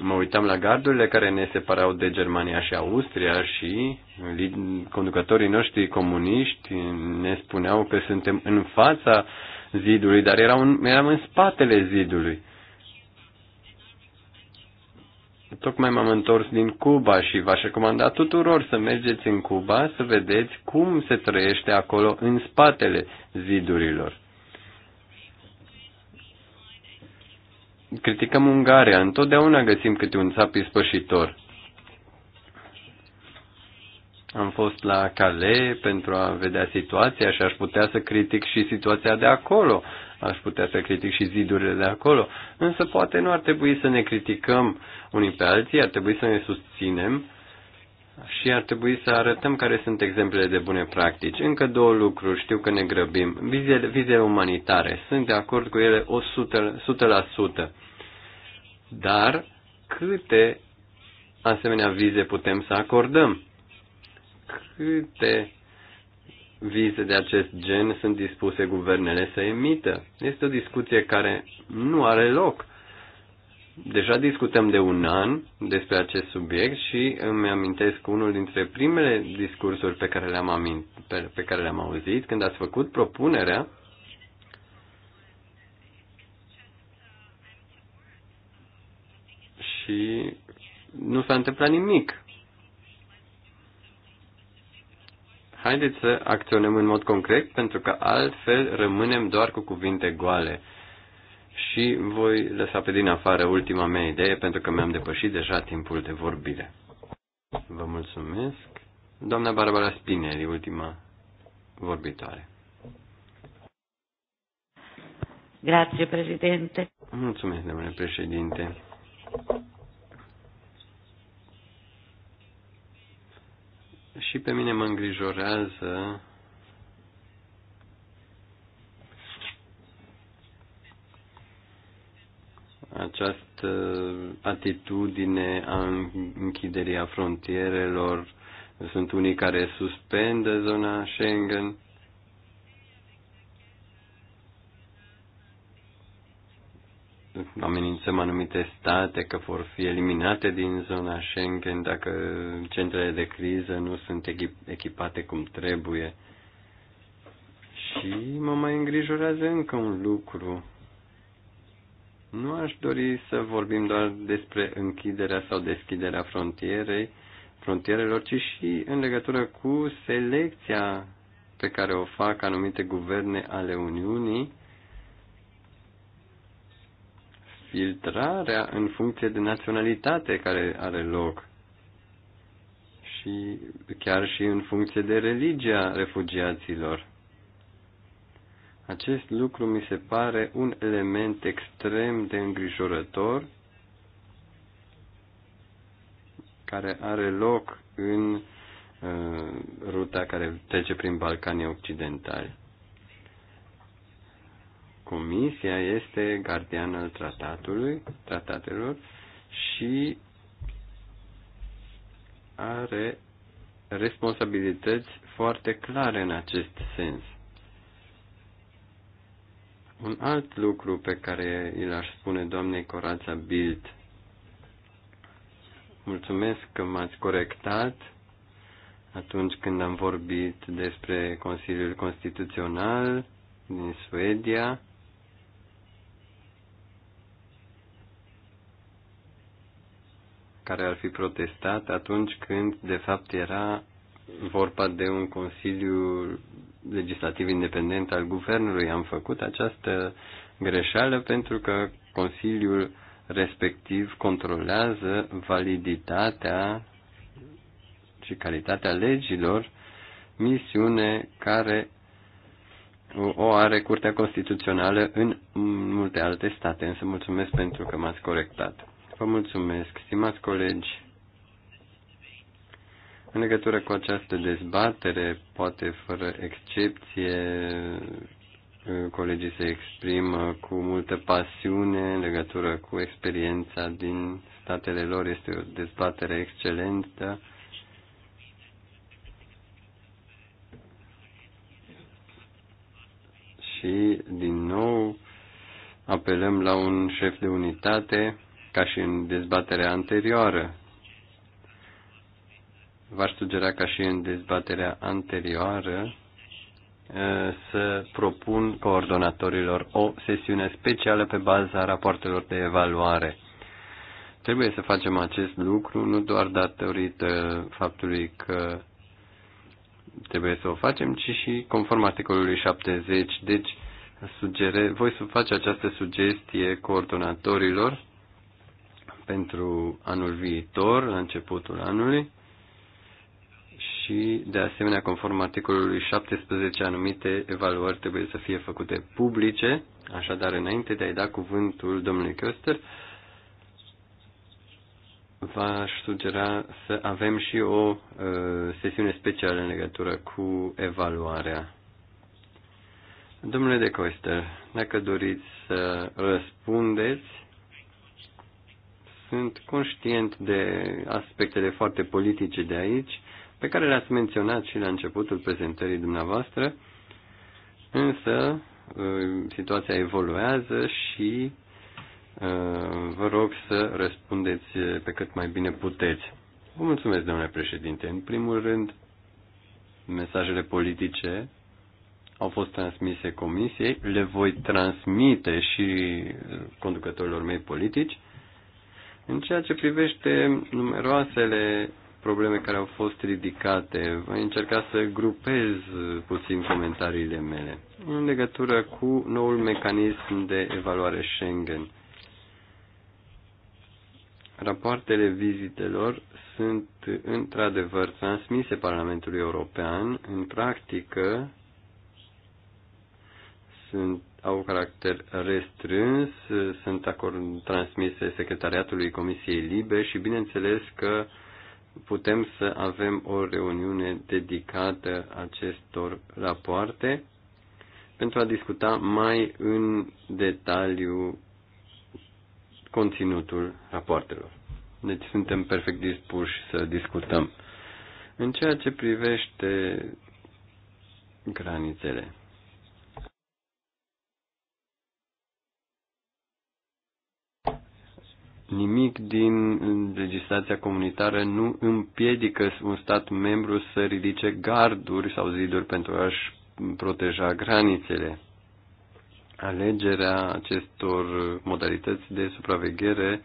mă uitam la gardurile care ne separau de Germania și Austria și conducătorii noștri comuniști ne spuneau că suntem în fața zidului, dar eram, eram în spatele zidului. Tocmai m-am întors din Cuba și v-aș recomanda tuturor să mergeți în Cuba să vedeți cum se trăiește acolo în spatele zidurilor. Criticăm Ungaria, întotdeauna găsim câte un țap ispășitor. Am fost la Calais pentru a vedea situația și aș putea să critic și situația de acolo. Aș putea să critic și zidurile de acolo, însă poate nu ar trebui să ne criticăm unii pe alții, ar trebui să ne susținem și ar trebui să arătăm care sunt exemplele de bune practici. Încă două lucruri, știu că ne grăbim. Vizele, vizele umanitare, sunt de acord cu ele 100%, 100%. Dar câte asemenea vize putem să acordăm? Câte vize de acest gen sunt dispuse guvernele să emită. Este o discuție care nu are loc. Deja discutăm de un an despre acest subiect și îmi amintesc unul dintre primele discursuri pe care le-am, amint- pe, pe care le-am auzit când ați făcut propunerea și nu s-a întâmplat nimic. haideți să acționăm în mod concret, pentru că altfel rămânem doar cu cuvinte goale. Și voi lăsa pe din afară ultima mea idee, pentru că mi-am depășit deja timpul de vorbire. Vă mulțumesc. Doamna Barbara Spineri, ultima vorbitoare. Grazie, președinte. Mulțumesc, domnule președinte. și pe mine mă îngrijorează această atitudine a închiderii a frontierelor. Sunt unii care suspendă zona Schengen amenințăm anumite state că vor fi eliminate din zona Schengen dacă centrele de criză nu sunt echipate cum trebuie. Și mă mai îngrijorează încă un lucru. Nu aș dori să vorbim doar despre închiderea sau deschiderea frontierei, frontierelor, ci și în legătură cu selecția pe care o fac anumite guverne ale Uniunii filtrarea în funcție de naționalitate care are loc și chiar și în funcție de religia refugiaților. Acest lucru mi se pare un element extrem de îngrijorător care are loc în uh, ruta care trece prin Balcanii Occidentali. Comisia este gardian al tratatului, tratatelor și are responsabilități foarte clare în acest sens. Un alt lucru pe care îl aș spune doamnei Corața Bild. Mulțumesc că m-ați corectat atunci când am vorbit despre Consiliul Constituțional din Suedia care ar fi protestat atunci când, de fapt, era vorba de un Consiliu Legislativ Independent al Guvernului. Am făcut această greșeală pentru că Consiliul respectiv controlează validitatea și calitatea legilor, misiune care o are Curtea Constituțională în multe alte state. Însă mulțumesc pentru că m-ați corectat. Vă mulțumesc, stimați colegi. În legătură cu această dezbatere, poate fără excepție, colegii se exprimă cu multă pasiune în legătură cu experiența din statele lor. Este o dezbatere excelentă. Și, din nou, apelăm la un șef de unitate ca și în dezbaterea anterioară, v-aș sugera ca și în dezbaterea anterioară să propun coordonatorilor o sesiune specială pe baza rapoartelor de evaluare. Trebuie să facem acest lucru nu doar datorită faptului că trebuie să o facem, ci și conform articolului 70. Deci, sugere, voi să face această sugestie coordonatorilor pentru anul viitor, la începutul anului, și, de asemenea, conform articolului 17, anumite evaluări trebuie să fie făcute publice. Așadar, înainte de a-i da cuvântul domnului Köster, v-aș sugera să avem și o uh, sesiune specială în legătură cu evaluarea. Domnule de Coister, dacă doriți să răspundeți sunt conștient de aspectele foarte politice de aici, pe care le-ați menționat și la începutul prezentării dumneavoastră, însă ă, situația evoluează și ă, vă rog să răspundeți pe cât mai bine puteți. Vă mulțumesc, domnule președinte. În primul rând, mesajele politice au fost transmise comisiei, le voi transmite și ă, conducătorilor mei politici în ceea ce privește numeroasele probleme care au fost ridicate, voi încerca să grupez puțin comentariile mele în legătură cu noul mecanism de evaluare Schengen. Rapoartele vizitelor sunt într-adevăr transmise Parlamentului European. În practică sunt au caracter restrâns, sunt acord, transmise secretariatului Comisiei Libe și bineînțeles că putem să avem o reuniune dedicată acestor rapoarte pentru a discuta mai în detaliu conținutul rapoartelor. Deci suntem perfect dispuși să discutăm. În ceea ce privește granițele. Nimic din legislația comunitară nu împiedică un stat membru să ridice garduri sau ziduri pentru a-și proteja granițele. Alegerea acestor modalități de supraveghere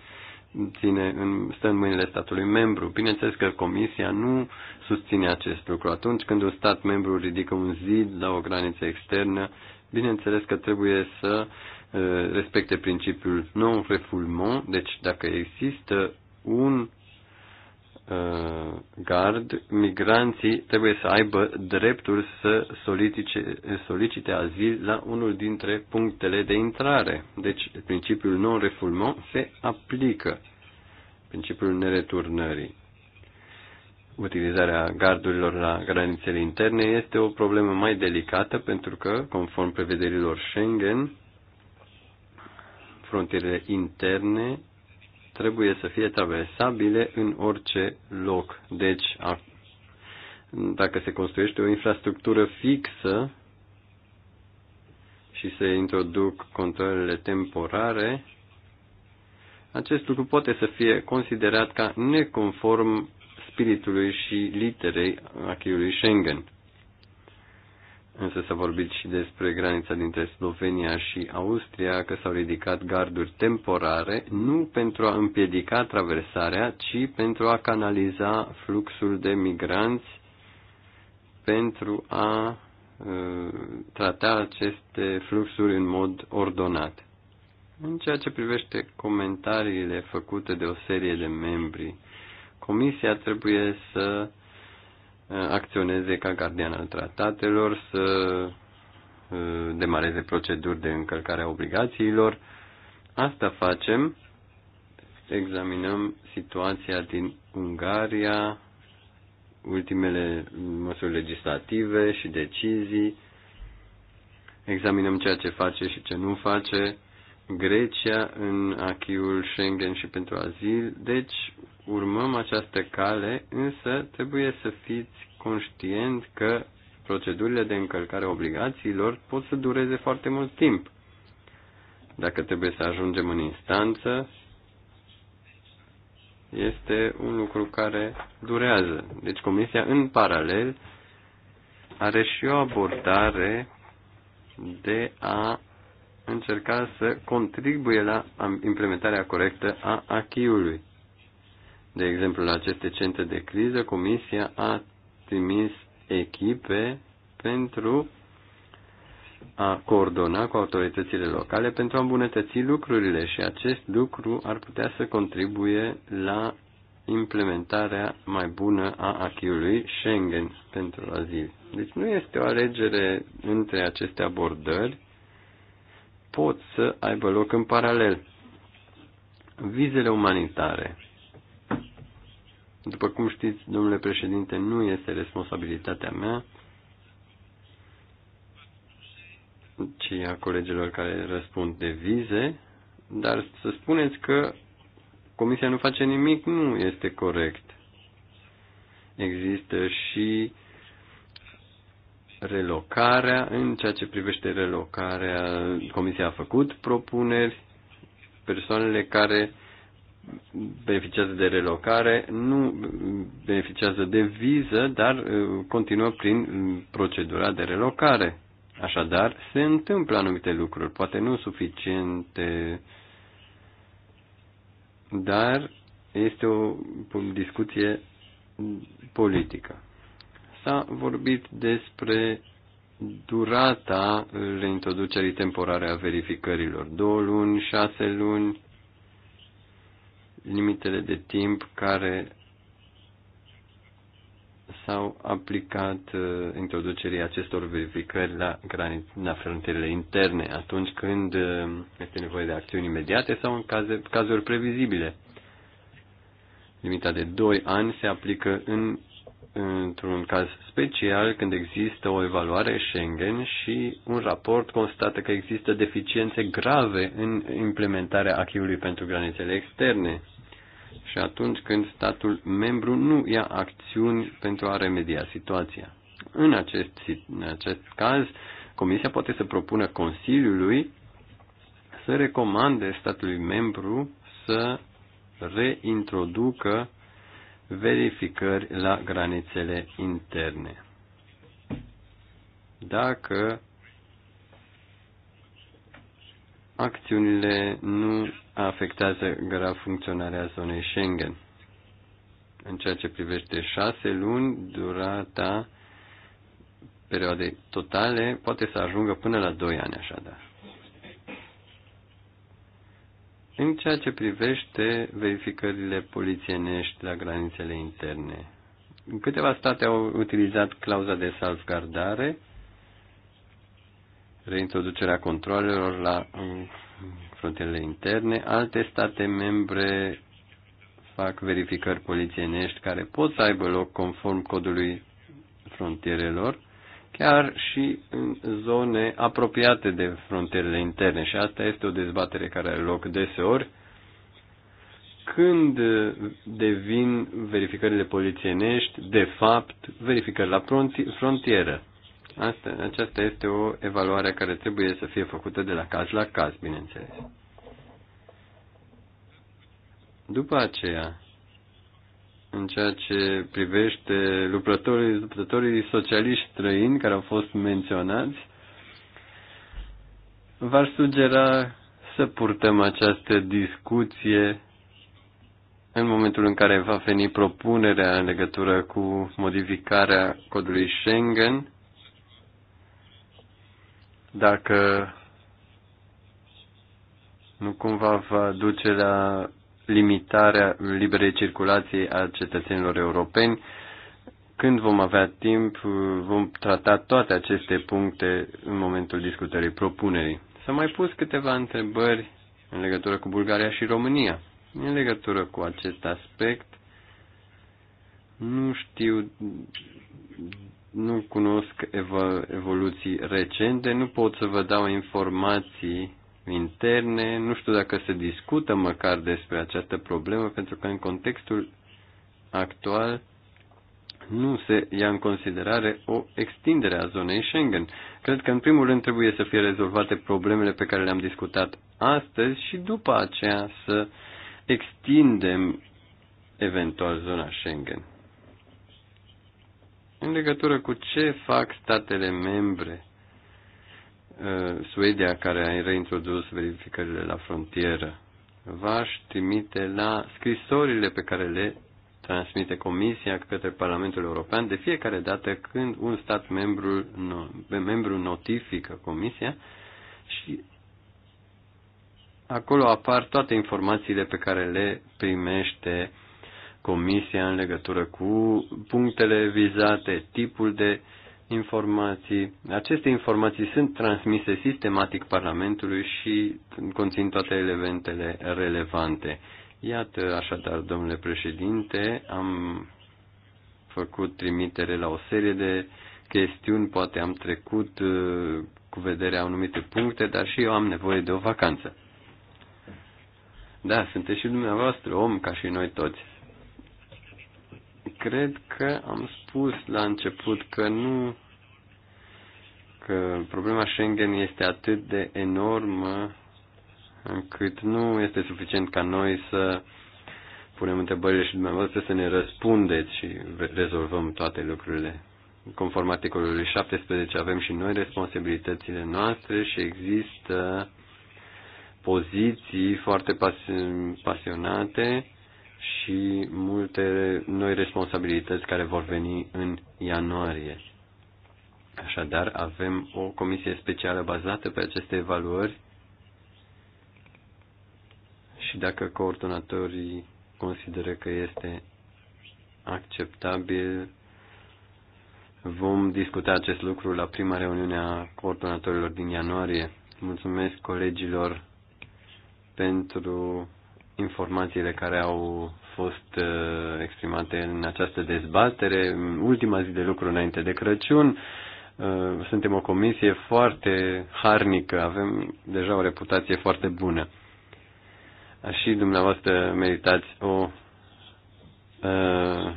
ține în, stă în mâinile statului membru. Bineînțeles că Comisia nu susține acest lucru. Atunci când un stat membru ridică un zid la o graniță externă, bineînțeles că trebuie să uh, respecte principiul non-refoulement, deci dacă există un uh, gard, migranții trebuie să aibă dreptul să solicite, solicite azil la unul dintre punctele de intrare. Deci principiul non-refoulement se aplică, principiul nereturnării. Utilizarea gardurilor la granițele interne este o problemă mai delicată pentru că, conform prevederilor Schengen, frontierele interne trebuie să fie traversabile în orice loc. Deci, dacă se construiește o infrastructură fixă și se introduc controlele temporare, acest lucru poate să fie considerat ca neconform spiritului și literei acquis Schengen. Însă s-a vorbit și despre granița dintre Slovenia și Austria, că s-au ridicat garduri temporare, nu pentru a împiedica traversarea, ci pentru a canaliza fluxul de migranți, pentru a uh, trata aceste fluxuri în mod ordonat. În ceea ce privește comentariile făcute de o serie de membri, Comisia trebuie să acționeze ca gardian al tratatelor, să uh, demareze proceduri de încălcare a obligațiilor. Asta facem. Examinăm situația din Ungaria, ultimele măsuri legislative și decizii. Examinăm ceea ce face și ce nu face Grecia în achiul Schengen și pentru azil, deci urmăm această cale, însă trebuie să fiți conștient că procedurile de încălcare obligațiilor pot să dureze foarte mult timp. Dacă trebuie să ajungem în instanță, este un lucru care durează. Deci Comisia, în paralel, are și o abordare de a încerca să contribuie la implementarea corectă a achiului. De exemplu, la aceste centre de criză, Comisia a trimis echipe pentru a coordona cu autoritățile locale pentru a îmbunătăți lucrurile și acest lucru ar putea să contribuie la implementarea mai bună a achiului Schengen pentru azil. Deci nu este o alegere între aceste abordări, pot să aibă loc în paralel. Vizele umanitare. După cum știți, domnule președinte, nu este responsabilitatea mea, ci a colegilor care răspund de vize, dar să spuneți că Comisia nu face nimic nu este corect. Există și uh, relocarea, în ceea ce privește relocarea, Comisia a făcut propuneri, persoanele care beneficiază de relocare nu beneficiază de viză, dar uh, continuă prin uh, procedura de relocare. Așadar, se întâmplă anumite lucruri, poate nu suficiente, dar este o discuție politică. S-a vorbit despre durata reintroducerii temporare a verificărilor. Două luni, șase luni, limitele de timp care s-au aplicat uh, introducerii acestor verificări la, granit, la frontierele interne, atunci când uh, este nevoie de acțiuni imediate sau în caze, cazuri previzibile. Limita de 2 ani se aplică în într-un caz special când există o evaluare Schengen și un raport constată că există deficiențe grave în implementarea acquis pentru granițele externe și atunci când statul membru nu ia acțiuni pentru a remedia situația. În acest, în acest caz, Comisia poate să propună Consiliului să recomande statului membru să reintroducă verificări la granițele interne. Dacă acțiunile nu afectează grav funcționarea zonei Schengen. În ceea ce privește șase luni, durata perioadei totale poate să ajungă până la doi ani așadar. În ceea ce privește verificările polițienești la granițele interne, câteva state au utilizat clauza de salvgardare, reintroducerea controlelor la frontierele interne, alte state membre fac verificări polițienești care pot să aibă loc conform codului frontierelor, chiar și în zone apropiate de frontierele interne. Și asta este o dezbatere care are loc deseori. Când devin verificările polițienești, de fapt, verificări la frontieră. Asta, aceasta este o evaluare care trebuie să fie făcută de la caz la caz, bineînțeles. După aceea, în ceea ce privește lucrătorii, lucrătorii socialiști străini care au fost menționați, v ar sugera să purtăm această discuție în momentul în care va veni propunerea în legătură cu modificarea codului Schengen, dacă nu cumva va duce la limitarea liberei circulației a cetățenilor europeni. Când vom avea timp, vom trata toate aceste puncte în momentul discutării propunerii. S-au mai pus câteva întrebări în legătură cu Bulgaria și România. În legătură cu acest aspect, nu știu, nu cunosc evoluții recente, nu pot să vă dau informații interne. Nu știu dacă se discută măcar despre această problemă, pentru că în contextul actual nu se ia în considerare o extindere a zonei Schengen. Cred că în primul rând trebuie să fie rezolvate problemele pe care le-am discutat astăzi și după aceea să extindem eventual zona Schengen. În legătură cu ce fac statele membre Uh, Suedia care a reintrodus verificările la frontieră. V-aș trimite la scrisorile pe care le transmite Comisia către Parlamentul European de fiecare dată când un stat membru, membru notifică Comisia și acolo apar toate informațiile pe care le primește Comisia în legătură cu punctele vizate, tipul de uh, informații. Aceste informații sunt transmise sistematic Parlamentului și conțin toate elementele relevante. Iată, așadar, domnule președinte, am făcut trimitere la o serie de chestiuni, poate am trecut uh, cu vederea anumite puncte, dar și eu am nevoie de o vacanță. Da, sunteți și dumneavoastră om ca și noi toți. Cred că am spus la început că nu că problema Schengen este atât de enormă încât nu este suficient ca noi să punem întrebările și dumneavoastră să ne răspundeți și rezolvăm toate lucrurile. Conform articolului 17 avem și noi responsabilitățile noastre și există poziții foarte pasionate și multe noi responsabilități care vor veni în ianuarie. Așadar, avem o comisie specială bazată pe aceste evaluări și dacă coordonatorii consideră că este acceptabil, vom discuta acest lucru la prima reuniune a coordonatorilor din ianuarie. Mulțumesc colegilor pentru informațiile care au fost uh, exprimate în această dezbatere. Ultima zi de lucru înainte de Crăciun, uh, suntem o comisie foarte harnică, avem deja o reputație foarte bună. Și dumneavoastră meritați o uh,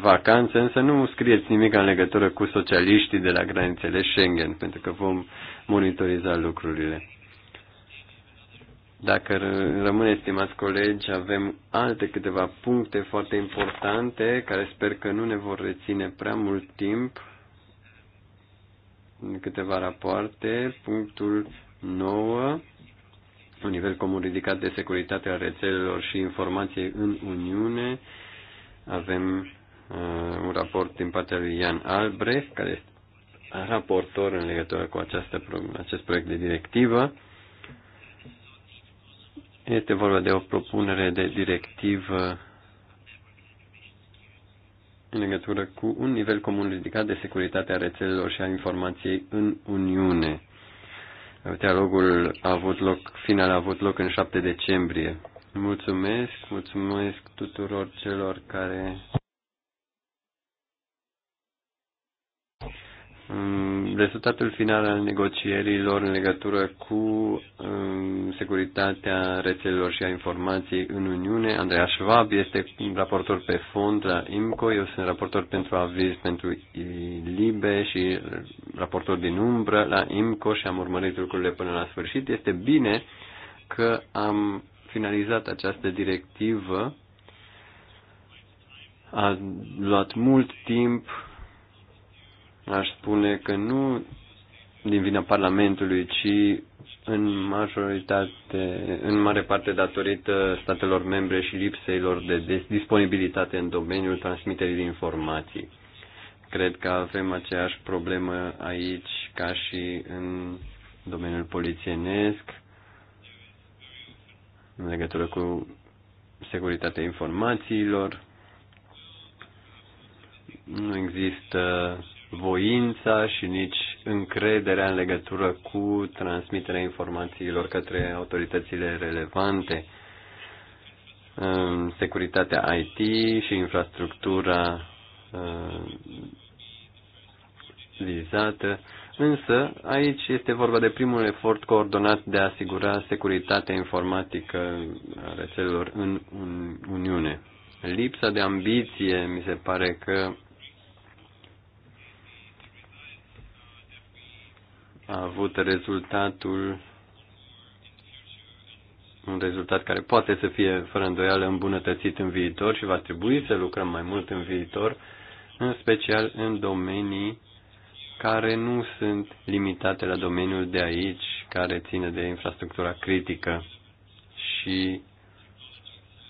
vacanță, însă nu scrieți nimic în legătură cu socialiștii de la granițele Schengen, pentru că vom monitoriza lucrurile. Dacă rămâne, stimați colegi, avem alte câteva puncte foarte importante care sper că nu ne vor reține prea mult timp. Câteva rapoarte. Punctul 9. Un nivel comun ridicat de securitate a rețelelor și informației în Uniune. Avem uh, un raport din partea lui Ian Albrecht, care este raportor în legătură cu această, acest proiect de directivă este vorba de o propunere de directivă în legătură cu un nivel comun ridicat de securitate a rețelelor și a informației în Uniune. Dialogul a avut loc, final a avut loc în 7 decembrie. Mulțumesc, mulțumesc tuturor celor care rezultatul final al negocierilor în legătură cu um, securitatea rețelelor și a informației în Uniune. Andreea Schwab este raportor pe fond la IMCO, eu sunt raportor pentru aviz pentru LIBE și raportor din umbră la IMCO și am urmărit lucrurile până la sfârșit. Este bine că am finalizat această directivă. A luat mult timp aș spune că nu din vina Parlamentului, ci în majoritate, în mare parte datorită statelor membre și lipseilor de disponibilitate în domeniul transmiterii de informații. Cred că avem aceeași problemă aici ca și în domeniul polițienesc, în legătură cu securitatea informațiilor. Nu există voința și nici încrederea în legătură cu transmiterea informațiilor către autoritățile relevante. Securitatea IT și infrastructura uh, vizată, însă aici este vorba de primul efort coordonat de a asigura securitatea informatică a rețelelor în Uniune. Lipsa de ambiție mi se pare că a avut rezultatul un rezultat care poate să fie fără îndoială îmbunătățit în viitor și va trebui să lucrăm mai mult în viitor, în special în domenii care nu sunt limitate la domeniul de aici, care ține de infrastructura critică și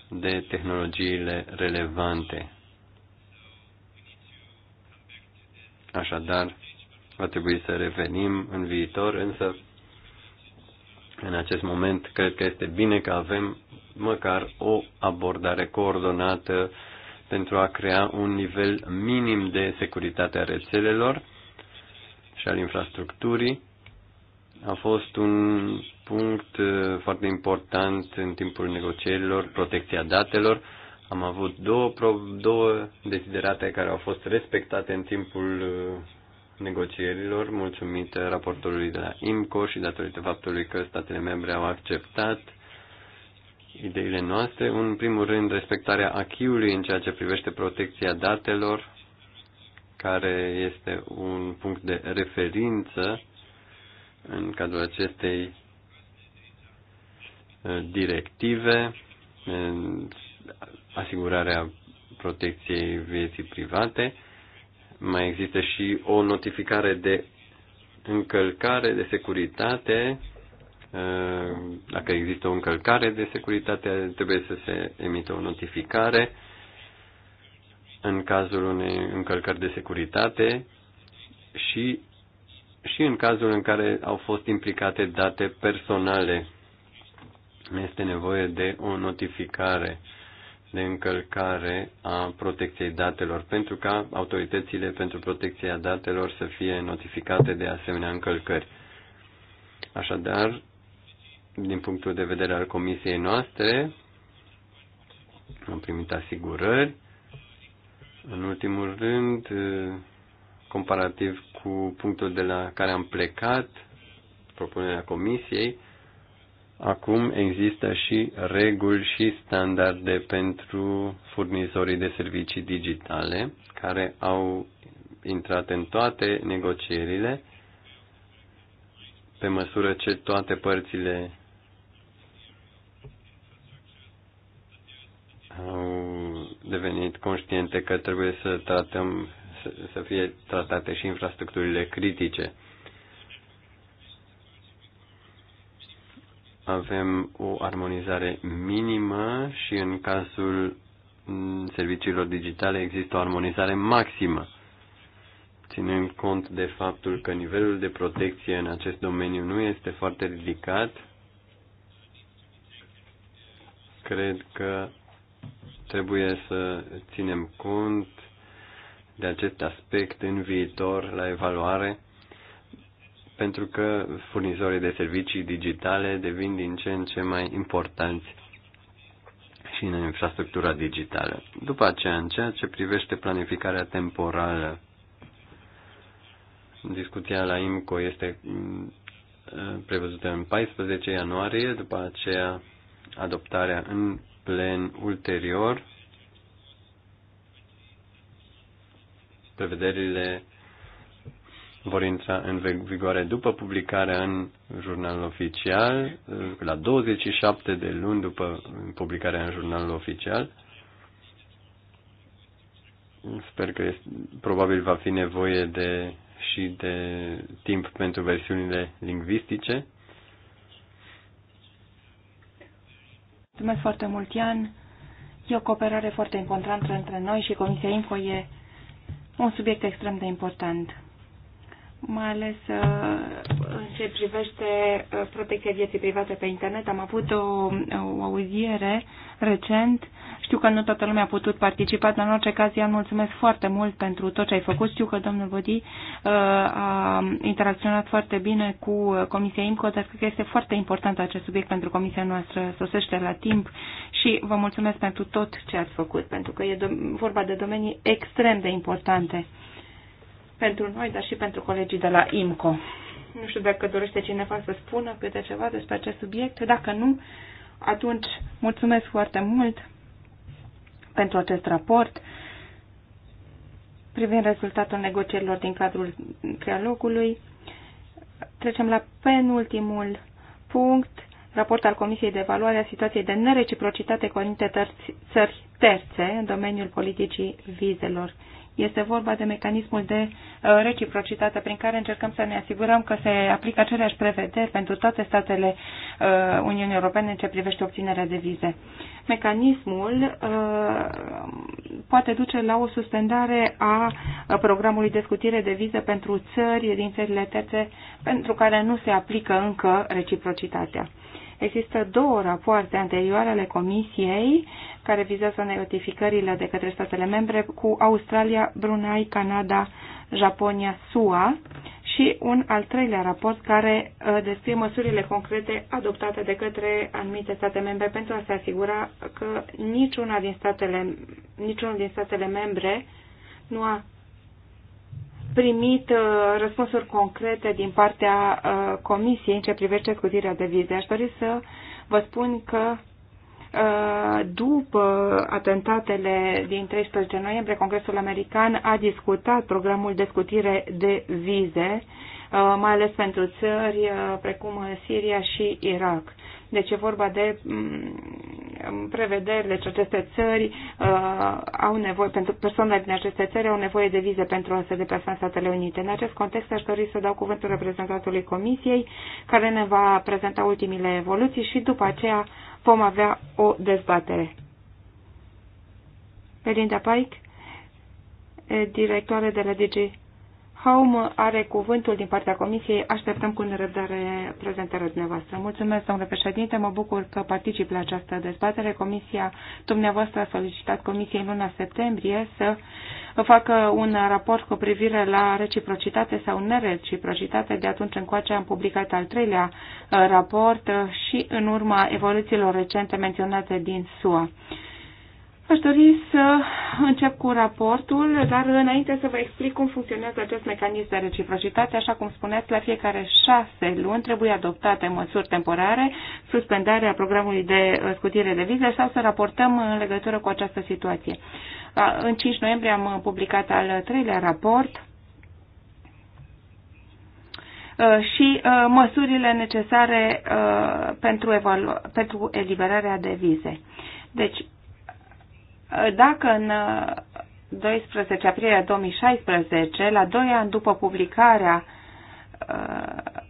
de tehnologiile relevante. Așadar, Va trebui să revenim în viitor, însă în acest moment cred că este bine că avem măcar o abordare coordonată pentru a crea un nivel minim de securitate a rețelelor și al infrastructurii. A fost un punct uh, foarte important în timpul negocierilor, protecția datelor. Am avut două, două desiderate care au fost respectate în timpul uh, negocierilor, mulțumită raportorului de la IMCO și datorită faptului că statele membre au acceptat ideile noastre. În primul rând, respectarea achiului în ceea ce privește protecția datelor, care este un punct de referință în cadrul acestei uh, directive, asigurarea protecției vieții private mai există și o notificare de încălcare de securitate. Dacă există o încălcare de securitate, trebuie să se emită o notificare. În cazul unei încălcări de securitate și, și în cazul în care au fost implicate date personale, este nevoie de o notificare de încălcare a protecției datelor, pentru ca autoritățile pentru protecția datelor să fie notificate de asemenea încălcări. Așadar, din punctul de vedere al comisiei noastre, am primit asigurări. În ultimul rând, comparativ cu punctul de la care am plecat, propunerea comisiei, Acum există și reguli și standarde pentru furnizorii de servicii digitale care au intrat în toate negocierile pe măsură ce toate părțile au devenit conștiente că trebuie să tratăm să fie tratate și infrastructurile critice. avem o armonizare minimă și în cazul serviciilor digitale există o armonizare maximă, ținând cont de faptul că nivelul de protecție în acest domeniu nu este foarte ridicat, cred că trebuie să ținem cont de acest aspect în viitor la evaluare pentru că furnizorii de servicii digitale devin din ce în ce mai importanți și în infrastructura digitală. După aceea, în ceea ce privește planificarea temporală, discuția la IMCO este mm, prevăzută în 14 ianuarie, după aceea adoptarea în plen ulterior. Prevederile vor intra în vigoare după publicarea în jurnalul oficial, la 27 de luni după publicarea în jurnalul oficial. Sper că este, probabil va fi nevoie de și de timp pentru versiunile lingvistice. Mulțumesc foarte mult, Ian. E o cooperare foarte importantă între noi și Comisia Info e un subiect extrem de important mai ales uh, în ce privește uh, protecția vieții private pe internet. Am avut o, o audiere recent. Știu că nu toată lumea a putut participa, dar în orice caz i-am mulțumesc foarte mult pentru tot ce ai făcut. Știu că domnul Vodi uh, a interacționat foarte bine cu Comisia IMCO, dar cred că este foarte important acest subiect pentru Comisia noastră. Sosește la timp și vă mulțumesc pentru tot ce ați făcut, pentru că e vorba de domenii extrem de importante pentru noi, dar și pentru colegii de la IMCO. Nu știu dacă dorește cineva să spună câte ceva despre acest subiect. Dacă nu, atunci mulțumesc foarte mult pentru acest raport privind rezultatul negocierilor din cadrul trialogului. Trecem la penultimul punct, raport al Comisiei de Evaluare a situației de nereciprocitate cu anumite țări terțe în domeniul politicii vizelor. Este vorba de mecanismul de uh, reciprocitate prin care încercăm să ne asigurăm că se aplică aceleași prevederi pentru toate statele uh, Uniunii Europene în ce privește obținerea de vize. Mecanismul uh, poate duce la o suspendare a programului de scutire de vize pentru țări din țările terțe pentru care nu se aplică încă reciprocitatea. Există două rapoarte anterioare ale Comisiei care vizează notificările de către statele membre cu Australia, Brunei, Canada, Japonia, SUA și un al treilea raport care uh, descrie măsurile concrete adoptate de către anumite state membre pentru a se asigura că niciuna din statele, niciunul din statele membre nu a primit uh, răspunsuri concrete din partea uh, Comisiei în ce privește scutirea de vize. Aș dori să vă spun că uh, după atentatele din 13 noiembrie, Congresul American a discutat programul de scutire de vize, mai ales pentru țări precum Siria și Irak. Deci e vorba de mm, prevederi, deci aceste țări uh, au nevoie, pentru persoanele din aceste țări au nevoie de vize pentru a se deplasa în Statele Unite. În acest context aș dori să dau cuvântul reprezentantului Comisiei, care ne va prezenta ultimile evoluții și după aceea vom avea o dezbatere. Belinda Pike, directoare de la DG Home are cuvântul din partea Comisiei. Așteptăm cu nerăbdare prezentarea dumneavoastră. Mulțumesc, domnule președinte. Mă bucur că particip la această dezbatere. Comisia dumneavoastră a solicitat Comisiei în luna septembrie să facă un raport cu privire la reciprocitate sau nereciprocitate. De atunci încoace am publicat al treilea uh, raport uh, și în urma evoluțiilor recente menționate din SUA. Aș dori să încep cu raportul, dar înainte să vă explic cum funcționează acest mecanism de reciprocitate, așa cum spuneați, la fiecare șase luni trebuie adoptate măsuri temporare, suspendarea programului de scutire de vize sau să raportăm în legătură cu această situație. În 5 noiembrie am publicat al treilea raport și măsurile necesare pentru, pentru eliberarea de vize. Deci, dacă în 12 aprilie 2016, la 2 ani după publicarea uh,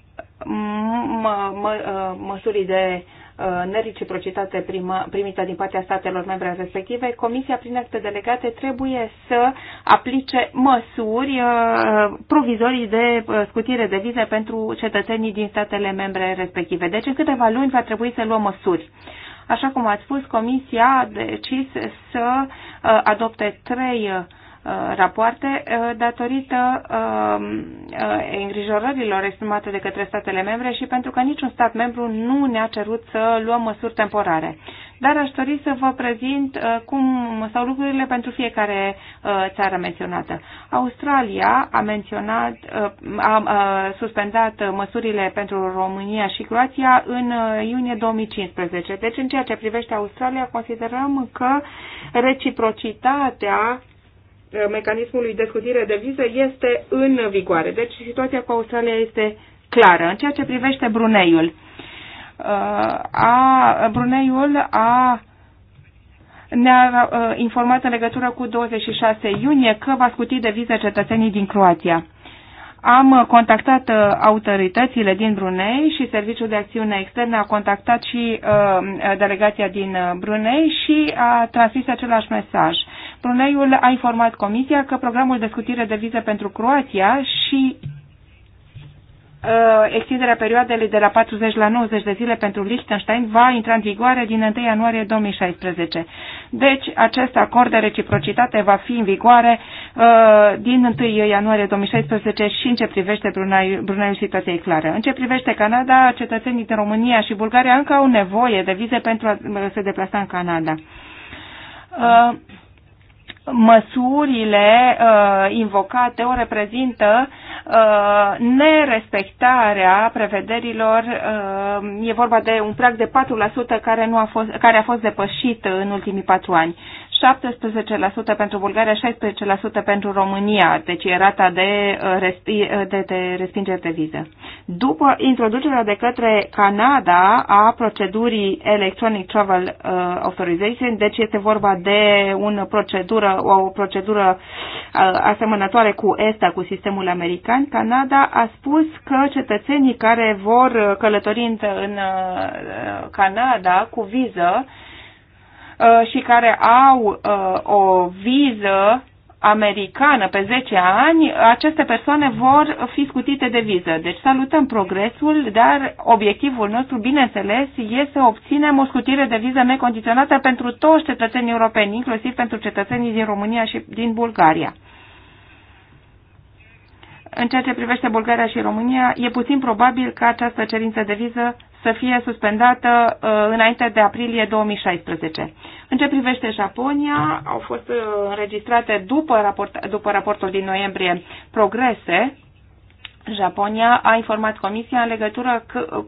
uh, măsurii de uh, nereciprocitate primită din partea statelor membre respective, Comisia, prin acte delegate, trebuie să aplice măsuri provizorii de scutire de vize pentru cetățenii din statele membre respective. Deci, în câteva luni va trebui să luăm măsuri. Așa cum ați spus, Comisia a decis să uh, adopte trei uh, Uh, rapoarte uh, datorită um, uh, îngrijorărilor exprimate de către statele membre și pentru că niciun stat membru nu ne-a cerut să luăm măsuri temporare. Dar aș dori să vă prezint cum sau lucrurile pentru fiecare țară menționată. Australia a menționat, a suspendat măsurile pentru România și Croația în iunie 2015. Deci, în ceea ce privește Australia, considerăm că reciprocitatea Eh, mecanismului de scutire de viză este în vigoare. Deci situația cu Australia este clară. În ceea ce privește Bruneiul, eh, a, Bruneiul a ne-a eh, informat în legătură cu 26 iunie că va scuti de viză cetățenii din Croația. Am contactat autoritățile din Brunei și Serviciul de Acțiune Externă a contactat și uh, delegația din Brunei și a transmis același mesaj. Bruneiul a informat Comisia că programul de scutire de viză pentru Croația și uh, extinderea perioadei de la 40 la 90 de zile pentru Liechtenstein va intra în vigoare din 1 ianuarie 2016. Deci, acest acord de reciprocitate va fi în vigoare uh, din 1 ianuarie 2016 și în ce privește Bruneiul situația situației clare. În ce privește Canada, cetățenii din România și Bulgaria încă au nevoie de vize pentru a uh, se deplasa în Canada. Uh, măsurile uh, invocate o reprezintă uh, nerespectarea prevederilor. Uh, e vorba de un prag de 4% care, nu a fost, care a fost depășit în ultimii patru ani. 17% pentru Bulgaria, 16% pentru România, deci e rata de, uh, uh, de, de respingere de viză. După introducerea de către Canada a procedurii Electronic Travel uh, Authorization, deci este vorba de una procedură, o procedură asemănătoare cu ESTA, cu sistemul american, Canada a spus că cetățenii care vor călători în Canada cu viză, Uh, și care au uh, o viză americană pe 10 ani, aceste persoane vor fi scutite de viză. Deci salutăm progresul, dar obiectivul nostru, bineînțeles, este să obținem o scutire de viză necondiționată pentru toți cetățenii europeni, inclusiv pentru cetățenii din România și din Bulgaria. În ceea ce privește Bulgaria și România, e puțin probabil ca această cerință de viză să fie suspendată uh, înainte de aprilie 2016. În ce privește Japonia, au fost uh, înregistrate după, raport, după raportul din noiembrie progrese. Japonia a informat Comisia în legătură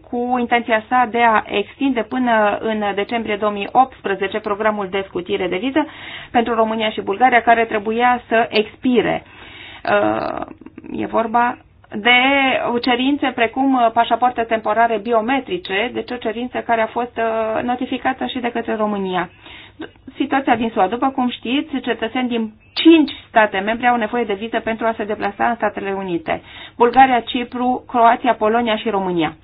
cu intenția sa de a extinde până în decembrie 2018 programul de scutire de viză pentru România și Bulgaria, care trebuia să expire. Uh, e vorba de cerințe precum uh, pașapoarte temporare biometrice, deci o cerință care a fost uh, notificată și de către România. Situația din SUA, după cum știți, cetățeni din cinci state membre au nevoie de viză pentru a se deplasa în Statele Unite. Bulgaria, Cipru, Croația, Polonia și România.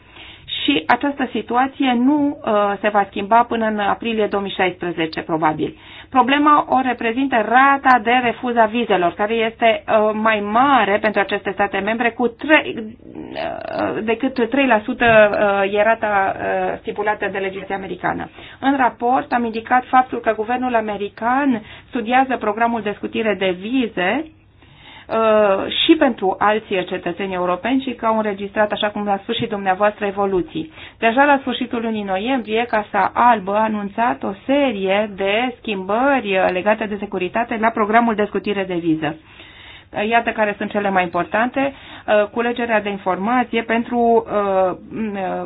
Și această situație nu uh, se va schimba până în aprilie 2016, probabil. Problema o reprezintă rata de refuz a vizelor, care este uh, mai mare pentru aceste state membre cu 3, uh, decât 3% uh, e rata stipulată de legislația americană. În raport am indicat faptul că guvernul american studiază programul de scutire de vize Uh, și pentru alții cetățeni europeni și că au înregistrat, așa cum a spus și dumneavoastră, evoluții. Deja la sfârșitul lunii noiembrie, Casa Albă a anunțat o serie de schimbări legate de securitate la programul de scutire de viză. Iată care sunt cele mai importante. Uh, culegerea de informație pentru uh,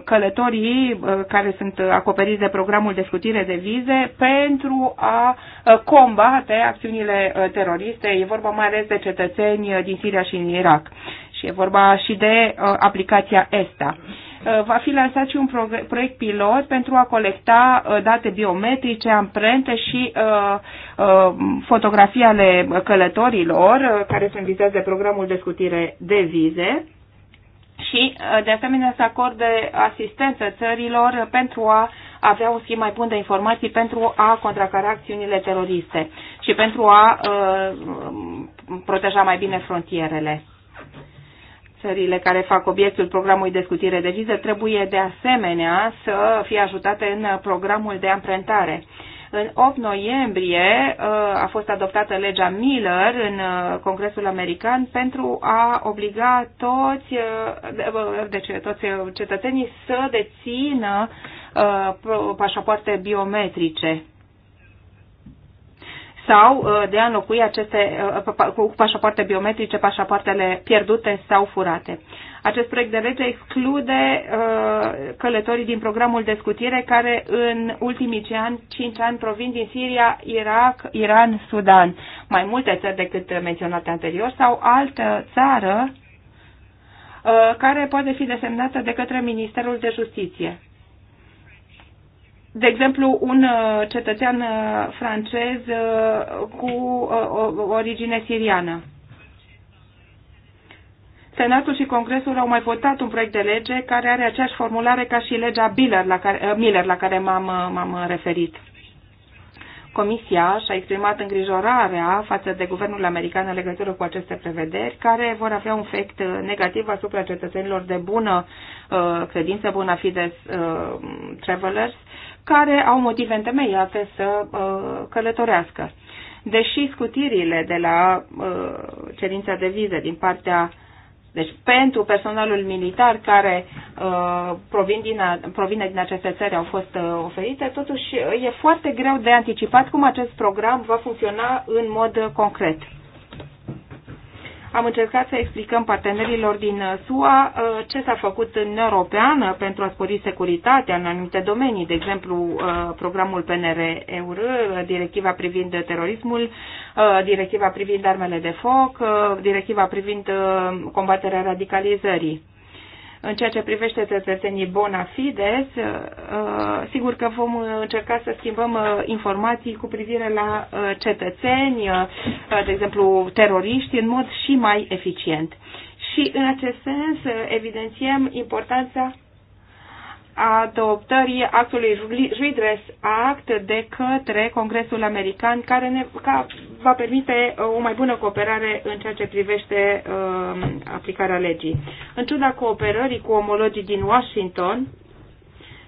călătorii uh, care sunt acoperiți de programul de scutire de vize pentru a combate acțiunile teroriste. E vorba mai ales de cetățeni din Siria și în Irak. Și e vorba și de aplicația ESTA. Uh, Uh, va fi lansat și un proiect pilot pentru a colecta uh, date biometrice, amprente și uh, fotografii ale călătorilor care sunt vizați de programul de scutire de vize și, de asemenea, să acorde asistență țărilor pentru a avea un schimb mai bun de informații pentru a contracara acțiunile teroriste și pentru a uh, proteja mai bine frontierele. Țările care fac obiectul programului de scutire de viză trebuie de asemenea să fie ajutate în programul de amprentare. În 8 noiembrie uh, a fost adoptată legea Miller în uh, Congresul American pentru a obliga toți, uh, deci, toți cetățenii să dețină pașapoarte biometrice sau uh, de a înlocui aceste, uh, cu pașapoarte biometrice, pașapoartele pierdute sau furate. Acest proiect de lege exclude uh, călătorii din programul de scutire care în ultimii 5 ani, 5 ani provin din Siria, Irak, Iran, Sudan, mai multe țări decât menționate anterior, sau altă țară care poate fi desemnată de către Ministerul de Justiție de exemplu, un uh, cetățean uh, francez uh, cu origine siriană. Senatul și Congresul au mai votat un proiect de lege care are aceeași formulare ca și legea Miller la care, Miller, la care m-am, m-am referit. Comisia și-a exprimat îngrijorarea față de guvernul american în legătură cu aceste prevederi, care vor avea un efect negativ asupra cetățenilor de bună credință, bună fides uh, travelers, care au motive întemeiate să uh, călătorească. Deși scutirile de la uh, cerința de vize din partea deci pentru personalul militar care uh, provin din a, provine din aceste țări au fost uh, oferite, totuși e foarte greu de anticipat cum acest program va funcționa în mod concret. Am încercat să explicăm partenerilor din SUA uh, ce s-a făcut în Europeană pentru a spori securitatea în anumite domenii, de exemplu uh, programul PNR-EUR, directiva privind terorismul, uh, directiva privind armele de foc, directiva privind combaterea radicalizării. În ceea ce privește cetățenii bona fides, uh, sigur că vom încerca să schimbăm uh, informații cu privire la uh, cetățeni, de exemplu teroriști, în mod și mai eficient. Și în acest sens evidențiem importanța adoptării actului Redress Act de către Congresul American, care ne ca, va permite uh, o mai bună cooperare în ceea ce privește uh, aplicarea legii. În ciuda cooperării cu omologii din Washington,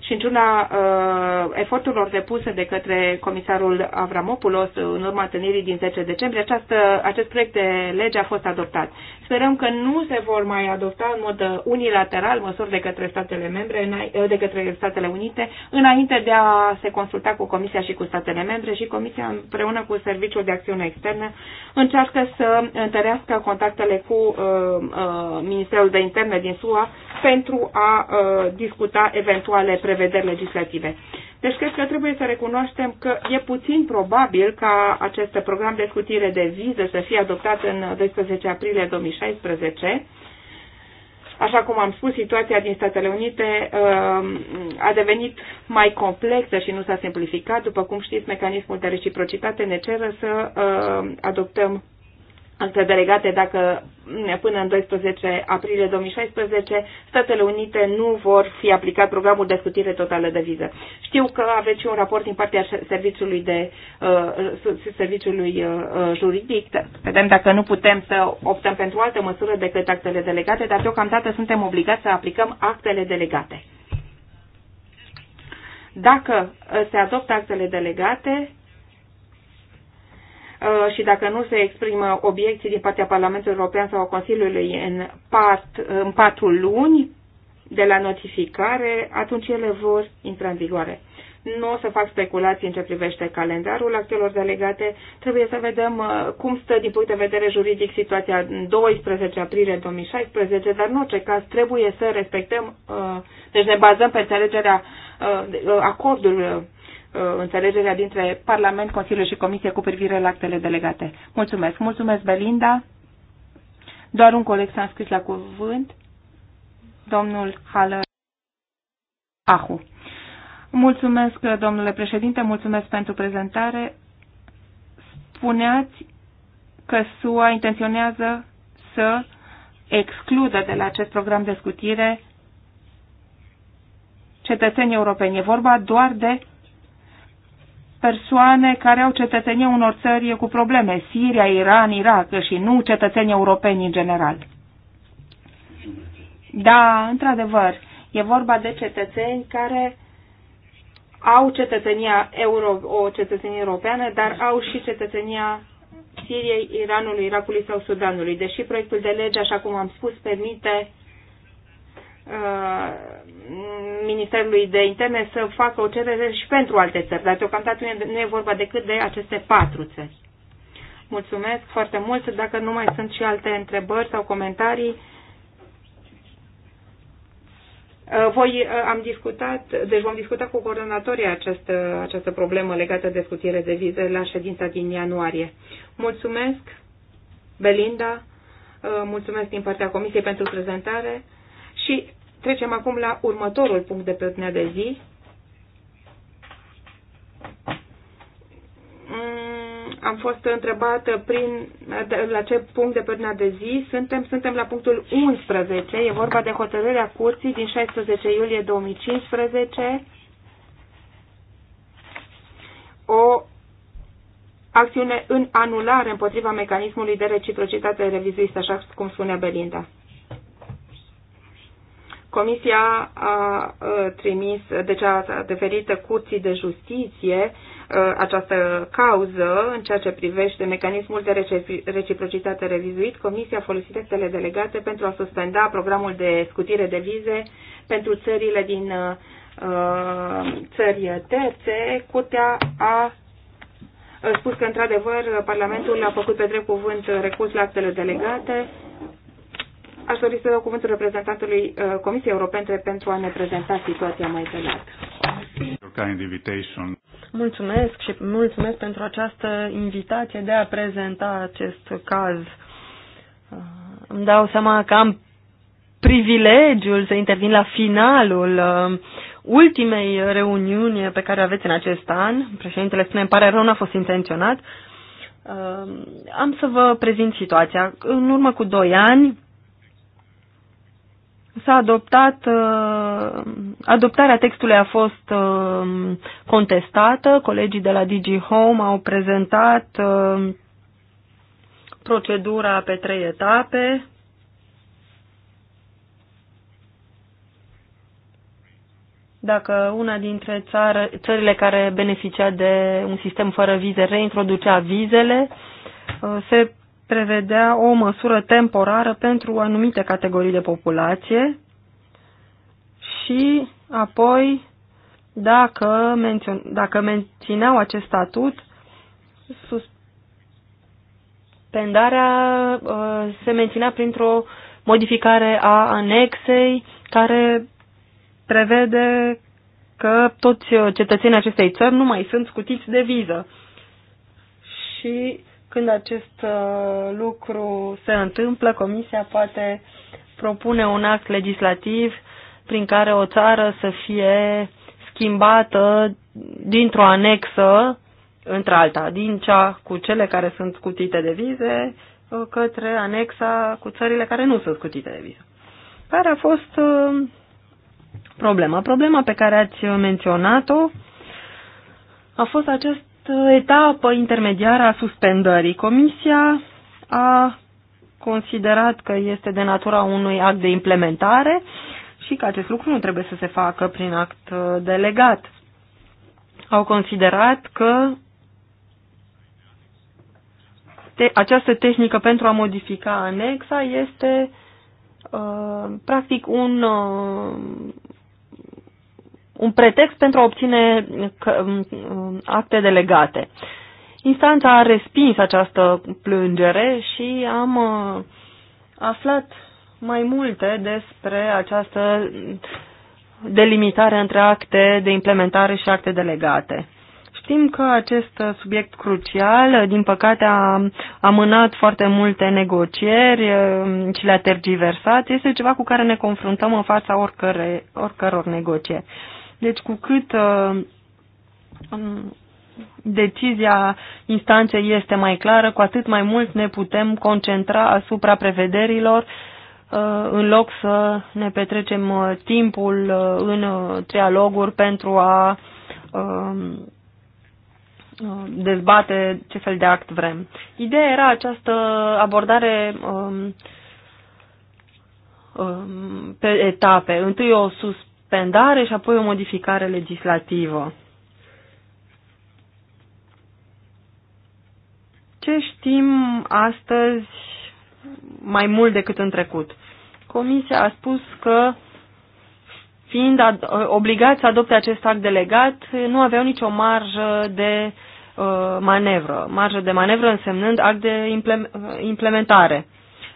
și în ciuna uh, eforturilor depuse de către comisarul Avramopoulos în urma întâlnirii din 10 decembrie, această, acest proiect de lege a fost adoptat. Sperăm că nu se vor mai adopta în mod uh, unilateral măsuri de către statele membre, uh, de către Statele Unite, înainte de a se consulta cu Comisia și cu statele membre și Comisia împreună cu Serviciul de Acțiune Externă încearcă să întărească contactele cu uh, uh, Ministerul de Interne din SUA pentru a uh, discuta eventuale pre prevederi legislative. Deci cred că trebuie să recunoaștem că e puțin probabil ca acest program de scutire de viză să fie adoptat în 12 aprilie 2016. Așa cum am spus, situația din Statele Unite um, a devenit mai complexă și nu s-a simplificat. După cum știți, mecanismul de reciprocitate ne ceră să um, adoptăm acte delegate dacă mm, până în 12 aprilie 2016 Statele Unite nu vor fi aplicat programul de scutire totală de viză. Știu că aveți și un raport din partea serviciului, de, uh, serviciului uh, juridic. Vedem dacă nu putem să optăm pentru altă măsură decât actele delegate, dar deocamdată suntem obligați să aplicăm actele delegate. Dacă se adoptă actele delegate, Uh, și dacă nu se exprimă obiecții din partea Parlamentului European sau a Consiliului în, part, în patru luni de la notificare, atunci ele vor intra în vigoare. Nu o să fac speculații în ce privește calendarul actelor delegate. Trebuie să vedem uh, cum stă din punct de vedere juridic situația în 12 aprilie 2016, dar în orice caz trebuie să respectăm, uh, deci ne bazăm pe înțelegerea acordul Uh, înțelegerea dintre Parlament, Consiliu și Comisie cu privire la actele delegate. Mulțumesc. Mulțumesc, Belinda. Doar un coleg s-a înscris la cuvânt. Domnul Hală Ahu. Mulțumesc, domnule președinte, mulțumesc pentru prezentare. Spuneați că SUA intenționează să excludă de la acest program de scutire cetățenii europeni. E vorba doar de persoane care au cetățenie unor țări cu probleme, Siria, Iran, Irak și nu cetățeni europeni în general. Da, într-adevăr, e vorba de cetățeni care au cetățenia euro, o cetățenie europeană, dar au și cetățenia Siriei, Iranului, Irakului sau Sudanului, deși proiectul de lege, așa cum am spus, permite Uh, Ministerului de Interne să facă o cerere și pentru alte țări, dar deocamdată nu e vorba decât de aceste patru țări. Mulțumesc foarte mult. Dacă nu mai sunt și alte întrebări sau comentarii, uh, voi uh, am discutat, deci vom discuta cu coordonatorii această, această problemă legată de scutire de vize la ședința din ianuarie. Mulțumesc, Belinda, mulțumesc din partea Comisiei pentru prezentare. Și trecem acum la următorul punct de pe ordinea de zi. Mm, am fost întrebată prin, la ce punct de pe ordinea de zi suntem. Suntem la punctul 11. E vorba de hotărârea curții din 16 iulie 2015. O acțiune în anulare împotriva mecanismului de reciprocitate revizuită, așa cum spunea Belinda. Comisia a trimis, deci a deferit curții de justiție această cauză în ceea ce privește mecanismul de reciprocitate revizuit. Comisia a folosit cele delegate pentru a suspenda programul de scutire de vize pentru țările din țări terțe. Curtea a spus că, într-adevăr, Parlamentul a făcut pe drept cuvânt recurs la actele delegate Aș dori să dau cuvântul reprezentantului uh, Comisiei Europene pentru a ne prezenta situația mai detaliată. Exact. Mulțumesc și mulțumesc pentru această invitație de a prezenta acest caz. Uh, îmi dau seama că am privilegiul să intervin la finalul uh, ultimei reuniuni pe care o aveți în acest an. Președintele spune, îmi pare rău, n-a fost intenționat. Am să vă prezint situația. În urmă cu doi ani, s-a adoptat, uh, adoptarea textului a fost uh, contestată, colegii de la Digi Home au prezentat uh, procedura pe trei etape. Dacă una dintre țară, țările care beneficia de un sistem fără vize reintroducea vizele, se prevedea o măsură temporară pentru anumite categorii de populație și apoi, dacă, mențion, dacă mențineau acest statut, suspendarea uh, se menținea printr-o modificare a anexei care prevede că toți cetățenii acestei țări nu mai sunt scutiți de viză. Și când acest uh, lucru se întâmplă, Comisia poate propune un act legislativ prin care o țară să fie schimbată dintr-o anexă într-alta, din cea cu cele care sunt scutite de vize uh, către anexa cu țările care nu sunt scutite de vize. Care a fost uh, problema? Problema pe care ați menționat-o a fost acest etapă intermediară a suspendării. Comisia a considerat că este de natura unui act de implementare și că acest lucru nu trebuie să se facă prin act uh, delegat. Au considerat că te această tehnică pentru a modifica anexa este uh, practic un, uh, un pretext pentru a obține um, acte delegate. Instanța a respins această plângere și am uh, aflat mai multe despre această delimitare între acte de implementare și acte delegate. Știm că acest subiect crucial, din păcate, a amânat foarte multe negocieri um, și le-a tergiversat. Este ceva cu care ne confruntăm în fața oricăre, oricăror negocieri. Deci cu cât uh, um, decizia instanței este mai clară, cu atât mai mult ne putem concentra asupra prevederilor uh, în loc să ne petrecem uh, timpul în trialoguri pentru a um, dezbate ce fel de act vrem. Ideea era această abordare um, pe etape. Întâi o suspendare suspendare și apoi o modificare legislativă. Ce știm astăzi mai mult decât în trecut? Comisia a spus că fiind ad- obligați să adopte acest act delegat, nu aveau nicio marjă de uh, manevră. Marjă de manevră însemnând act de uh, implementare.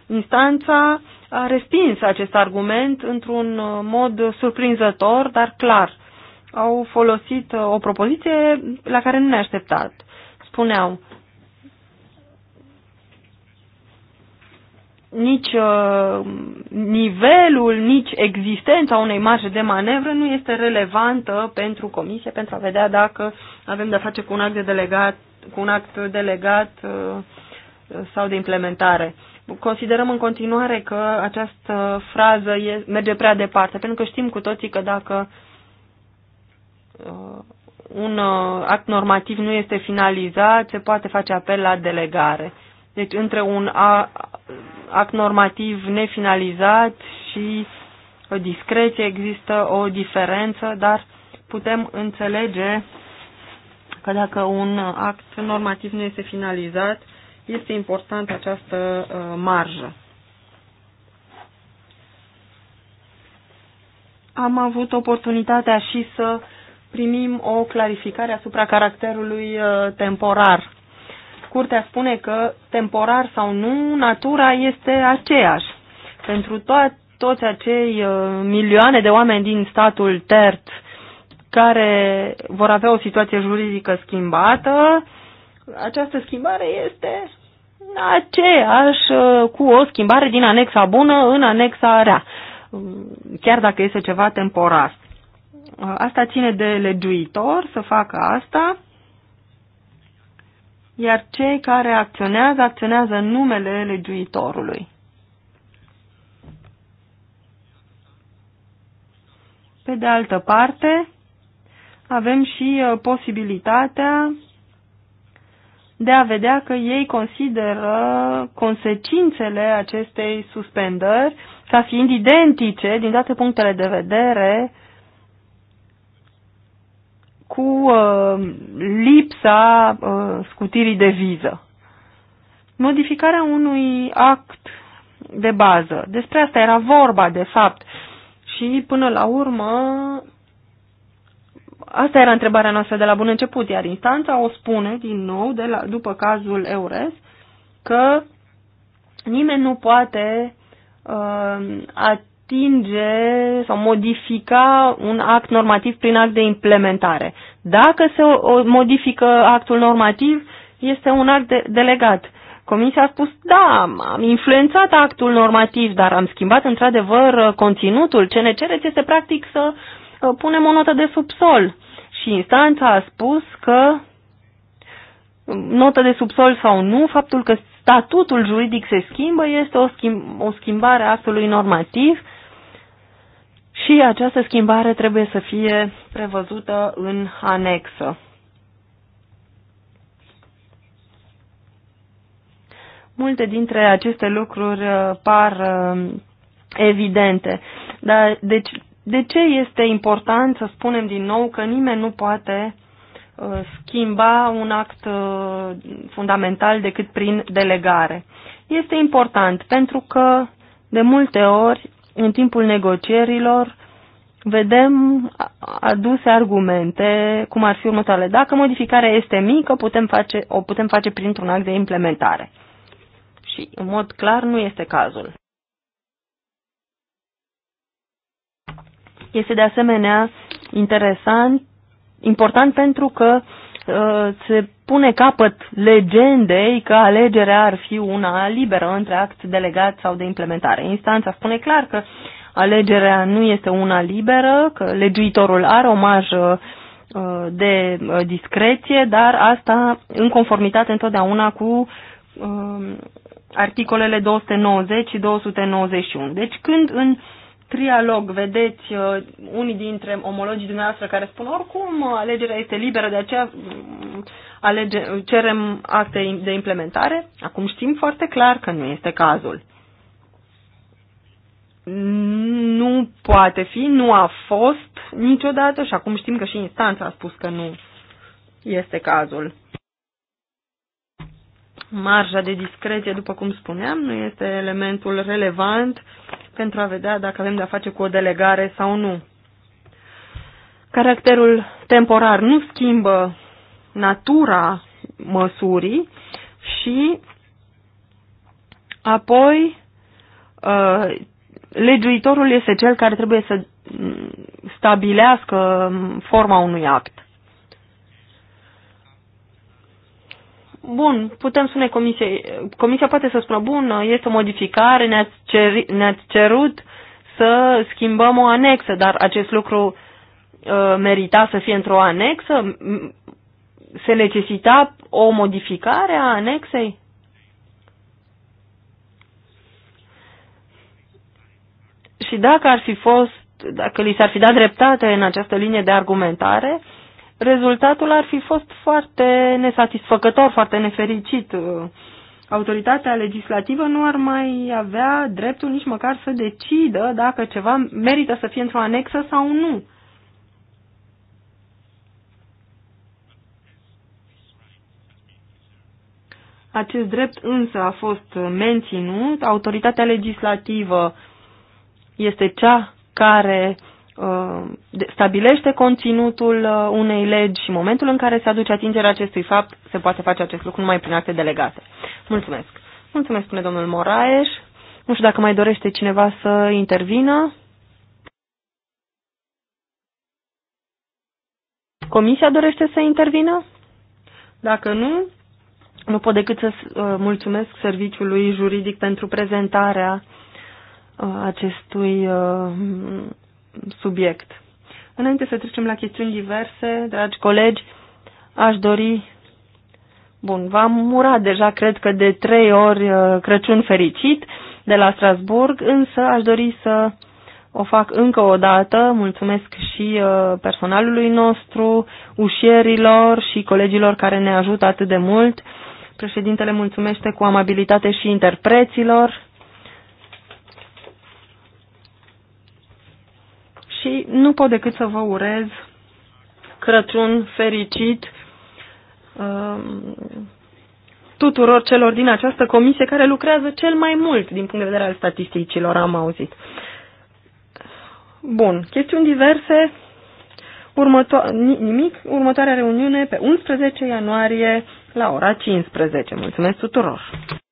Instanța a respins acest argument într-un uh, mod surprinzător, dar clar. Au folosit uh, o propoziție la care nu ne așteptat. Spuneau, nici uh, nivelul, nici existența unei marge de manevră nu este relevantă pentru comisie pentru a vedea dacă avem de a face cu un act de delegat, cu un act delegat uh, sau de implementare considerăm în continuare că această frază e, merge prea departe, pentru că știm cu toții că dacă uh, un uh, act normativ nu este finalizat, se poate face apel la delegare. Deci între un a, act normativ nefinalizat și o discreție există o diferență, dar putem înțelege că dacă un act normativ nu este finalizat, este importantă această uh, marjă. Am avut oportunitatea și să primim o clarificare asupra caracterului uh, temporar. Curtea spune că, temporar sau nu, natura este aceeași. Pentru to- toți acei uh, milioane de oameni din statul tert care vor avea o situație juridică schimbată, această schimbare este aceeași uh, cu o schimbare din anexa bună în anexa rea, mm, chiar dacă este ceva temporar. Uh, asta ține de legiuitor să facă asta, iar cei care acționează, acționează în numele legiuitorului. Pe de altă parte, avem și uh, posibilitatea de a vedea că ei consideră consecințele acestei suspendări ca fiind identice din toate punctele de vedere cu uh, lipsa uh, scutirii de viză. Modificarea unui act de bază. Despre asta era vorba, de fapt. Și până la urmă Asta era întrebarea noastră de la bun început, iar instanța o spune din nou, de la, după cazul EURES, că nimeni nu poate uh, atinge sau modifica un act normativ prin act de implementare. Dacă se modifică actul normativ, este un act de, delegat. Comisia a spus, da, am influențat actul normativ, dar am schimbat într-adevăr conținutul. Ce ne cereți este practic să uh, punem o notă de subsol. Și instanța a spus că notă de subsol sau nu, faptul că statutul juridic se schimbă este o, schimb, o schimbare a actului normativ și această schimbare trebuie să fie prevăzută în anexă. Multe dintre aceste lucruri uh, par uh, evidente, dar deci de ce este important să spunem din nou că nimeni nu poate uh, schimba un act uh, fundamental decât prin delegare? Este important pentru că de multe ori în timpul negocierilor vedem aduse argumente, cum ar fi următoarele. Dacă modificarea este mică, putem face, o putem face printr-un act de implementare. Și, în mod clar, nu este cazul. Este de asemenea interesant, important pentru că uh, se pune capăt legendei că alegerea ar fi una liberă între act delegat sau de implementare. Instanța spune clar că alegerea nu este una liberă, că legiuitorul are o marjă uh, de uh, discreție, dar asta în conformitate întotdeauna cu um, articolele 290 și 291. Deci când în trialog, vedeți uh, unii dintre omologii dumneavoastră care spun oricum alegerea este liberă, de aceea mm, alege, cerem acte de implementare, acum știm foarte clar că nu este cazul. Nu poate fi, nu a fost niciodată și acum știm că și instanța a spus că nu este cazul. Marja de discreție, după cum spuneam, nu este elementul relevant pentru a vedea dacă avem de-a face cu o delegare sau nu. Caracterul temporar nu schimbă natura măsurii și apoi uh, legiuitorul este cel care trebuie să stabilească forma unui act. bun, putem spune comisiei, comisia poate să spună, bun, este o modificare, ne-ați, ceri, ne cerut să schimbăm o anexă, dar acest lucru uh, merita să fie într-o anexă? Se necesita o modificare a anexei? Și dacă ar fi fost, dacă li s-ar fi dat dreptate în această linie de argumentare, uh, rezultatul ar fi fost foarte nesatisfăcător, foarte nefericit. Autoritatea legislativă nu ar mai avea dreptul nici măcar să decidă dacă ceva merită să fie într-o anexă sau nu. Acest drept însă a fost menținut. Autoritatea legislativă este cea care stabilește conținutul uh, unei legi și momentul în care se aduce atingerea acestui fapt, se poate face acest lucru numai prin acte delegate. Mulțumesc. Mulțumesc, spune domnul Moraes. Nu știu dacă mai dorește cineva să intervină. Comisia dorește să intervină? Dacă nu, nu pot decât să uh, mulțumesc serviciului juridic pentru prezentarea uh, acestui subiect. Înainte să trecem la chestiuni diverse, dragi colegi, aș dori... Bun, v-am murat deja, cred că de trei ori uh, Crăciun fericit de la Strasburg, însă aș dori să o fac încă o dată. Mulțumesc și uh, personalului nostru, ușierilor și colegilor care ne ajută atât de mult. Președintele mulțumește cu amabilitate și interpreților. și nu pot decât să vă urez Crăciun fericit um, tuturor celor din această comisie care lucrează cel mai mult din punct de vedere al statisticilor, am auzit. Bun, chestiuni diverse, următo- nimic, următoarea reuniune pe 11 ianuarie la ora 15. Mulțumesc tuturor!